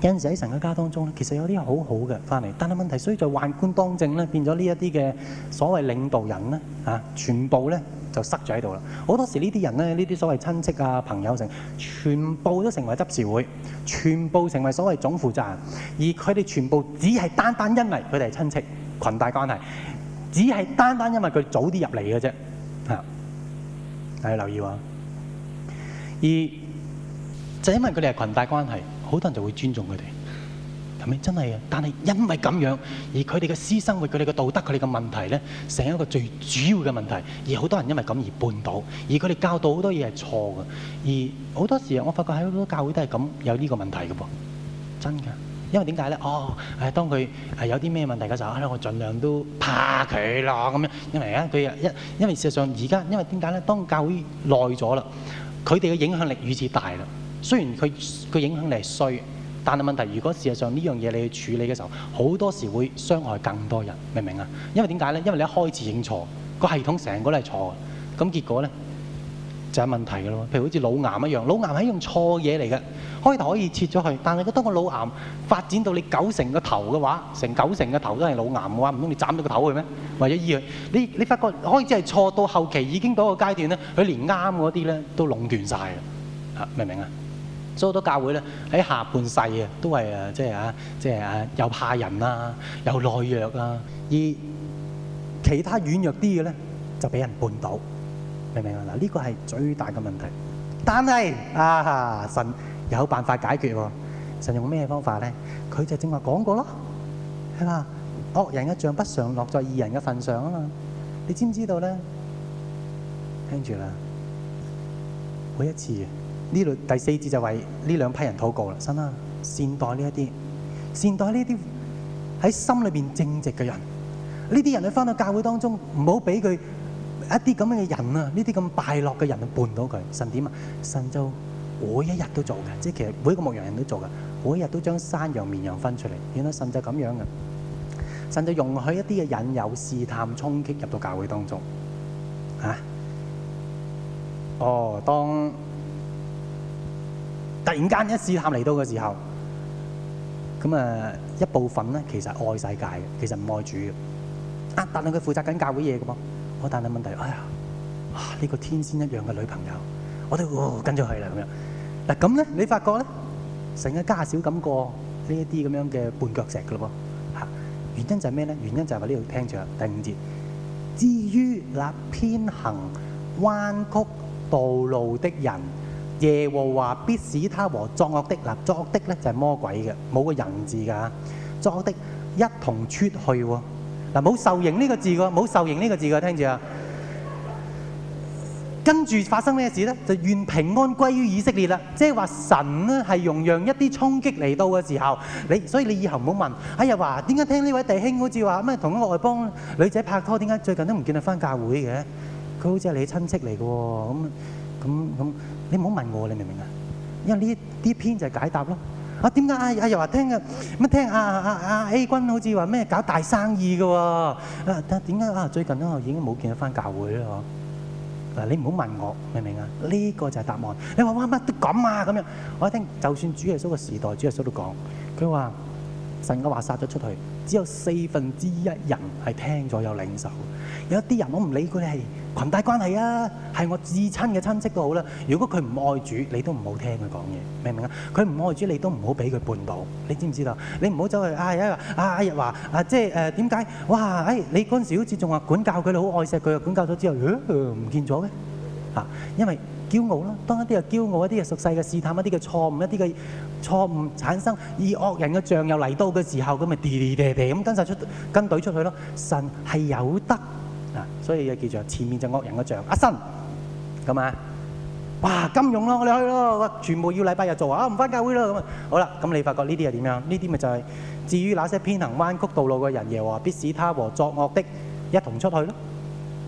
有陣時喺神嘅家當中咧，其實有啲好好嘅翻嚟，但係問題，所以就宦官當政咧，變咗呢一啲嘅所謂領導人咧，啊，全部咧。就塞咗喺度啦！好多時呢啲人咧，呢啲所謂親戚啊、朋友成、啊，全部都成為執事會，全部成為所謂總負責人，而佢哋全部只係單單因為佢哋係親戚、裙帶關係，只係單單因為佢早啲入嚟嘅啫。嚇，大家留意啊！而就因為佢哋係裙帶關係，好多人就會尊重佢哋。係咪真係啊？但係因為咁樣，而佢哋嘅私生活、佢哋嘅道德、佢哋嘅問題咧，成一個最主要嘅問題。而好多人因為咁而絆倒，而佢哋教導好多嘢係錯嘅。而好多時啊，我發覺喺好多教會都係咁，有呢個問題嘅噃。真㗎，因為點解咧？哦，係當佢係有啲咩問題嘅時候，咧，我儘量都怕佢咯，咁樣，因為咧佢啊一，因為事實上而家，因為點解咧？當教會耐咗啦，佢哋嘅影響力如此大啦。雖然佢佢影響力係衰。但係問題是，如果事實上呢樣嘢你去處理嘅時候，好多時候會傷害更多人，明唔明啊？因為點解咧？因為你一開始認錯，個系統成個都係錯嘅，咁結果咧就有問題嘅咯。譬如好似腦癌一樣，腦癌係一樣錯嘢嚟嘅。開頭可以切咗佢，但係當個腦癌發展到你九成個頭嘅話，成九成嘅頭都係腦癌嘅話，唔通你斬咗個頭去咩？或者醫佢？你你發覺開始係錯，到後期已經到一個階段咧，佢連啱嗰啲咧都壟斷晒嘅，明唔明啊？所以好多教會咧喺下半世啊，都係誒，即係啊，即係啊，又怕人啦，又懦弱啦，而其他軟弱啲嘅咧就俾人絆倒，明唔明啊？嗱，呢個係最大嘅問題。但係啊，神有辦法解決喎。神用咩方法咧？佢就正話講過咯，係嘛？惡人嘅杖不常落在義人嘅份上啊嘛。你知唔知道咧？聽住啦，每一次嘅。呢度第四節就為呢兩批人禱告啦，神啊，善待呢一啲，善待呢啲喺心裏邊正直嘅人，呢啲人去返到教會當中，唔好俾佢一啲咁樣嘅人啊，呢啲咁敗落嘅人去伴到佢，神點啊？神就每一日都做嘅，即係其實每一個牧羊人都做嘅，每一日都將山羊、綿羊分出嚟，原來啊？神就咁樣嘅，神就容許一啲嘅引誘、試探、衝擊入到教會當中，嚇、啊？哦，當。突然間一試探嚟到嘅時候，咁啊，一部分咧其實愛世界嘅，其實唔愛主啊，但係佢負責緊教會嘢嘅噃。我但諗問題，哎呀，呢、啊這個天仙一樣嘅女朋友，我都、哦、跟咗去啦咁樣。嗱咁咧，你發覺咧，成日加少咁過呢一啲咁樣嘅絆腳石嘅咯吓。原因就係咩咧？原因就係話呢度聽住第五節，至於那偏行彎曲道路的人。耶和華必使他和作惡的嗱，作惡的咧就係魔鬼嘅冇個人字噶吓，作惡的一同出去嗱，冇受刑呢個字噶，冇受刑呢個字噶，聽住啊，跟住發生咩事咧？就願平安歸於以色列啦，即係話神咧係容讓一啲衝擊嚟到嘅時候，你所以你以後唔好問哎呀話點解聽呢位弟兄好似話咩同一個外邦女仔拍拖，點解最近都唔見佢翻教會嘅？佢好似係你親戚嚟嘅咁咁咁。你唔好問我，你明唔明啊？因為呢啲篇就係解答咯。啊，點解啊啊又話聽嘅乜聽啊啊啊 A 君好似話咩搞大生意嘅喎？啊，但點解啊最近啊已經冇見到翻教會咧？嗬？嗱，你唔好問我，明唔明啊？呢個就係答案。你話哇乜都咁啊咁樣，我一聽就算主耶穌嘅時代，主耶穌都講，佢話神嘅話殺咗出去，只有四分之一人係聽咗有領受，有一啲人我唔理佢係，裙帶關係啊，係我至親嘅親戚都好啦。如果佢唔愛主，你都唔好聽佢講嘢，明唔明啊？佢唔愛主，你都唔好俾佢絆倒，你知唔知道？你唔好走去、哎哎哎、啊！阿日話啊，阿日話啊，即係誒點解？哇！誒、哎、你嗰陣時好似仲話管教佢，你好愛錫佢啊，管教咗之後，唔見咗嘅啊，因為驕傲啦。當一啲又驕傲，一啲又熟悉嘅試探，一啲嘅錯誤，一啲嘅錯誤產生，以惡人嘅杖又嚟到嘅時候，咁咪喋喋喋咁跟曬出跟隊出去咯。神係有得。所以又叫做前面就惡人嘅像，阿神咁啊，哇金融咯，我哋去咯，全部要禮拜日做啊，唔返教會咯咁啊，好啦，咁你發覺呢啲係點樣？呢啲咪就係至於那些偏行彎曲道路嘅人，耶和華必使他和作惡的一同出去咯。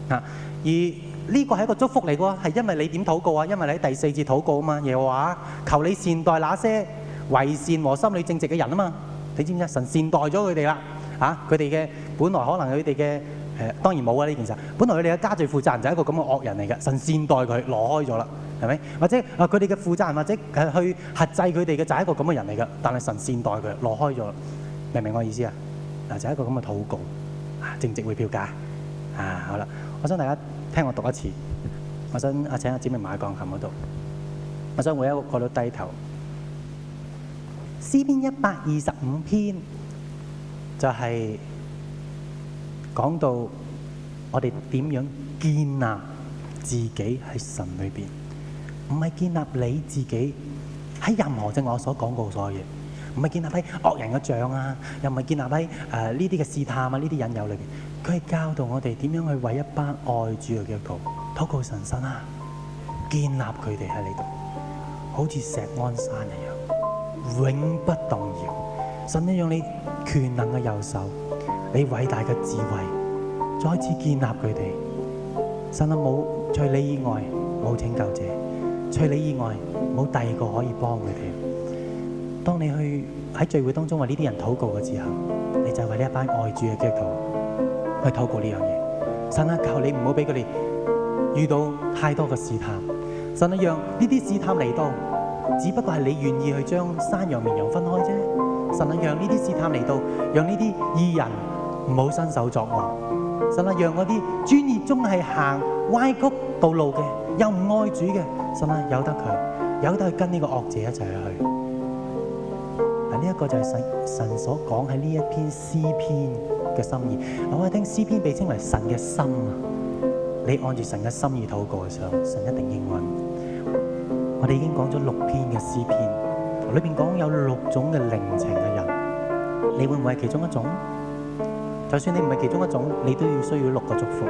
啊，而呢個係一個祝福嚟嘅喎，係因為你點禱告啊？因為你喺第四節禱告啊嘛，耶和華求你善待那些為善和心裏正直嘅人啊嘛，你知唔知啊？神善待咗佢哋啦，啊，佢哋嘅本來可能佢哋嘅。誒當然冇啊！呢件事，本來佢哋嘅家最負責人就係一個咁嘅惡人嚟嘅，神善待佢攞開咗啦，係咪？或者啊，佢哋嘅負責人，或者去核制佢哋嘅就係一個咁嘅人嚟嘅，但係神善待佢攞開咗，明唔明我意思啊？嗱，就係一個咁嘅禱告，正直會票價啊！好啦，我想大家聽我讀一次，我想啊請阿展明埋喺鋼琴嗰度，我想每一個到低頭，詩篇一百二十五篇就係，是。講到我哋點樣建立自己喺神裏邊，唔係建立你自己喺任何正，我所講過所有嘢，唔係建立喺惡人嘅像啊，又唔係建立喺誒呢啲嘅試探啊，呢啲引誘裏邊。佢係教導我哋點樣去為一班愛主嘅基督徒禱告神身啊，建立佢哋喺呢度，好似錫安山一樣，永不動搖。神一用你權能嘅右手。你偉大嘅智慧再次建立佢哋。神啊，冇除你以外冇拯救者，除你以外冇第二個可以幫佢哋。當你去喺聚會當中為呢啲人禱告嘅時候，你就係為呢一班愛主嘅基督徒去禱告呢樣嘢。神啊，求你唔好俾佢哋遇到太多嘅試探。神啊，讓呢啲試探嚟到，只不過係你願意去將山羊綿羊分開啫。神啊，讓呢啲試探嚟到，讓呢啲義人。唔好伸手作惡，神啊，讓嗰啲專業中係行歪曲道路嘅，又唔愛主嘅，神啊，由得佢，由得佢跟呢個惡者一齊去。嗱，呢一個就係神神所講喺呢一篇詩篇嘅心意。我話聽詩篇被稱為神嘅心啊，你按住神嘅心意禱告嘅時候，神一定應允。我哋已經講咗六篇嘅詩篇，裏邊講有六種嘅靈情嘅人，你會唔會係其中一種？就算你唔係其中一種，你都要需要六個祝福。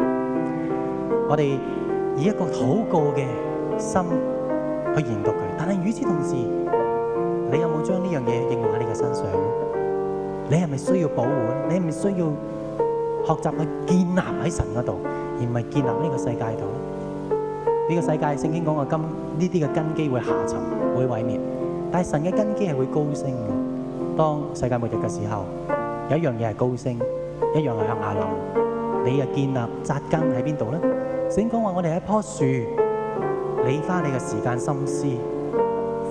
我哋以一個禱告嘅心去研讀佢，但係與此同時，你有冇將呢樣嘢應用喺你嘅身上？你係咪需要保護？你係咪需要學習去建立喺神嗰度，而唔係建立喺呢個世界度？呢個世界聖經講嘅根，呢啲嘅根基會下沉、會毀滅，但係神嘅根基係會高升嘅。當世界末日嘅時候，有一樣嘢係高升。一樣係向下淋，你又建立扎根喺邊度咧？聖經講話我哋係一棵樹，你花你嘅時間心思，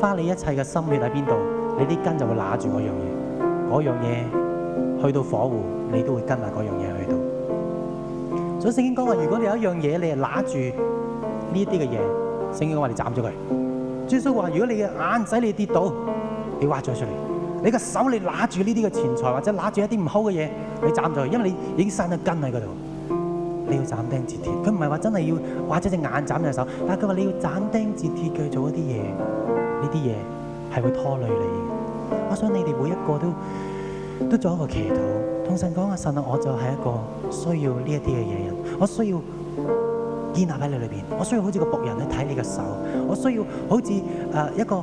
花你一切嘅心血喺邊度，你啲根就會揦住嗰樣嘢，嗰樣嘢去到火湖，你都會跟埋嗰樣嘢去到。所以聖經講話，說說如果你有一樣嘢，你係揦住呢啲嘅嘢，聖經講話你斬咗佢。耶穌話：如果你嘅眼使你跌倒，你挖咗出嚟。你個手你揦住呢啲嘅錢財，或者揦住一啲唔好嘅嘢，你斬咗佢，因為你已經生咗根喺嗰度。你要斬釘截鐵，佢唔係話真係要或者隻眼斬隻手，但係佢話你要斬釘截鐵去做一啲嘢，呢啲嘢係會拖累你。我想你哋每一個都都做一個祈禱，同神講啊，神啊，我就係一個需要呢一啲嘅嘢人，我需要建立喺你裏邊，我需要好似個僕人去睇你嘅手，我需要好似誒一個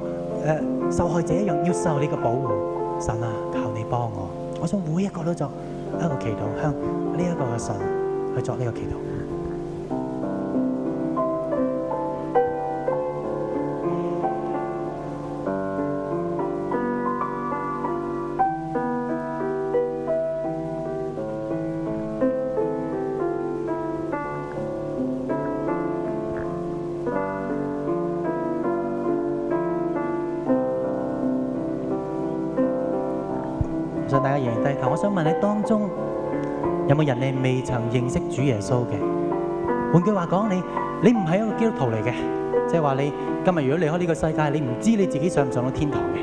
誒受害者一樣，要受你嘅保護。神啊，求你幫我，我想每一個都作一個祈禱，向呢一個嘅神去作呢個祈禱。我想問你當中有冇人你未曾認識主耶穌嘅？換句話講，你你唔係一個基督徒嚟嘅，即係話你今日如果離開呢個世界，你唔知你自己上唔上到天堂嘅。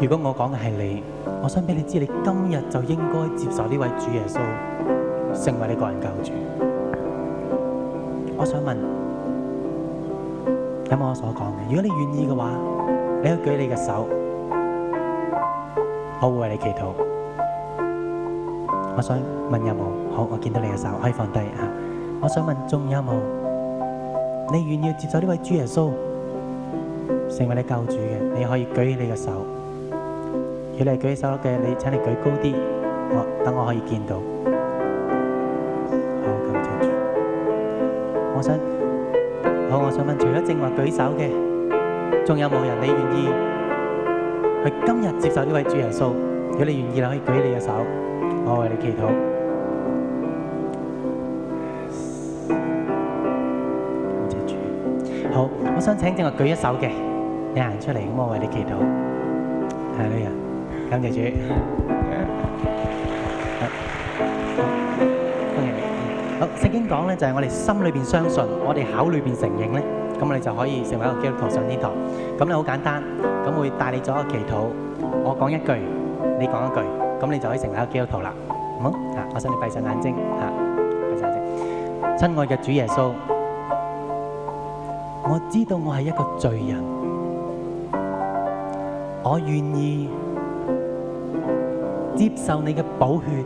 如果我講嘅係你，我想俾你知，你今日就應該接受呢位主耶穌成為你個人救主。我想問有冇我所講嘅？如果你願意嘅話，你可以舉你嘅手。我會為你祈禱。我想問有冇？好，我見到你嘅手可以放低啊。我想問仲有冇？你願意接受呢位主耶穌成為你救主嘅？你可以舉起你嘅手。如果你舉起手嘅，你請你舉高啲，我等我可以見到。好，感謝主。我想，好，我想問，除咗正話舉手嘅，仲有冇人你願意？今日接受呢位主耶穌，如果你願意啦，可以舉你嘅手，我為你祈禱。感謝主。好，我想請正我舉一手嘅，你行出嚟，咁我為你祈禱。係呢人，感謝主。好，聖經講咧就係我哋心裏邊相信，我哋口裏邊承認咧，咁我哋就可以成為一個基督徒上天堂。咁咧好簡單。咁會帶你做一個祈禱，我講一句，你講一句，咁你就可以成為一個基督徒啦。好，我想你閉上眼睛，嚇，閉上眼睛，親愛嘅主耶穌，我知道我係一個罪人，我願意接受你嘅寶血，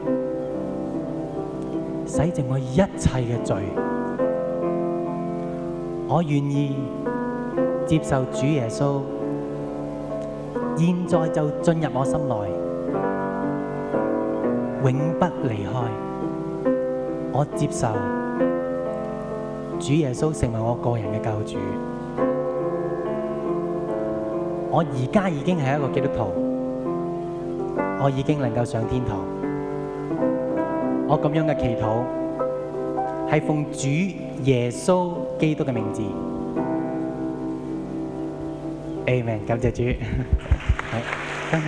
洗淨我一切嘅罪，我願意接受主耶穌。再就進入我心內，永不離開。我接受主耶穌成為我個人嘅救主。我而家已經係一個基督徒，我已經能夠上天堂。我咁樣嘅祈禱，係奉主耶穌基督嘅名字。Amen，感謝主。 (laughs) 真係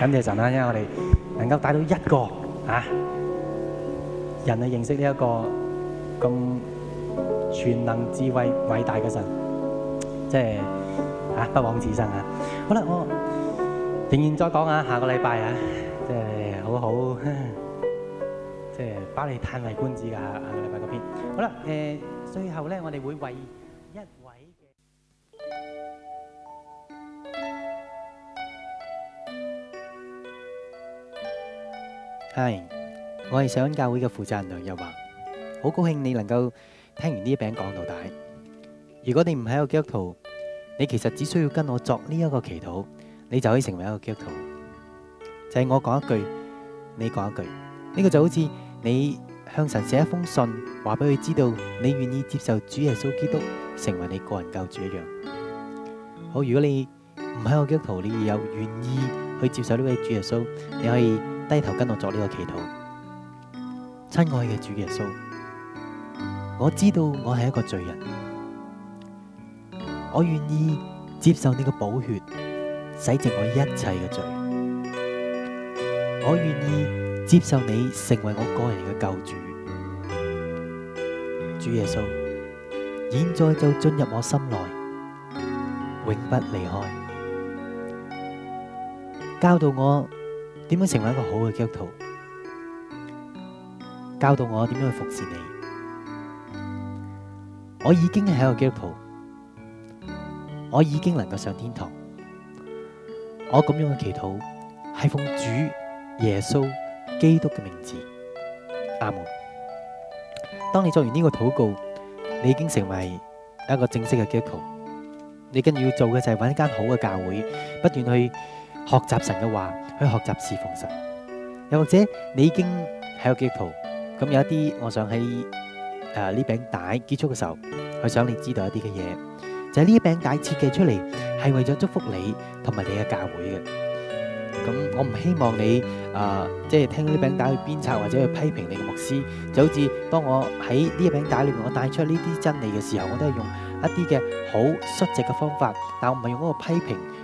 感謝神啦！因為我哋能夠帶到一個啊人去認識呢一個咁全能智慧偉大嘅神，即係啊不枉此生啊！好啦，我仍然再講下，下個禮拜啊，即係好好，即係包你歎為觀止噶嚇。下個禮拜嗰邊，好啦，誒最後咧，我哋會為一。係，我係上恩教會嘅負責人梁日華，好高興你能夠聽完呢一篇講道。但如果你唔係個基督徒，你其實只需要跟我作呢一個祈禱，你就可以成為一個基督徒。就係我講一句，你講一句，呢個就好似你向神寫一封信，話俾佢知道你願意接受主耶穌基督成為你個人救主一樣。好，如果你唔係個基督徒，你又願意去接受呢位主耶穌，你可以低頭跟我做呢個祈禱，親愛嘅主耶穌，我知道我係一個罪人，我願意接受你嘅寶血洗淨我一切嘅罪，我願意接受你成為我個人嘅救主，主耶穌，現在就進入我心內，永不離開，教導我。點樣成為一個好嘅基督徒？教導我點樣去服侍你？我已經係一個基督徒，我已經能夠上天堂。我咁樣嘅祈禱係奉主耶穌基督嘅名字，阿門。當你做完呢個禱告，你已經成為一個正式嘅基督徒。你跟住要做嘅就係揾一間好嘅教會，不斷去學習神嘅話。去學習侍奉神，又或者你已經喺個基督徒，咁有一啲，我想喺誒呢餅帶結束嘅時候，去想你知道一啲嘅嘢，就係呢一餅帶設計出嚟係為咗祝福你同埋你嘅教會嘅。咁我唔希望你誒即係聽呢餅帶去鞭策或者去批評你嘅牧師，就好似當我喺呢一餅帶裏面，我帶出呢啲真理嘅時候，我都係用一啲嘅好率直嘅方法，但我唔係用嗰個批評。